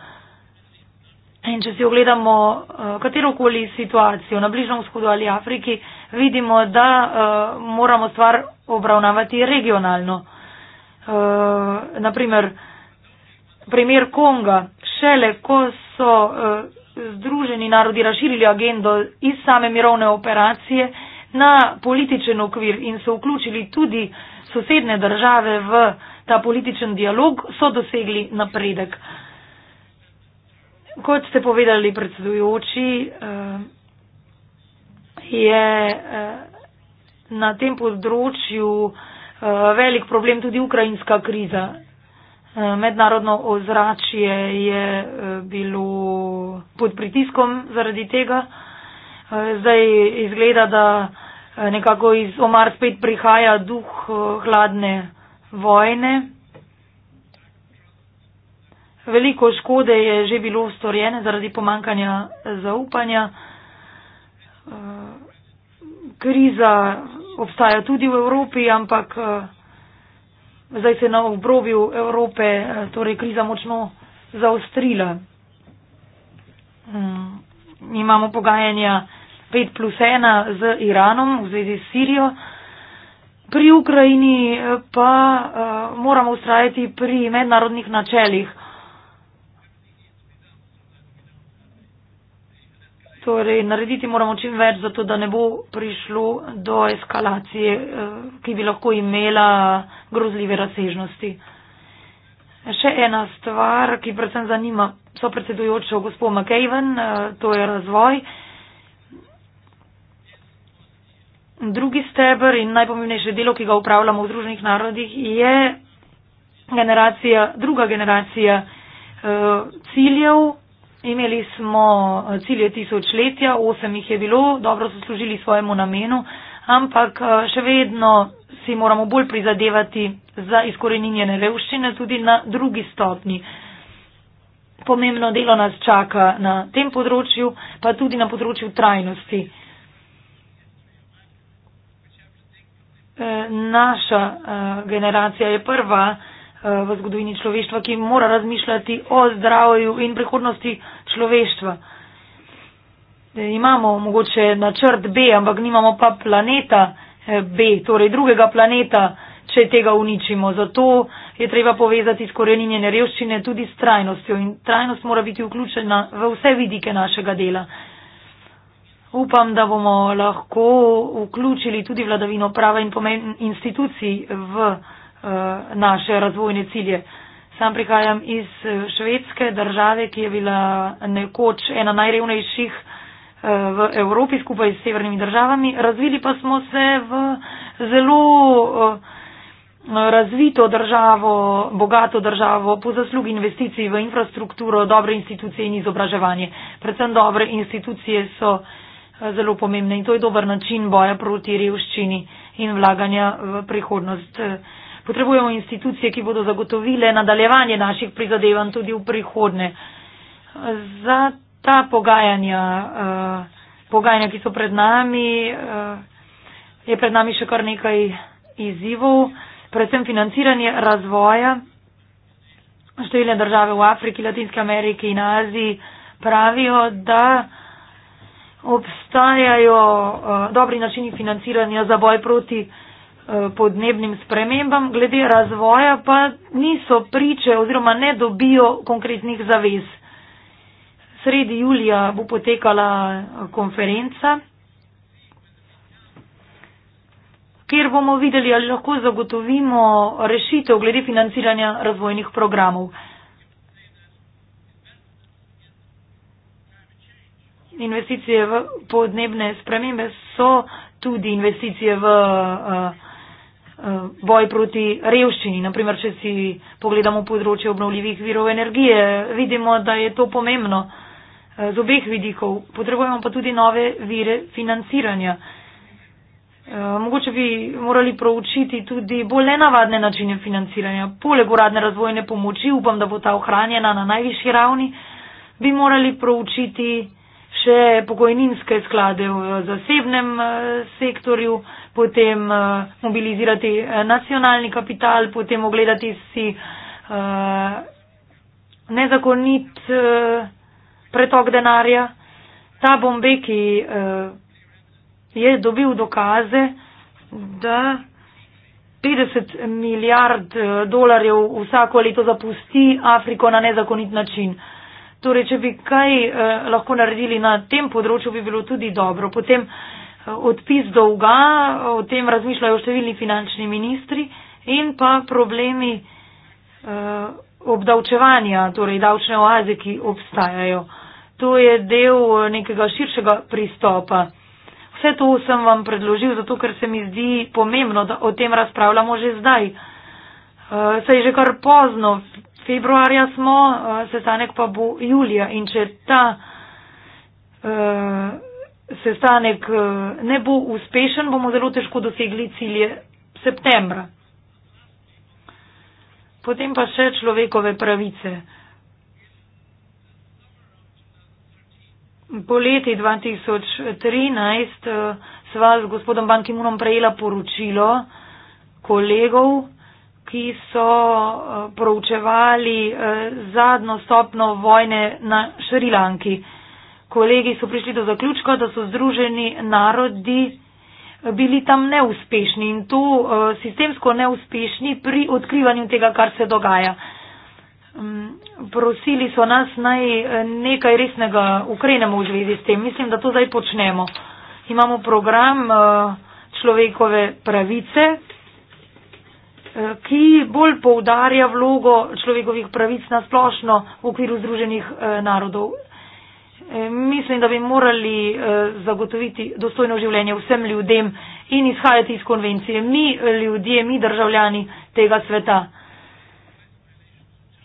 In če si ogledamo katerokoli situacijo na Bližnjem vzhodu ali Afriki, vidimo, da moramo stvar obravnavati regionalno. Naprimer, primer Konga, šele ko so uh, združeni narodi razširili agendo iz same mirovne operacije na političen okvir in so vključili tudi sosedne države v ta političen dialog, so dosegli napredek. Kot ste povedali predsedujoči, eh, je eh, na tem področju velik problem tudi ukrajinska kriza mednarodno ozračje je eh, bilo pod pritiskom zaradi tega. Eh, zdaj izgleda, da eh, nekako iz Omar spet prihaja duh hladne vojne. Veliko škode je že bilo ustorjene zaradi pomankanja zaupanja. Kriza obstaja tudi v Evropi, ampak zdaj se je na obrobju Evrope eh, torej kriza močno zaostrila. Mi mm, imamo pogajanja 5 plus 1 z Iranom v zvezi s Sirijo. Pri Ukrajini eh, pa eh, moramo ustrajati pri mednarodnih načelih. Torej, narediti moramo čim več, zato da ne bo prišlo do eskalacije, eh, ki bi lahko imela grozljive razsežnosti. Še ena stvar, ki predvsem zanima so predsedujočo gospod McEwen, eh, to je razvoj. Drugi steber in najpomembnejše delo, ki ga upravljamo v Združenih narodih, je generacija, druga generacija eh, ciljev Imeli smo eh, cilje tisočletja, osem jih je bilo, dobro so služili svojemu namenu, ampak eh, še vedno si moramo bolj prizadevati za izkoreninjene revščine tudi na drugi stopni. Pomembno delo nas čaka na tem področju, pa tudi na področju trajnosti. Eh, naša generacija je prva v zgodovini človeštva, ki mora razmišljati o zdravju in prihodnosti človeštva. E, imamo mogoče načrt B, ampak nimamo pa planeta e, B, torej drugega planeta, če tega uničimo. Zato je treba povezati skorenjenje revščine tudi s trajnostjo in trajnost mora biti vključena v vse vidike našega dela. Upam, da bomo lahko vključili tudi vladavino prava in pomen institucij v uh, naše razvojne cilje. Sam prihajam iz eh, švedske države, ki je bila nekoč ena najrevnejših eh, v Evropi skupaj s severnimi državami. Razvili pa smo se v zelo eh, razvito državo, bogato državo po zaslugi investicij v infrastrukturo, dobre institucije in izobraževanje. Predvsem dobre institucije so zelo pomembne in to je dober način boja proti revščini in vlaganja v prihodnost. Potrebujemo institucije, ki bodo zagotovile nadaljevanje naših prizadevanj tudi v prihodne. Za ta pogajanja, uh, pogajanja, ki so pred nami, uh, je pred nami še kar nekaj izzivov, predvsem financiranje razvoja. Številne države v Afriki, Latinske Amerike in Aziji pravijo, da obstajajo uh, dobri načini financiranja za boj proti. Eh, podnebnim spremembam, glede razvoja pa niso priče oziroma ne dobijo konkretnih zavez. Sredi julija bo potekala eh, konferenca, kjer bomo videli, ali lahko zagotovimo rešitev glede financiranja razvojnih programov. Investicije v podnebne spremembe so tudi investicije v uh, Eh, boj proti revščini. Naprimer, če si pogledamo področje obnovljivih virov energije, vidimo, da je to pomembno eh, z obeh vidikov. Potrebujemo pa tudi nove vire financiranja. Eh, mogoče bi morali proučiti tudi bolj nenavadne načine financiranja. Poleg uradne razvojne pomoči, upam, da bo ta ohranjena na najvišji ravni, bi morali proučiti še pokojninske sklade v zasebnem eh, sektorju, potem eh, mobilizirati eh, nacionalni kapital, potem ogledati si nezakonit pretok denarja. Ta bombeki je dobil dokaze, da 50 milijard dolarjev vsako leto zapusti Afriko na nezakonit način. Torej, če bi kaj eh, lahko naredili na tem področju, bi bilo tudi dobro. Potem eh, odpis dolga, o tem razmišljajo številni finančni ministri in pa problemi eh, obdavčevanja, torej davčne oaze, ki obstajajo. To je del eh, nekega širšega pristopa. Vse to sem vam predložil, zato ker se mi zdi pomembno, da o tem razpravljamo že zdaj. Uh, saj je že kar pozno, februarja smo, eh, sestanek pa bo julija in če ta eh, sestanek eh, ne bo uspešen, bomo zelo težko dosegli cilje septembra. Potem pa še človekove pravice. Po leti 2013 sva z gospodom Bankimunom prejela poročilo kolegov, ki so eh, proučevali eh, zadnjo stopno vojne na Šrilanki. Kolegi so prišli do zaključka, da so združeni narodi eh, bili tam neuspešni in to sistemsko neuspešni pri odkrivanju tega, kar se dogaja. Mm, prosili so nas naj nekaj resnega ukrenemo v zvezi s tem. Mislim, da to zdaj počnemo. Imamo program človekove pravice, ki bolj poudarja vlogo človekovih pravic na splošno v okviru Združenih eh, narodov. Eh, mislim, da bi morali eh, zagotoviti dostojno življenje vsem ljudem in izhajati iz konvencije. Mi ljudje, mi državljani tega sveta.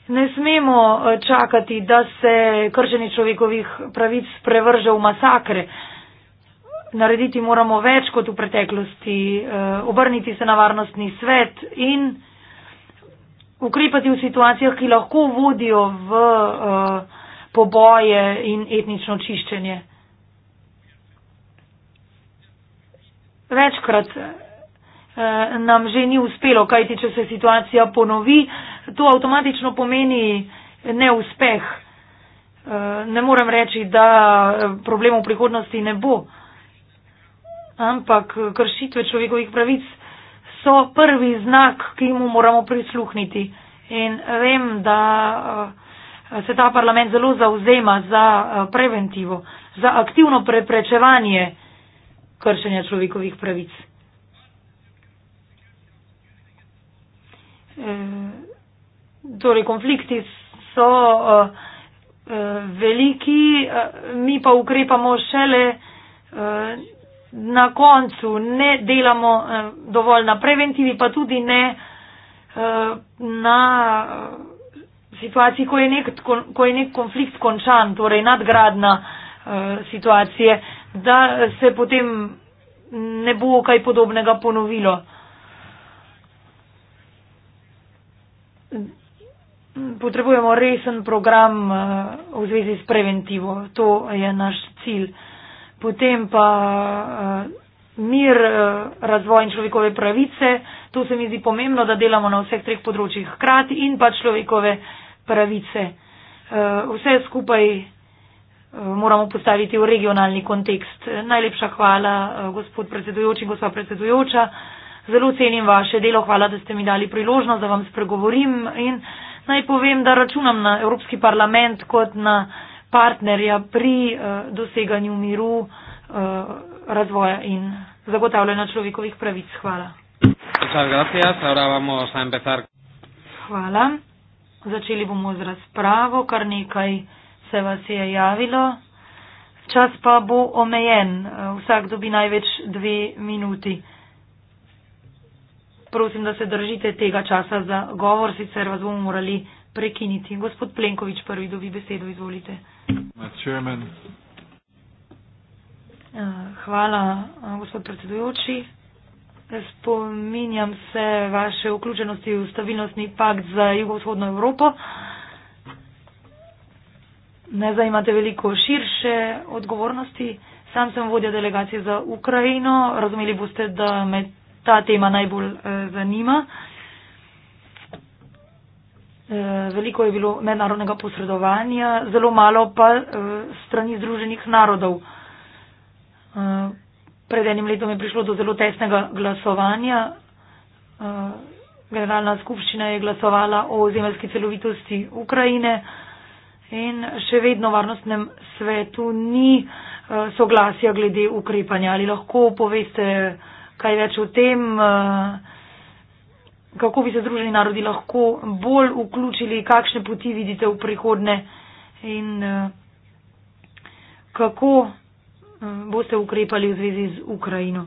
Ne smemo čakati, da se krčenje človekovih pravic prevrže v masakre narediti moramo več kot v preteklosti, eh, obrniti se na varnostni svet in ukrepati v situacijah, ki lahko vodijo v eh, poboje in etnično čiščenje. Večkrat eh, nam že ni uspelo, kajti če se situacija ponovi, to avtomatično pomeni neuspeh. Ne morem reči, da problemov v prihodnosti ne bo ampak kršitve človekovih pravic so prvi znak, ki mu moramo prisluhniti. In vem, da eh, se ta parlament zelo zauzema za eh, preventivo, za aktivno preprečevanje kršenja človekovih pravic. Eh, torej, konflikti so veliki, mi pa ukrepamo šele na koncu ne delamo eh, dovolj na preventivi, pa tudi ne eh, na eh, situaciji, ko je nek, ko je nek konflikt končan, torej nadgradna situacije, da se potem ne bo kaj podobnega ponovilo. Potrebujemo resen program v zvezi s preventivo. To je naš cilj potem pa uh, mir, uh, razvoj in človekove pravice. To se mi zdi pomembno, da delamo na vseh treh področjih hkrati in pa človekove pravice. Uh, vse skupaj moramo postaviti v regionalni kontekst. Najlepša hvala, gospod predsedujoči, gospa predsedujoča. Zelo cenim vaše delo, hvala, da ste mi dali priložnost, da vam spregovorim in naj povem, da računam na Evropski parlament kot na uh, partnerja pri uh, doseganju miru, uh, razvoja in zagotavljanja človekovih pravic. Hvala. Hvala. Začeli bomo z razpravo, kar nekaj se vas je javilo. Čas pa bo omejen. Eh, vsak dobi največ dve minuti. Prosim, da se držite tega časa za govor, sicer vas bomo morali prekiniti. Gospod Plenković prvi dobi besedo, izvolite. Eh, hvala, eh, gospod predsedujoči. Spominjam se vaše vključenosti v stabilnostni pakt za jugovzhodno Evropo. Ne zajemate veliko širše odgovornosti. Sam sem vodja delegacije za Ukrajino. Razumeli boste, da me ta tema najbolj eh, zanima. Eh, veliko je bilo mednarodnega posredovanja, zelo malo pa eh, strani Združenih narodov. Eh, pred enim letom je prišlo do zelo tesnega glasovanja. Generalna skupščina je glasovala o zemljski celovitosti Ukrajine in še vedno v varnostnem svetu ni soglasja glede ukrepanja. Ali lahko poveste kaj več o tem? kako bi se združeni narodi lahko bolj vključili, kakšne poti vidite v prihodne in eh, kako eh, boste ukrepali v zvezi z Ukrajino.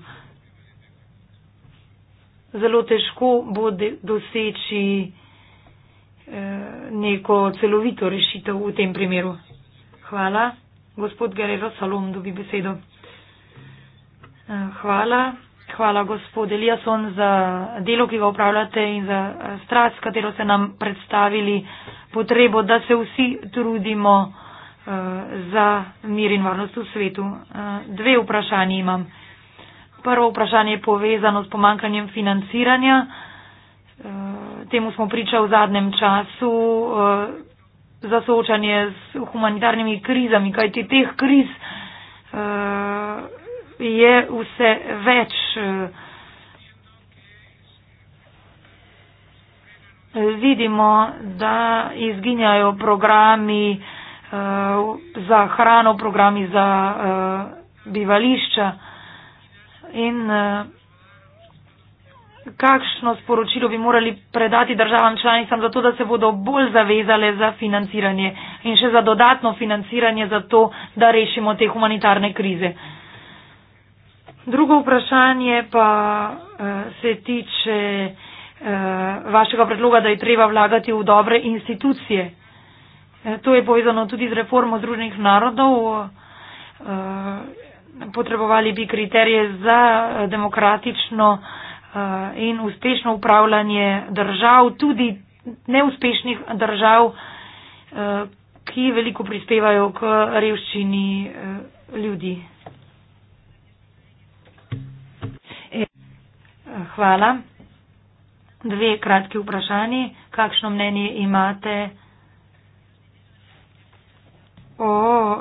Zelo težko bo doseči eh, neko celovito rešitev v tem primeru. Hvala. Gospod Gerero Salom dobi besedo. Hvala. Hvala, gospod Eliasson, za delo, ki ga upravljate in za eh, strast, katero ste nam predstavili potrebo, da se vsi trudimo uh, za mir in varnost v svetu. Uh, dve vprašanje imam. Prvo vprašanje je povezano s pomankanjem financiranja. Uh, temu smo priča v zadnjem času uh, za soočanje s humanitarnimi krizami, kajti teh kriz. Uh, je vse več eh, vidimo, da izginjajo programi eh, za hrano, programi za eh, bivališča in kakšno sporočilo bi morali predati državam članicam za to, da se bodo bolj zavezale za financiranje in še za dodatno financiranje za to, da rešimo te humanitarne krize. Drugo vprašanje pa eh, se tiče eh, vašega predloga, da je treba vlagati v dobre institucije. Eh, to je povezano tudi z reformo Združenih narodov. Potrebovali bi kriterije za demokratično in uspešno upravljanje držav, tudi neuspešnih držav, ki veliko prispevajo k revščini ljudi. Hvala. Dve kratki vprašanji. Kakšno mnenje imate o uh,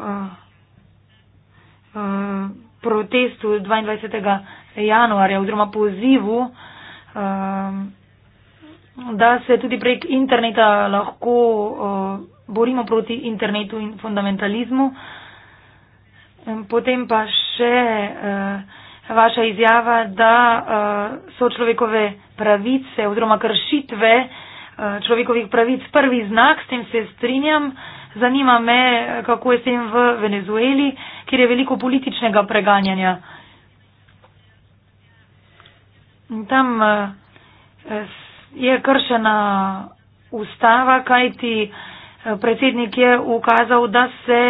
uh, protestu 22. januarja oziroma pozivu, uh, da se tudi prek interneta lahko uh, borimo proti internetu in fundamentalizmu? Potem pa še. Uh, vaša izjava, da eh, so človekove pravice oziroma kršitve eh, človekovih pravic prvi znak, s tem se strinjam. Zanima me, kako je s tem v Venezueli, kjer je veliko političnega preganjanja. Tam eh, je kršena ustava, kajti Predsednik je ukazal, da se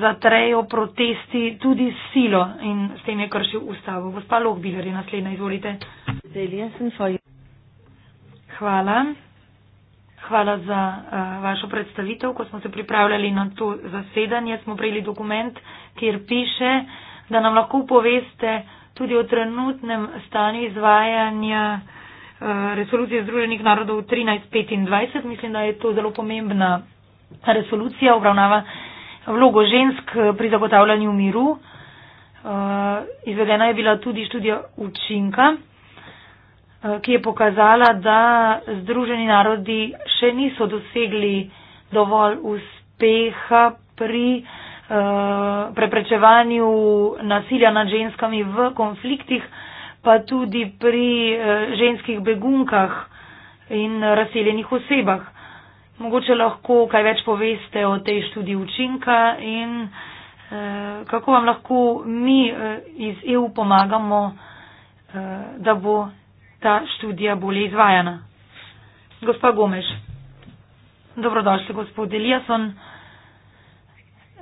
zatrejo protesti tudi s silo in s tem je kršil ustavo. Gospa Lohbiler je naslednja, izvolite. Hvala. Hvala za uh, vašo predstavitev. Ko smo se pripravljali na to zasedanje, smo prejeli dokument, kjer piše, da nam lahko poveste tudi o trenutnem stanju izvajanja uh, resolucije Združenih narodov 1325. Mislim, da je to zelo pomembna Ta resolucija obravnava vlogo žensk eh, pri zagotavljanju miru. Eh, izvedena je bila tudi študija učinka, eh, ki je pokazala, da Združeni narodi še niso dosegli dovolj uspeha pri preprečevanju nasilja nad ženskami v konfliktih, pa tudi pri ženskih begunkah in razseljenih osebah. Mogoče lahko kaj več poveste o tej študiji učinka in eh, kako vam lahko mi eh, iz EU pomagamo, eh, da bo ta študija bolje izvajana. Gospa Gomeš, dobrodošli, gospod Eliason.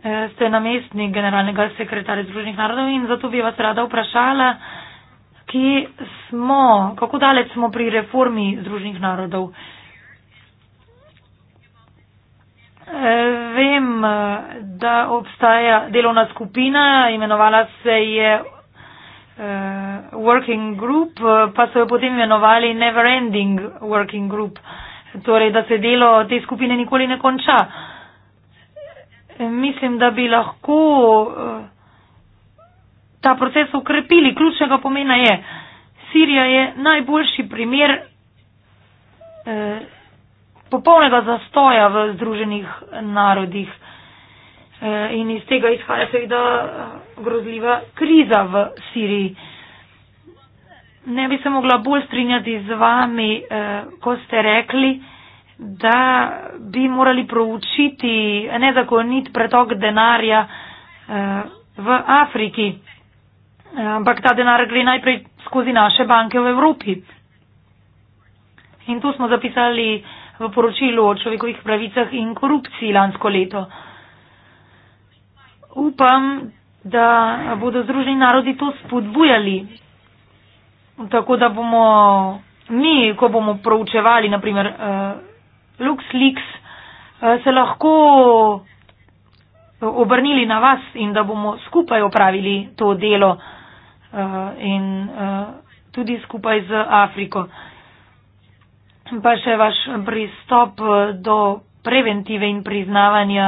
Eh, ste namestnik generalnega sekretarja Združenih narodov in zato bi vas rada vprašala, kje smo, kako daleč smo pri reformi Združenih narodov. Vem, da obstaja delovna skupina, imenovala se je eh, Working Group, pa so jo potem imenovali Never Ending Working Group, torej da se delo te skupine nikoli ne konča. Mislim, da bi lahko eh, ta proces ukrepili. Ključnega pomena je, Sirija je najboljši primer. Eh, popolnega zastoja v Združenih narodih. E, in iz tega izhaja seveda e, grozljiva kriza v Siriji. Ne bi se mogla bolj strinjati z vami, e, ko ste rekli, da bi morali proučiti nezakonit pretok denarja v Afriki. Ampak ta denar gre najprej skozi naše banke v Evropi. In tu smo zapisali v poročilu o človekovih pravicah in korupciji lansko leto. Upam, da bodo Združeni narodi to spodbujali, tako da bomo mi, ko bomo proučevali, naprimer, uh, eh, LuxLeaks, uh, se lahko eh, obrnili na vas in da bomo skupaj opravili to delo uh, in uh, tudi skupaj z Afriko pa še vaš pristop eh, do preventive in priznavanja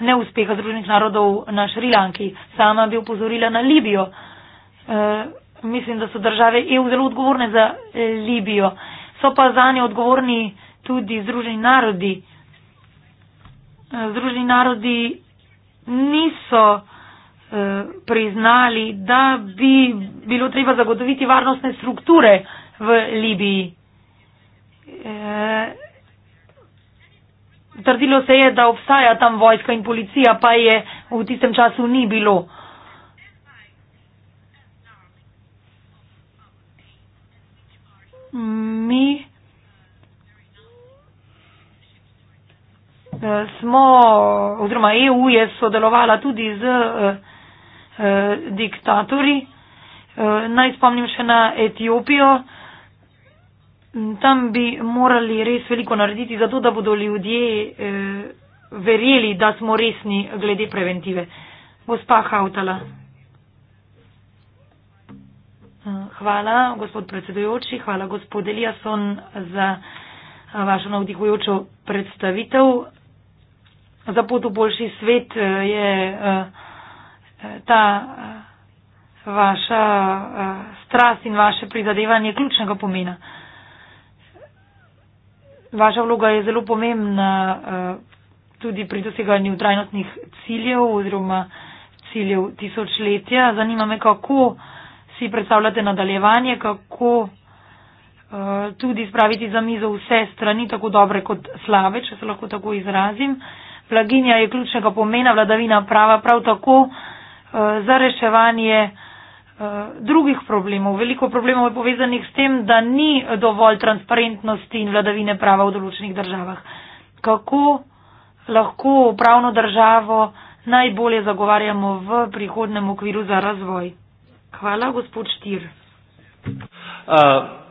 neuspeha Združenih narodov na Šrilanki. Sama bi upozorila na Libijo. E, mislim, da so države EU zelo odgovorne za eh, Libijo. So pa za nje odgovorni tudi Združeni narodi. Združeni narodi niso e, priznali, da bi bilo treba zagotoviti varnostne strukture v Libiji. Eh, trdilo se je, da obstaja tam vojska in policija, pa je v tistem času ni bilo. Mi eh, smo, oziroma EU je sodelovala tudi z eh, eh, diktatorji. Eh, naj spomnim še na Etiopijo. Eh, Mm, tam bi morali res veliko narediti, zato da bodo ljudje eh, verjeli, da smo resni glede preventive. Gospa Hautala. Eh, hvala, gospod predsedujoči, hvala, gospod Eliasson, za eh, vašo navdihujočo predstavitev. Za pot v boljši svet eh, je ta vaša strast in vaše prizadevanje ključnega pomena vaša vloga je zelo pomembna eh, tudi pri doseganju trajnostnih ciljev oziroma ciljev tisočletja. Zanima me, kako si predstavljate nadaljevanje, kako eh, tudi spraviti za mizo vse strani, tako dobre kot slabe, če se lahko tako izrazim. Blaginja je ključnega pomena, vladavina prava prav tako eh, za reševanje Eh, drugih problemov. Veliko problemov je povezanih s tem, da ni dovolj transparentnosti in vladavine prava v določenih državah. Kako lahko pravno državo najbolje zagovarjamo v prihodnem okviru za razvoj? Hvala, gospod Štir. Uh.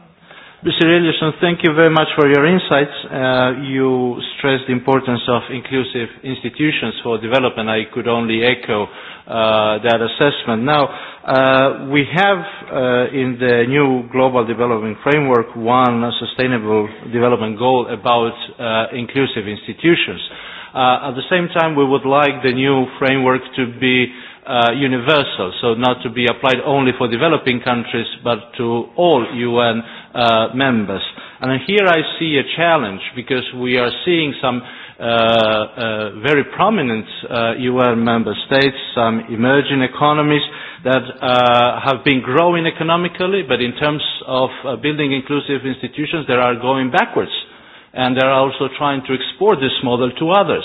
Mr. Elderson, thank you very much for your insights. Uh, you stressed the importance of inclusive institutions for development. I could only echo uh, that assessment. Now, uh, we have uh, in the new global development framework one sustainable development goal about uh, inclusive institutions. Uh, at the same time, we would like the new framework to be uh, universal, so not to be applied only for developing countries, but to all UN uh, members. And here I see a challenge because we are seeing some uh, uh, very prominent uh, UN member states, some emerging economies that uh, have been growing economically, but in terms of uh, building inclusive institutions, they are going backwards. And they are also trying to export this model to others.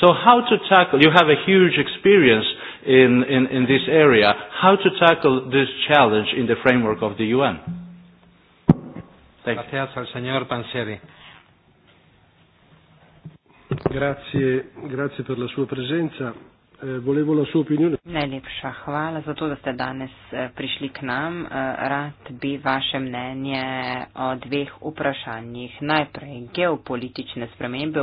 So how to tackle, you have a huge experience in, in, in this area, how to tackle this challenge in the framework of the UN? Mm-hmm. Gracias al señor Panseri. Grazie, grazie per la sua presenza. Eh, volevo la sua opinione. Najlepša hvala za to, da ste danes eh, prišli k nam. Eh, rad bi vaše mnenje o dveh vprašanjih. Najprej, geopolitične spremembe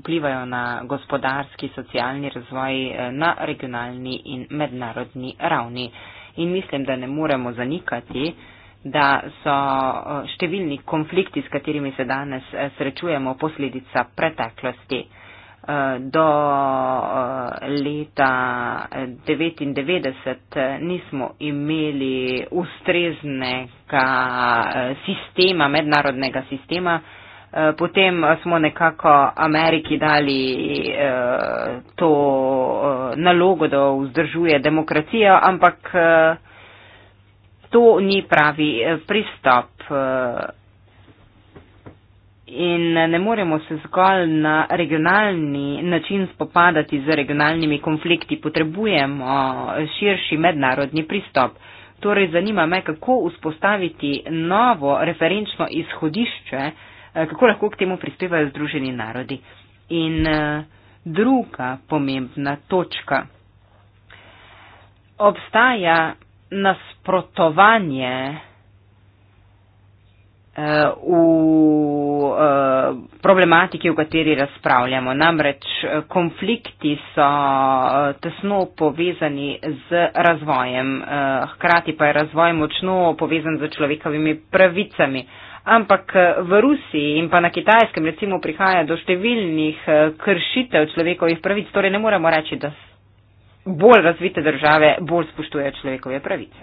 vplivajo na gospodarski, socialni razvoj eh, na regionalni in mednarodni ravni. In mislim, da ne moremo zanikati, da so eh, številni konflikti, s katerimi se danes eh, srečujemo, posledica preteklosti. Eh, do leta 1999 nismo imeli ustreznega sistema, mednarodnega sistema. Potem smo nekako Ameriki dali to nalogo, da vzdržuje demokracijo, ampak to ni pravi eh, pristop. Eh, in ne moremo se zgolj na regionalni način spopadati z regionalnimi konflikti, potrebujemo širši mednarodni pristop. Torej zanima me, kako vzpostaviti novo referenčno izhodišče, eh, kako lahko k temu prispevajo Združeni narodi. In druga pomembna točka. Obstaja nasprotovanje eh, v eh, problematiki, v kateri razpravljamo. Namreč eh, konflikti so eh, tesno povezani z razvojem, eh, hkrati pa je razvoj močno povezan z človekovimi pravicami. Ampak eh, v Rusiji in pa na kitajskem recimo prihaja do številnih kršitev človekovih pravic, torej ne moremo reči, da bolj razvite države bolj spoštujejo človekove pravice.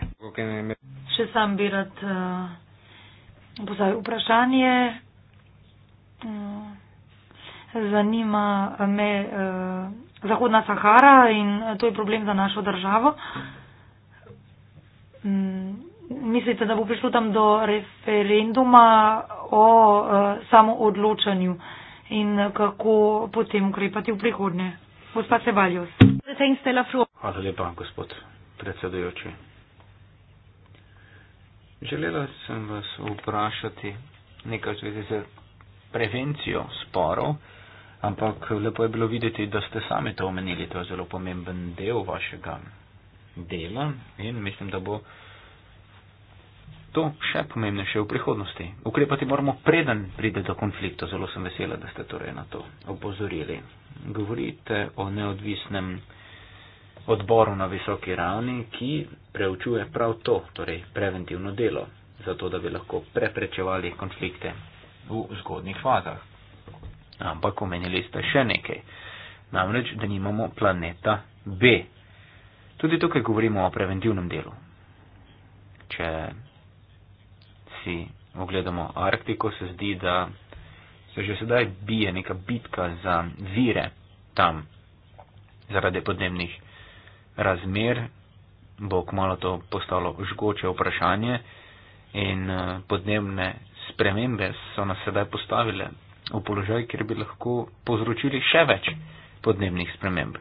Še sam bi rad eh, pozabil uh, vprašanje. Eh, zanima me uh, Zahodna Sahara in to je problem za našo državo. Um, mislite, da bo prišlo tam do referenduma o uh, samoodločanju in kako potem ukrepati v prihodnje? Gospod Sebaljos. Hvala lepa, gospod predsedujoči. Želela sem vas vprašati nekaj zvezi z prevencijo sporov, ampak lepo je bilo videti, da ste sami to omenili. To je zelo pomemben del vašega dela in mislim, da bo to še pomembnejše v prihodnosti. Ukrepati moramo, preden pride do konflikta. Zelo sem vesela, da ste torej na to opozorili. Govorite o neodvisnem odboru na visoki ravni, ki preučuje prav to, torej preventivno delo, zato da bi lahko preprečevali konflikte v zgodnih fazah. Ampak omenili ste še nekaj, namreč, da nimamo planeta B. Tudi tukaj govorimo o preventivnem delu. Če si ogledamo Arktiko, se zdi, da se že sedaj bije neka bitka za vire tam zaradi podnebnih razmer, bo kmalo to postalo žgoče vprašanje in eh, podnebne spremembe so nas sedaj postavile v položaj, kjer bi lahko povzročili še več podnebnih sprememb.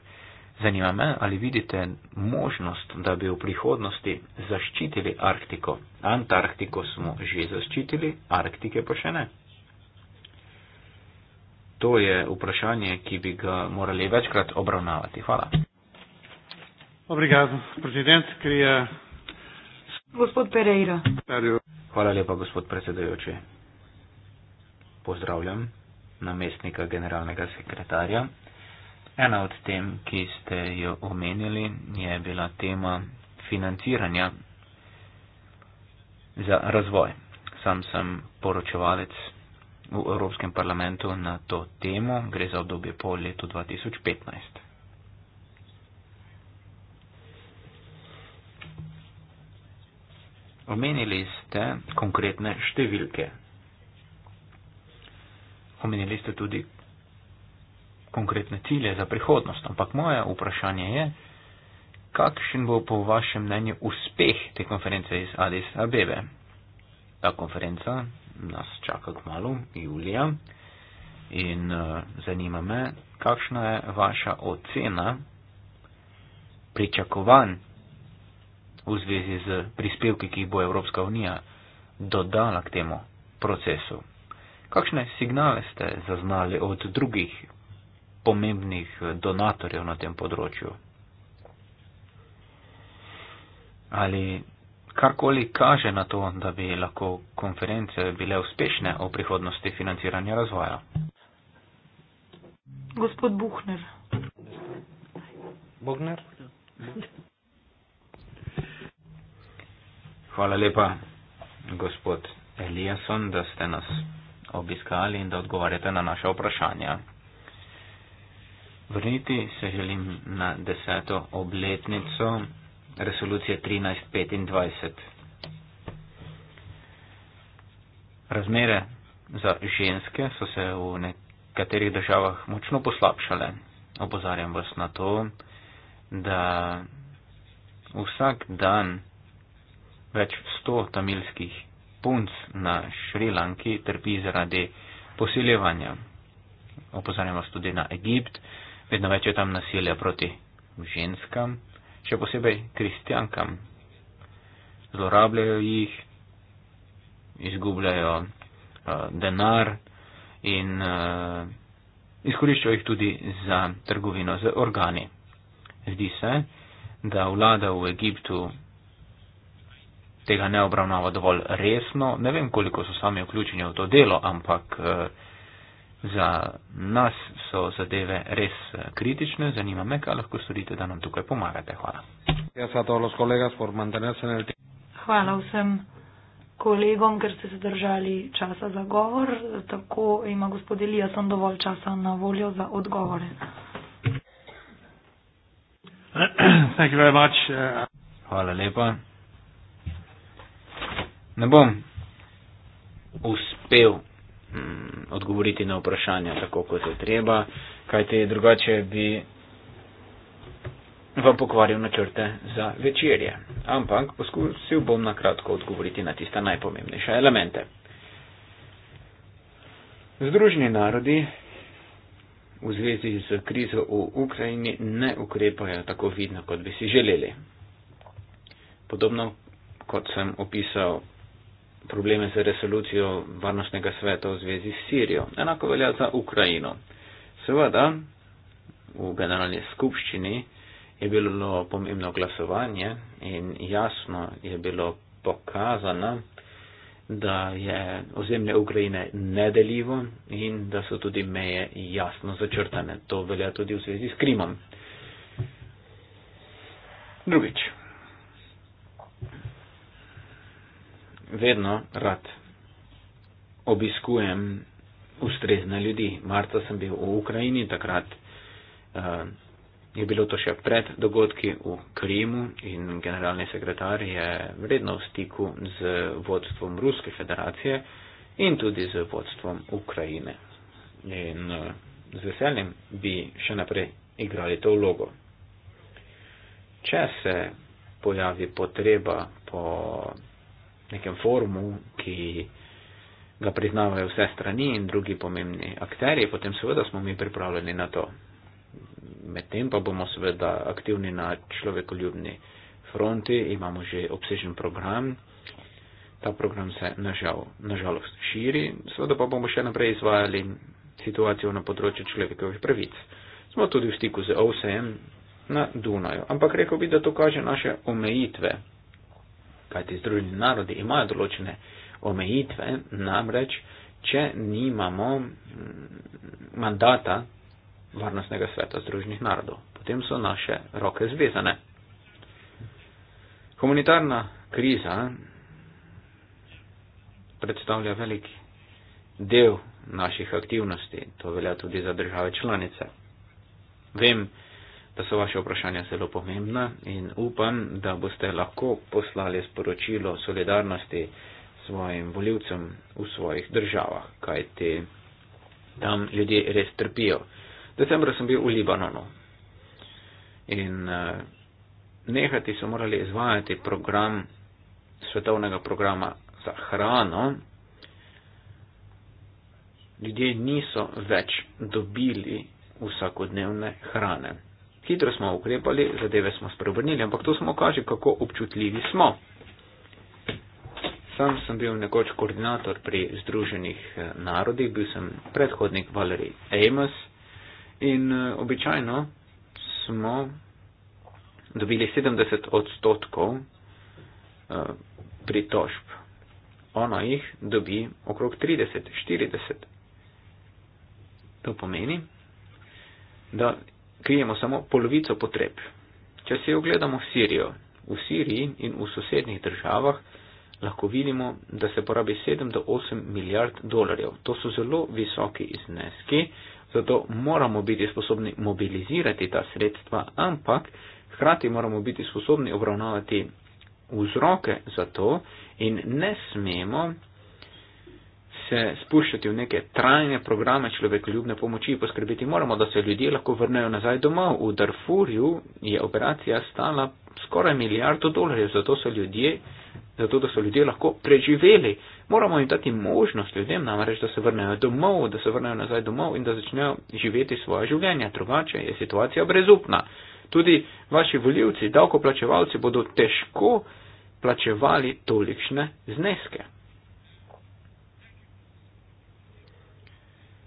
Zanima me, ali vidite možnost, da bi v prihodnosti zaščitili Arktiko. Antarktiko smo že zaščitili, Arktike pa še ne. To je vprašanje, ki bi ga morali večkrat obravnavati. Hvala. Obrigado, president. Queria... Gospod Pereira. Hvala lepa, gospod predsedujoči. Pozdravljam namestnika generalnega sekretarja. Ena od tem, ki ste jo omenili, je bila tema financiranja za razvoj. Sam sem poročevalec v Evropskem parlamentu na to temo, gre za obdobje po letu 2015. Omenili ste konkretne številke. Omenili ste tudi konkretne cilje za prihodnost. Ampak moje vprašanje je, kakšen bo po vašem mnenju uspeh te konference iz Addis Abebe? Ta konferenca nas čaka k malu, julija. In eh, zanima me, kakšna je vaša ocena pričakovanj v zvezi z prispevki, ki jih bo Evropska unija dodala k temu procesu. Kakšne signale ste zaznali od drugih pomembnih donatorjev na tem področju? Ali karkoli kaže na to, da bi lahko konference bile uspešne o prihodnosti financiranja razvoja? Gospod Buhner. Bogner? Hvala lepa, gospod Eliasson, da ste nas obiskali in da odgovarjate na naše vprašanja. Vrniti se želim na deseto obletnico resolucije 1325. Razmere za ženske so se v nekaterih državah močno poslabšale. Opozarjam vas na to, da vsak dan več sto tamilskih punc na Šrilanki trpi zaradi posiljevanja. Opozarjamo tudi na Egipt, vedno več je tam nasilja proti ženskam, še posebej kristjankam. Zlorabljajo jih, izgubljajo uh, denar in uh, izkoriščajo jih tudi za trgovino z organi. Zdi se, da vlada v Egiptu tega ne obravnava dovolj resno. Ne vem, koliko so sami vključeni v to delo, ampak eh, za nas so zadeve res eh, kritične. Zanima me, kaj lahko storite, da nam tukaj pomagate. Hvala. Hvala vsem kolegom, ker ste se držali časa za govor. Tako ima gospod Elija sem dovolj časa na voljo za odgovore. Eh. Hvala lepa ne bom uspel mm, odgovoriti na vprašanja tako, kot je treba, kajte drugače bi vam pokvaril načrte za večerje. Ampak poskusil bom na kratko odgovoriti na tiste najpomembnejše elemente. Združeni narodi v zvezi z krizo v Ukrajini ne ukrepajo tako vidno, kot bi si želeli. Podobno kot sem opisal probleme z resolucijo varnostnega sveta v zvezi s Sirijo. Enako velja za Ukrajino. Seveda, v generalni skupščini je bilo pomembno glasovanje in jasno je bilo pokazano, da je ozemlje Ukrajine nedeljivo in da so tudi meje jasno začrtane. To velja tudi v zvezi s Krimom. Drugič. vedno rad obiskujem ustrezne ljudi. Marca sem bil v Ukrajini, takrat uh, je bilo to še pred dogodki v Krimu in generalni sekretar je vredno v stiku z vodstvom Ruske federacije in tudi z vodstvom Ukrajine. In uh, z veseljem bi še naprej igrali to vlogo. Če se pojavi potreba po nekem forumu, ki ga priznavajo vse strani in drugi pomembni akteri, potem seveda smo mi pripravljeni na to. Medtem pa bomo seveda aktivni na človekoljubni fronti, imamo že obsežen program. Ta program se nažal, nažalost širi, seveda pa bomo še naprej izvajali situacijo na področju človekovih pravic. Smo tudi v stiku z OSM na Dunaju, ampak rekel bi, da to kaže naše omejitve kajti združeni narodi imajo določene omejitve, namreč, če nimamo mm, mandata Varnostnega sveta združenih narodov, potem so naše roke zvezane. Humanitarna kriza predstavlja velik del naših aktivnosti, to velja tudi za države članice. Vem, da so vaše vprašanja zelo pomembna in upam, da boste lahko poslali sporočilo solidarnosti svojim voljivcem v svojih državah, kajti tam ljudje res trpijo. Decembra sem bil v Libanonu in eh, nehati so morali izvajati program svetovnega programa za hrano. Ljudje niso več dobili vsakodnevne hrane. Hitro smo ukrepali, zadeve smo spremenili, ampak to samo kaže, kako občutljivi smo. Sam sem bil nekoč koordinator pri Združenih eh, narodih, bil sem predhodnik Valerij Amos in eh, običajno smo dobili 70 odstotkov eh, pritožb. Ona jih dobi okrog 30-40. To pomeni, da krijemo samo polovico potreb. Če se ogledamo v Sirijo, v Siriji in v sosednjih državah, lahko vidimo, da se porabi 7 do 8 milijard dolarjev. To so zelo visoki izneski, zato moramo biti sposobni mobilizirati ta sredstva, ampak hkrati moramo biti sposobni obravnavati vzroke za to in ne smemo se spuščati v neke trajne programe človekoljubne pomoči, poskrbeti moramo, da se ljudje lahko vrnejo nazaj domov. V Darfurju je operacija stala skoraj milijardo dolarjev, zato, ljudje, zato da so ljudje lahko preživeli. Moramo jim dati možnost ljudem namreč, da se vrnejo domov, da se vrnejo nazaj domov in da začnejo živeti svoje življenje. Drugače je situacija brezupna. Tudi vaši voljivci, davkoplačevalci bodo težko plačevali tolikšne zneske.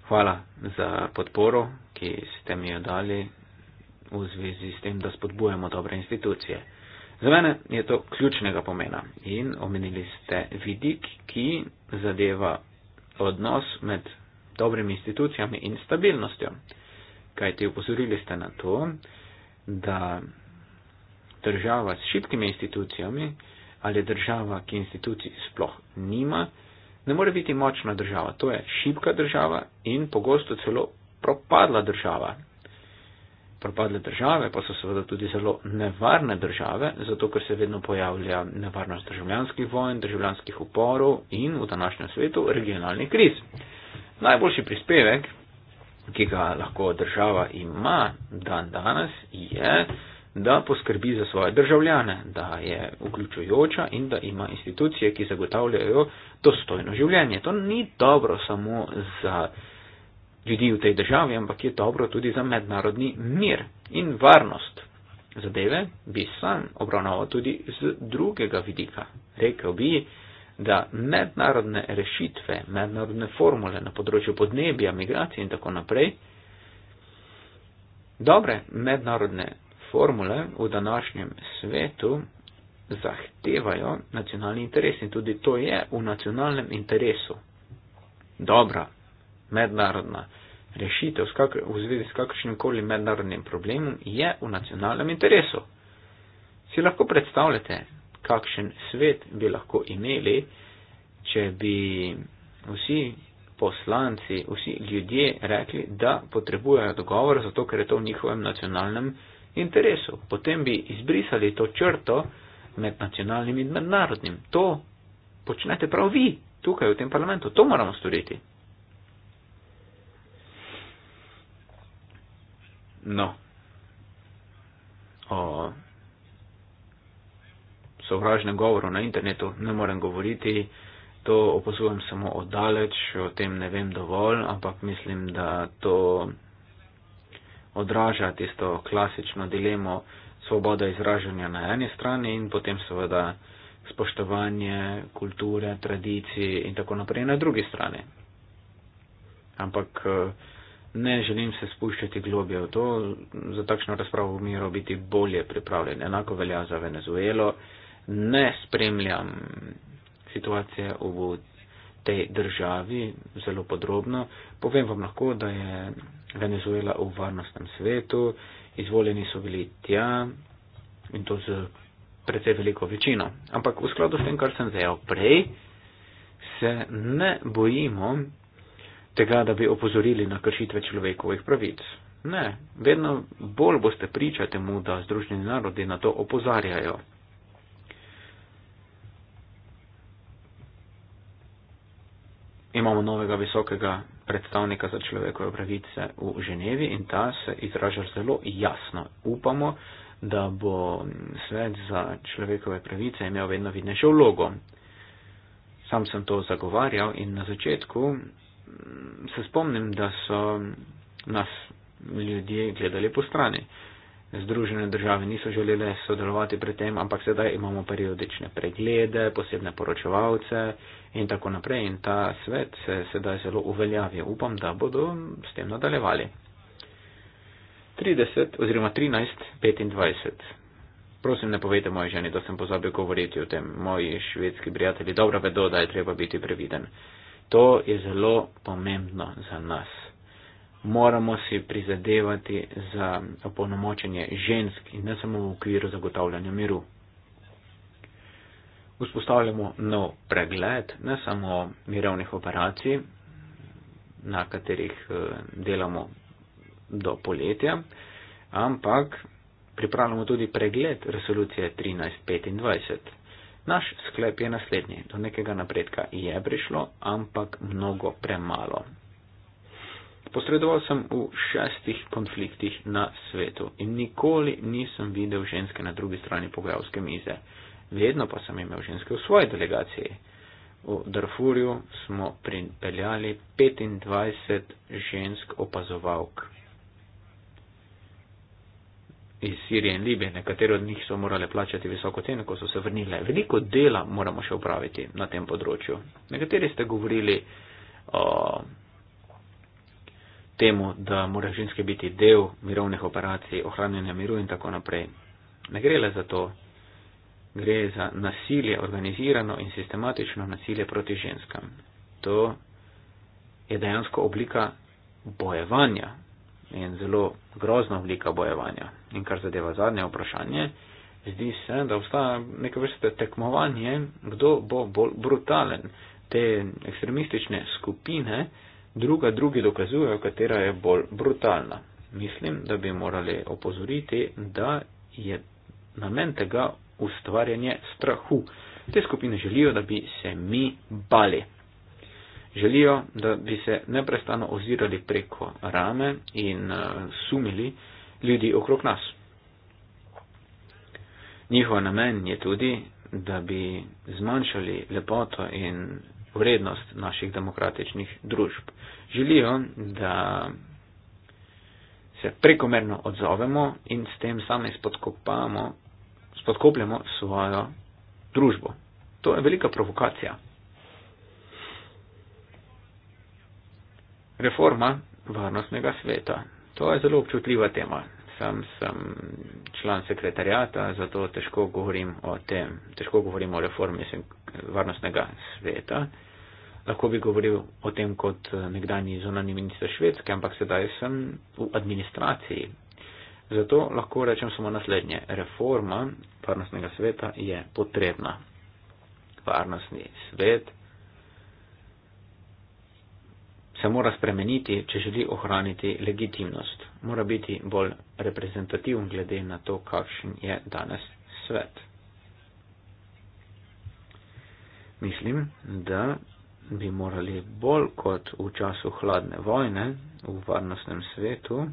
hvala za podporo, ki ste mi jo dali v zvezi s tem, da spodbujamo dobre institucije. Za mene je to ključnega pomena in omenili ste vidik, ki zadeva odnos med dobrimi institucijami in stabilnostjo. Kaj ti upozorili ste na to, da država s šibkimi institucijami ali država, ki institucij sploh nima, ne more biti močna država. To je šibka država in pogosto celo propadla država. Propadle države pa so seveda tudi zelo nevarne države, zato ker se vedno pojavlja nevarnost državljanskih vojn, državljanskih uporov in v današnjem svetu regionalnih kriz. Najboljši prispevek, ki ga lahko država ima dan danes, je da poskrbi za svoje državljane, da je vključujoča in da ima institucije, ki zagotavljajo dostojno življenje. To ni dobro samo za ljudi v tej državi, ampak je dobro tudi za mednarodni mir in varnost. Zadeve bi sam obravnaval tudi z drugega vidika. Rekel bi, da mednarodne rešitve, mednarodne formule na področju podnebja, migracije in tako naprej, dobre mednarodne formule v današnjem svetu zahtevajo nacionalni interes in tudi to je v nacionalnem interesu. Dobra mednarodna rešitev v zvezi s kakršnim koli mednarodnim problemom je v nacionalnem interesu. Si lahko predstavljate, kakšen svet bi lahko imeli, če bi vsi poslanci, vsi ljudje rekli, da potrebujejo dogovor, zato ker je to v njihovem nacionalnem interesu interesov. Potem bi izbrisali to črto med nacionalnim in mednarodnim. To počnete prav vi, tukaj v tem parlamentu. To moramo storiti. No. O sovražnem govoru na internetu ne morem govoriti. To opozujem samo od daleč, o tem ne vem dovolj, ampak mislim, da to odraža tisto klasično dilemo svobode izražanja na eni strani in potem seveda spoštovanje kulture, tradicij in tako naprej na drugi strani. Ampak eh, ne želim se spuščati globje v to, za takšno razpravo bi moral biti bolje pripravljen. Enako velja za Venezuelo. Ne spremljam situacije v tej državi zelo podrobno. Povem vam lahko, da je Venezuela v varnostnem svetu, izvoljeni so bili tja in to z precej veliko večino. Ampak v skladu s tem, kar sem dejal prej, se ne bojimo tega, da bi opozorili na kršitve človekovih pravic. Ne, vedno bolj boste priča temu, da združeni narodi na to opozarjajo. Imamo novega visokega predstavnika za človekove pravice v Ženevi in ta se izraža zelo jasno. Upamo, da bo svet za človekove pravice imel vedno vidnejšo vlogo. Sam sem to zagovarjal in na začetku mm, se spomnim, da so nas ljudje gledali po strani. Združene države niso želele sodelovati pri tem, ampak sedaj imamo periodične preglede, posebne poročevalce in tako naprej. In ta svet se sedaj zelo uveljavi. Upam, da bodo s tem nadaljevali. 30 oziroma 13, 25. Prosim, ne povejte moji ženi, da sem pozabil govoriti o tem. Moji švedski prijatelji dobro vedo, da je treba biti previden. To je zelo pomembno za nas. Moramo si prizadevati za opolnomočenje žensk in ne samo v okviru zagotavljanja miru. Vzpostavljamo nov pregled ne samo mirovnih operacij, na katerih eh, delamo do poletja, ampak pripravljamo tudi pregled resolucije 1325. Naš sklep je naslednji. Do nekega napredka je prišlo, ampak mnogo premalo. Posredoval sem v šestih konfliktih na svetu in nikoli nisem videl ženske na drugi strani pogajalske mize vedno pa sem imel ženske v svoji delegaciji. V Darfurju smo pripeljali 25 žensk opazovalk iz Sirije in Libije. Nekatere od njih so morale plačati visoko ceno, ko so se vrnile. Veliko dela moramo še upraviti na tem področju. Nekateri ste govorili o temu, da mora ženske biti del mirovnih operacij, ohranjanja miru in tako naprej. Ne gre le za to, gre za nasilje, organizirano in sistematično nasilje proti ženskam. To je dejansko oblika bojevanja in zelo grozna oblika bojevanja. In kar zadeva zadnje vprašanje, zdi se, da obstaja neka vrsta tekmovanje, kdo bo bolj brutalen. Te ekstremistične skupine druga drugi dokazujejo, katera je bolj brutalna. Mislim, da bi morali opozoriti, da je namen tega ustvarjanje strahu. Te skupine želijo, da bi se mi bali. Želijo, da bi se neprestano ozirali preko rame in eh, sumili ljudi okrog nas. Njihov namen je tudi, da bi zmanjšali lepoto in vrednost naših demokratičnih družb. Želijo, da se prekomerno odzovemo in s tem sami spodkopamo spodkopljamo svojo družbo. To je velika provokacija. Reforma varnostnega sveta. To je zelo občutljiva tema. Sam sem član sekretarjata, zato težko govorim o tem. Težko govorim o reformi varnostnega sveta. Lahko bi govoril o tem kot eh, nekdani zunani minister Švedske, ampak sedaj sem v administraciji Zato lahko rečem samo naslednje. Reforma varnostnega sveta je potrebna. Varnostni svet se mora spremeniti, če želi ohraniti legitimnost. Mora biti bolj reprezentativen glede na to, kakšen je danes svet. Mislim, da bi morali bolj kot v času hladne vojne v varnostnem svetu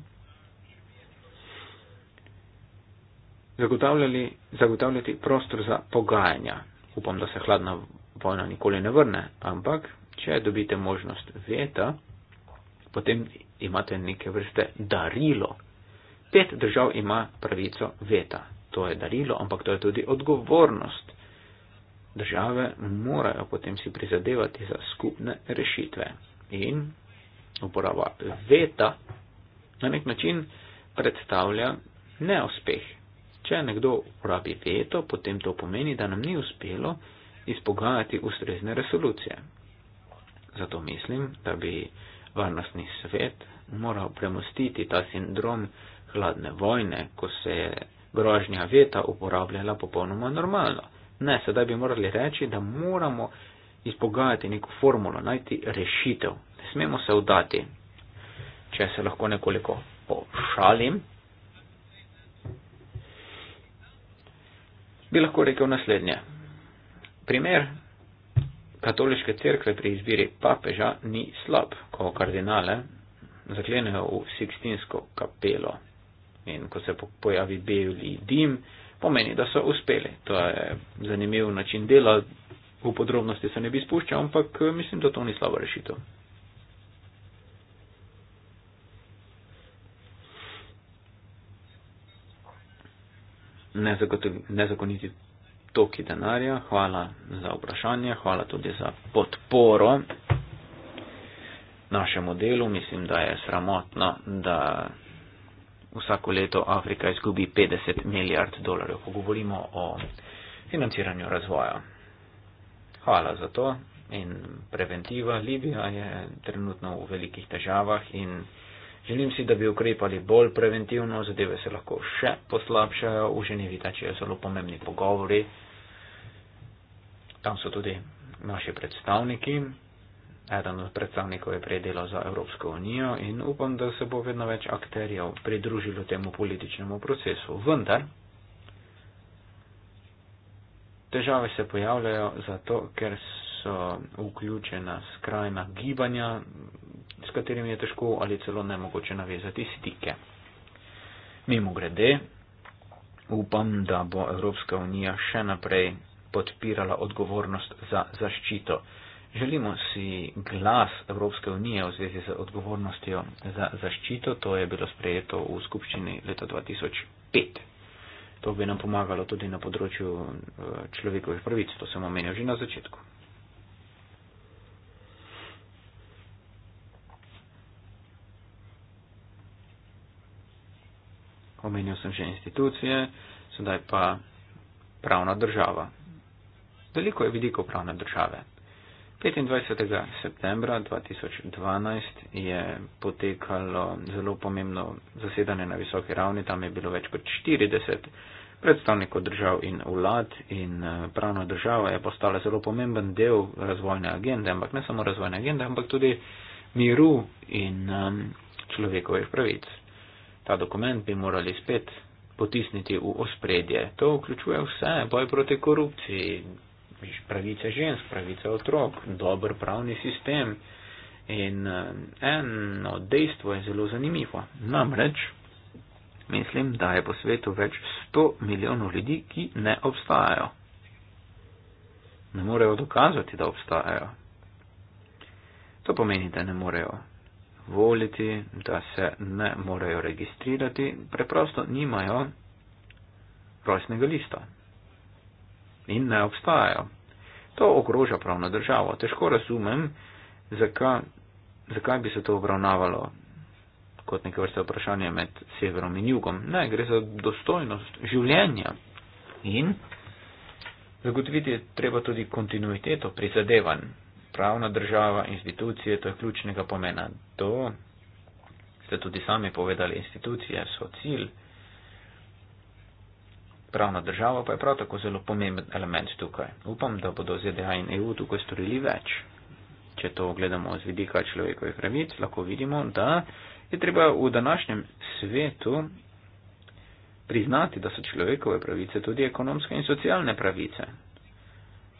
zagotavljati prostor za pogajanja. Upam, da se hladna vojna nikoli ne vrne, ampak če dobite možnost veta, potem imate neke vrste darilo. Pet držav ima pravico veta. To je darilo, ampak to je tudi odgovornost. Države morajo potem si prizadevati za skupne rešitve in uporaba veta na nek način predstavlja neuspeh Če nekdo uporabi veto, potem to pomeni, da nam ni uspelo izpogajati ustrezne resolucije. Zato mislim, da bi varnostni svet moral premostiti ta sindrom hladne vojne, ko se je grožnja veta uporabljala popolnoma normalno. Ne, sedaj bi morali reči, da moramo izpogajati neko formulo, najti rešitev. Ne smemo se vdati. Če se lahko nekoliko pošalim, bi lahko rekel naslednje. Primer katoliške cerkve pri izbiri papeža ni slab, ko kardinale zaklenejo v sikstinsko kapelo. In ko se pojavi beli dim, pomeni, da so uspeli. To je zanimiv način dela, v podrobnosti se ne bi spuščal, ampak eh, mislim, da to ni slaba rešitev. nezakoniti toki denarja. Hvala za vprašanje, hvala tudi za podporo našemu delu. Mislim, da je sramotno, da vsako leto Afrika izgubi 50 milijard dolarjev, ko govorimo o financiranju razvoja. Hvala za to. In preventiva Libija je trenutno v velikih težavah in Želim si, da bi ukrepali bolj preventivno, zadeve se lahko še poslabšajo, v Ženevi tečejo zelo pomembni pogovori, tam so tudi naši predstavniki, eden od predstavnikov je predelal za Evropsko unijo in upam, da se bo vedno več akterjev pridružilo temu političnemu procesu. Vendar, težave se pojavljajo zato, ker so vključena skrajna gibanja, s katerimi je težko ali celo nemogoče navezati stike. Mimo grede, upam, da bo Evropska unija še naprej podpirala odgovornost za zaščito. Želimo si glas Evropske unije v zvezi z odgovornostjo za zaščito, to je bilo sprejeto v skupščini leta 2005. To bi nam pomagalo tudi na področju eh, človekovih pravic, to sem omenil že na začetku. omenil sem že institucije, sedaj pa pravna država. Veliko je vidiko pravne države. 25. septembra 2012 je potekalo zelo pomembno zasedanje na visoki ravni, tam je bilo več kot 40 predstavnikov držav in vlad in eh, pravna država je postala zelo pomemben del razvojne agende, ampak ne samo razvojne agende, ampak tudi miru in eh, človekovih pravic ta dokument bi morali spet potisniti v ospredje. To vključuje vse, boj proti korupciji, pravice žensk, pravice otrok, dober pravni sistem. In eh, eno dejstvo je zelo zanimivo. Namreč, mislim, da je po svetu več 100 milijonov ljudi, ki ne obstajajo. Ne morejo dokazati, da obstajajo. To pomeni, da ne morejo voliti, da se ne morejo registrirati, preprosto nimajo rojstnega lista in ne obstajajo. To ogroža pravno državo. Težko razumem, zakaj, zakaj bi se to obravnavalo kot neke vrste vprašanje med severom in jugom. Ne, gre za dostojnost življenja in zagotoviti je treba tudi kontinuiteto prizadevanj pravna država, institucije, to je ključnega pomena. To ste tudi sami povedali, institucije so cilj, pravna država pa je prav tako zelo pomemben element tukaj. Upam, da bodo ZDA in EU tukaj storili več. Če to gledamo z vidika človekovih pravic, lahko vidimo, da je treba v današnjem svetu priznati, da so človekove pravice tudi ekonomske in socialne pravice.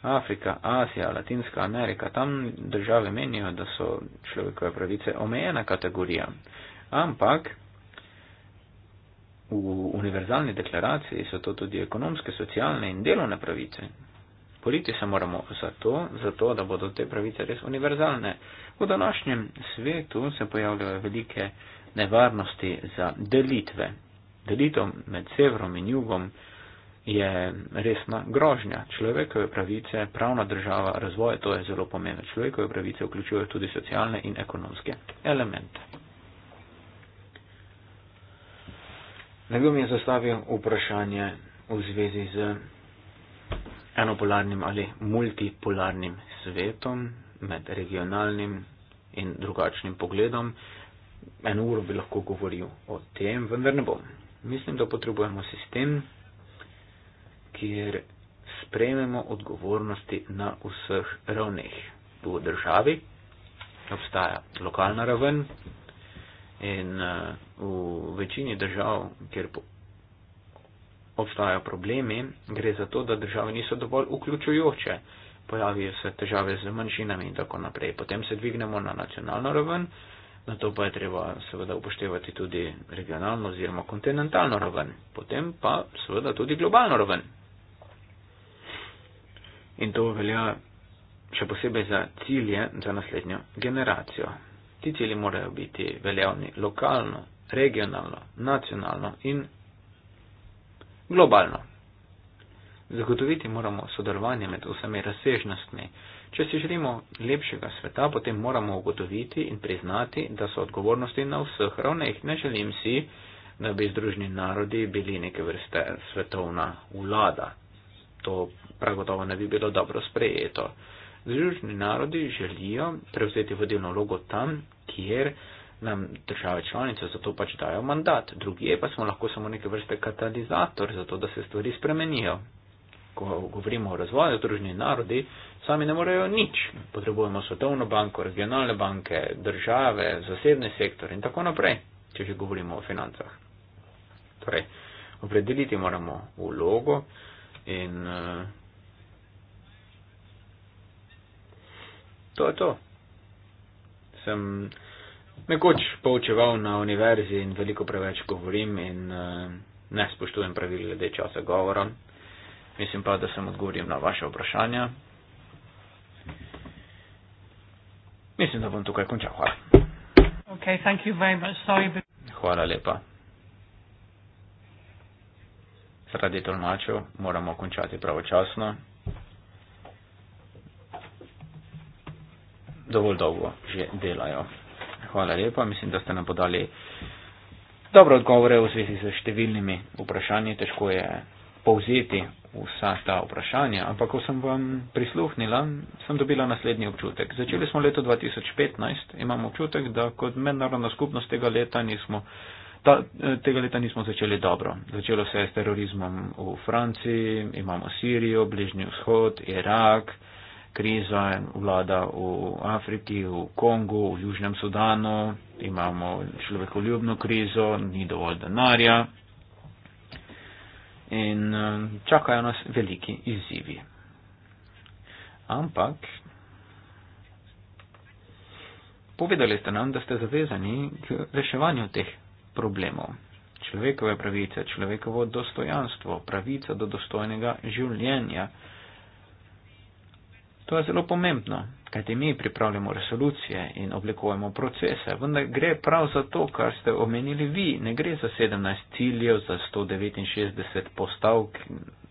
Afrika, Azija, Latinska Amerika, tam države menijo, da so človekove pravice omejena kategorija. Ampak v univerzalni deklaraciji so to tudi ekonomske, socialne in delovne pravice. Boriti se moramo za to, za to, da bodo te pravice res univerzalne. V današnjem svetu se pojavljajo velike nevarnosti za delitve. Delitev med severom in jugom je resna grožnja. Človekove pravice, pravna država, razvoj, to je zelo pomembno. Človekove pravice vključujejo tudi socialne in ekonomske elemente. Nekdo mi je zastavil vprašanje v zvezi z enopolarnim ali multipolarnim svetom med regionalnim in drugačnim pogledom. En uro bi lahko govoril o tem, vendar ne bom. Mislim, da potrebujemo sistem, kjer sprememo odgovornosti na vseh ravneh. V državi obstaja lokalna raven in eh, v večini držav, kjer obstajajo problemi, gre za to, da države niso dovolj vključujoče. Pojavijo se težave z manjšinami in tako naprej. Potem se dvignemo na nacionalno raven, na to pa je treba seveda upoštevati tudi regionalno oziroma kontinentalno raven, potem pa seveda tudi globalno raven, In to velja še posebej za cilje za naslednjo generacijo. Ti cilji morajo biti veljavni lokalno, regionalno, nacionalno in globalno. Zagotoviti moramo sodelovanje med vsemi razsežnostmi. Če si želimo lepšega sveta, potem moramo ugotoviti in priznati, da so odgovornosti na vseh ravneh. Ne želim si, da bi združni narodi bili neke vrste svetovna vlada. To pragotovo ne bi bilo dobro sprejeto. Združeni narodi želijo prevzeti vodilno vlogo tam, kjer nam države članice zato pač dajo mandat, drugje pa smo lahko samo neke vrste katalizator za to, da se stvari spremenijo. Ko govorimo o razvoju, združeni narodi sami ne morejo nič. Potrebujemo svetovno banko, regionalne banke, države, zasebni sektor in tako naprej, če že govorimo o financah. Torej, opredeliti moramo vlogo in eh, to je to. Sem nekoč poučeval na univerzi in veliko preveč govorim in uh, ne spoštujem pravil glede časa govora. Mislim pa, da sem odgovoril na vaše vprašanja. Mislim, da bom tukaj končal. Hvala. Okay, thank you very much. Sorry, but... Hvala lepa. Zaradi tolmačev moramo končati pravočasno. dovolj dolgo že delajo. Hvala lepa, mislim, da ste nam podali dobre odgovore v zvezi z številnimi vprašanji. Težko je povzeti vsa ta vprašanja, ampak ko sem vam prisluhnila, sem dobila naslednji občutek. Začeli smo leto 2015, imam občutek, da kot mednarodna skupnost tega leta nismo. Ta, tega leta nismo začeli dobro. Začelo se je s terorizmom v Franciji, imamo Sirijo, Bližnji vzhod, Irak kriza vlada v Afriki, v Kongu, v Južnem Sudanu, imamo človekoljubno krizo, ni dovolj denarja in eh, čakajo nas veliki izzivi. Ampak povedali ste nam, da ste zavezani k reševanju teh problemov. Človekove pravice, človekovo dostojanstvo, pravica do dostojnega življenja. To je zelo pomembno, kajti mi pripravljamo resolucije in oblikujemo procese, vendar gre prav za to, kar ste omenili vi. Ne gre za 17 ciljev, za 169 postavk,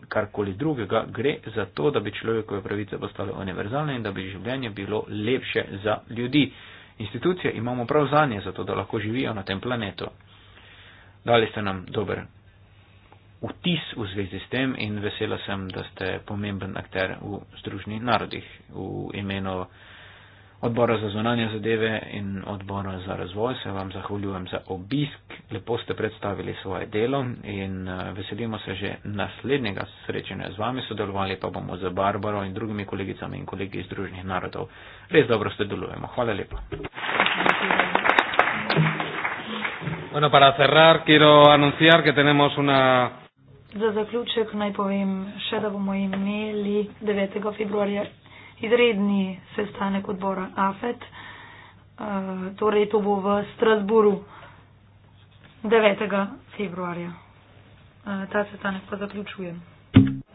karkoli drugega. Gre za to, da bi človekove pravice postale univerzalne in da bi življenje bilo lepše za ljudi. Institucije imamo prav zanje, zato da lahko živijo na tem planetu. Dali ste nam dober vtis v zvezi s tem in vesela sem, da ste pomemben akter v Združenih narodih v imenu odbora za zonanje zadeve in odbora za razvoj. Se vam zahvaljujem za obisk, lepo ste predstavili svoje delo in eh, veselimo se že naslednjega srečanja z vami. Sodelovali pa bomo z Barbaro in drugimi kolegicami in kolegi iz Združenih narodov. Res dobro sodelujemo. Hvala lepa. Bueno, para cerrar, quiero anunciar que tenemos una. Za zaključek naj povem še, da bomo imeli 9. februarja izredni sestanek odbora AFET, eh, torej to bo v Strasburu 9. februarja. Eh, ta sestanek pa zaključujem.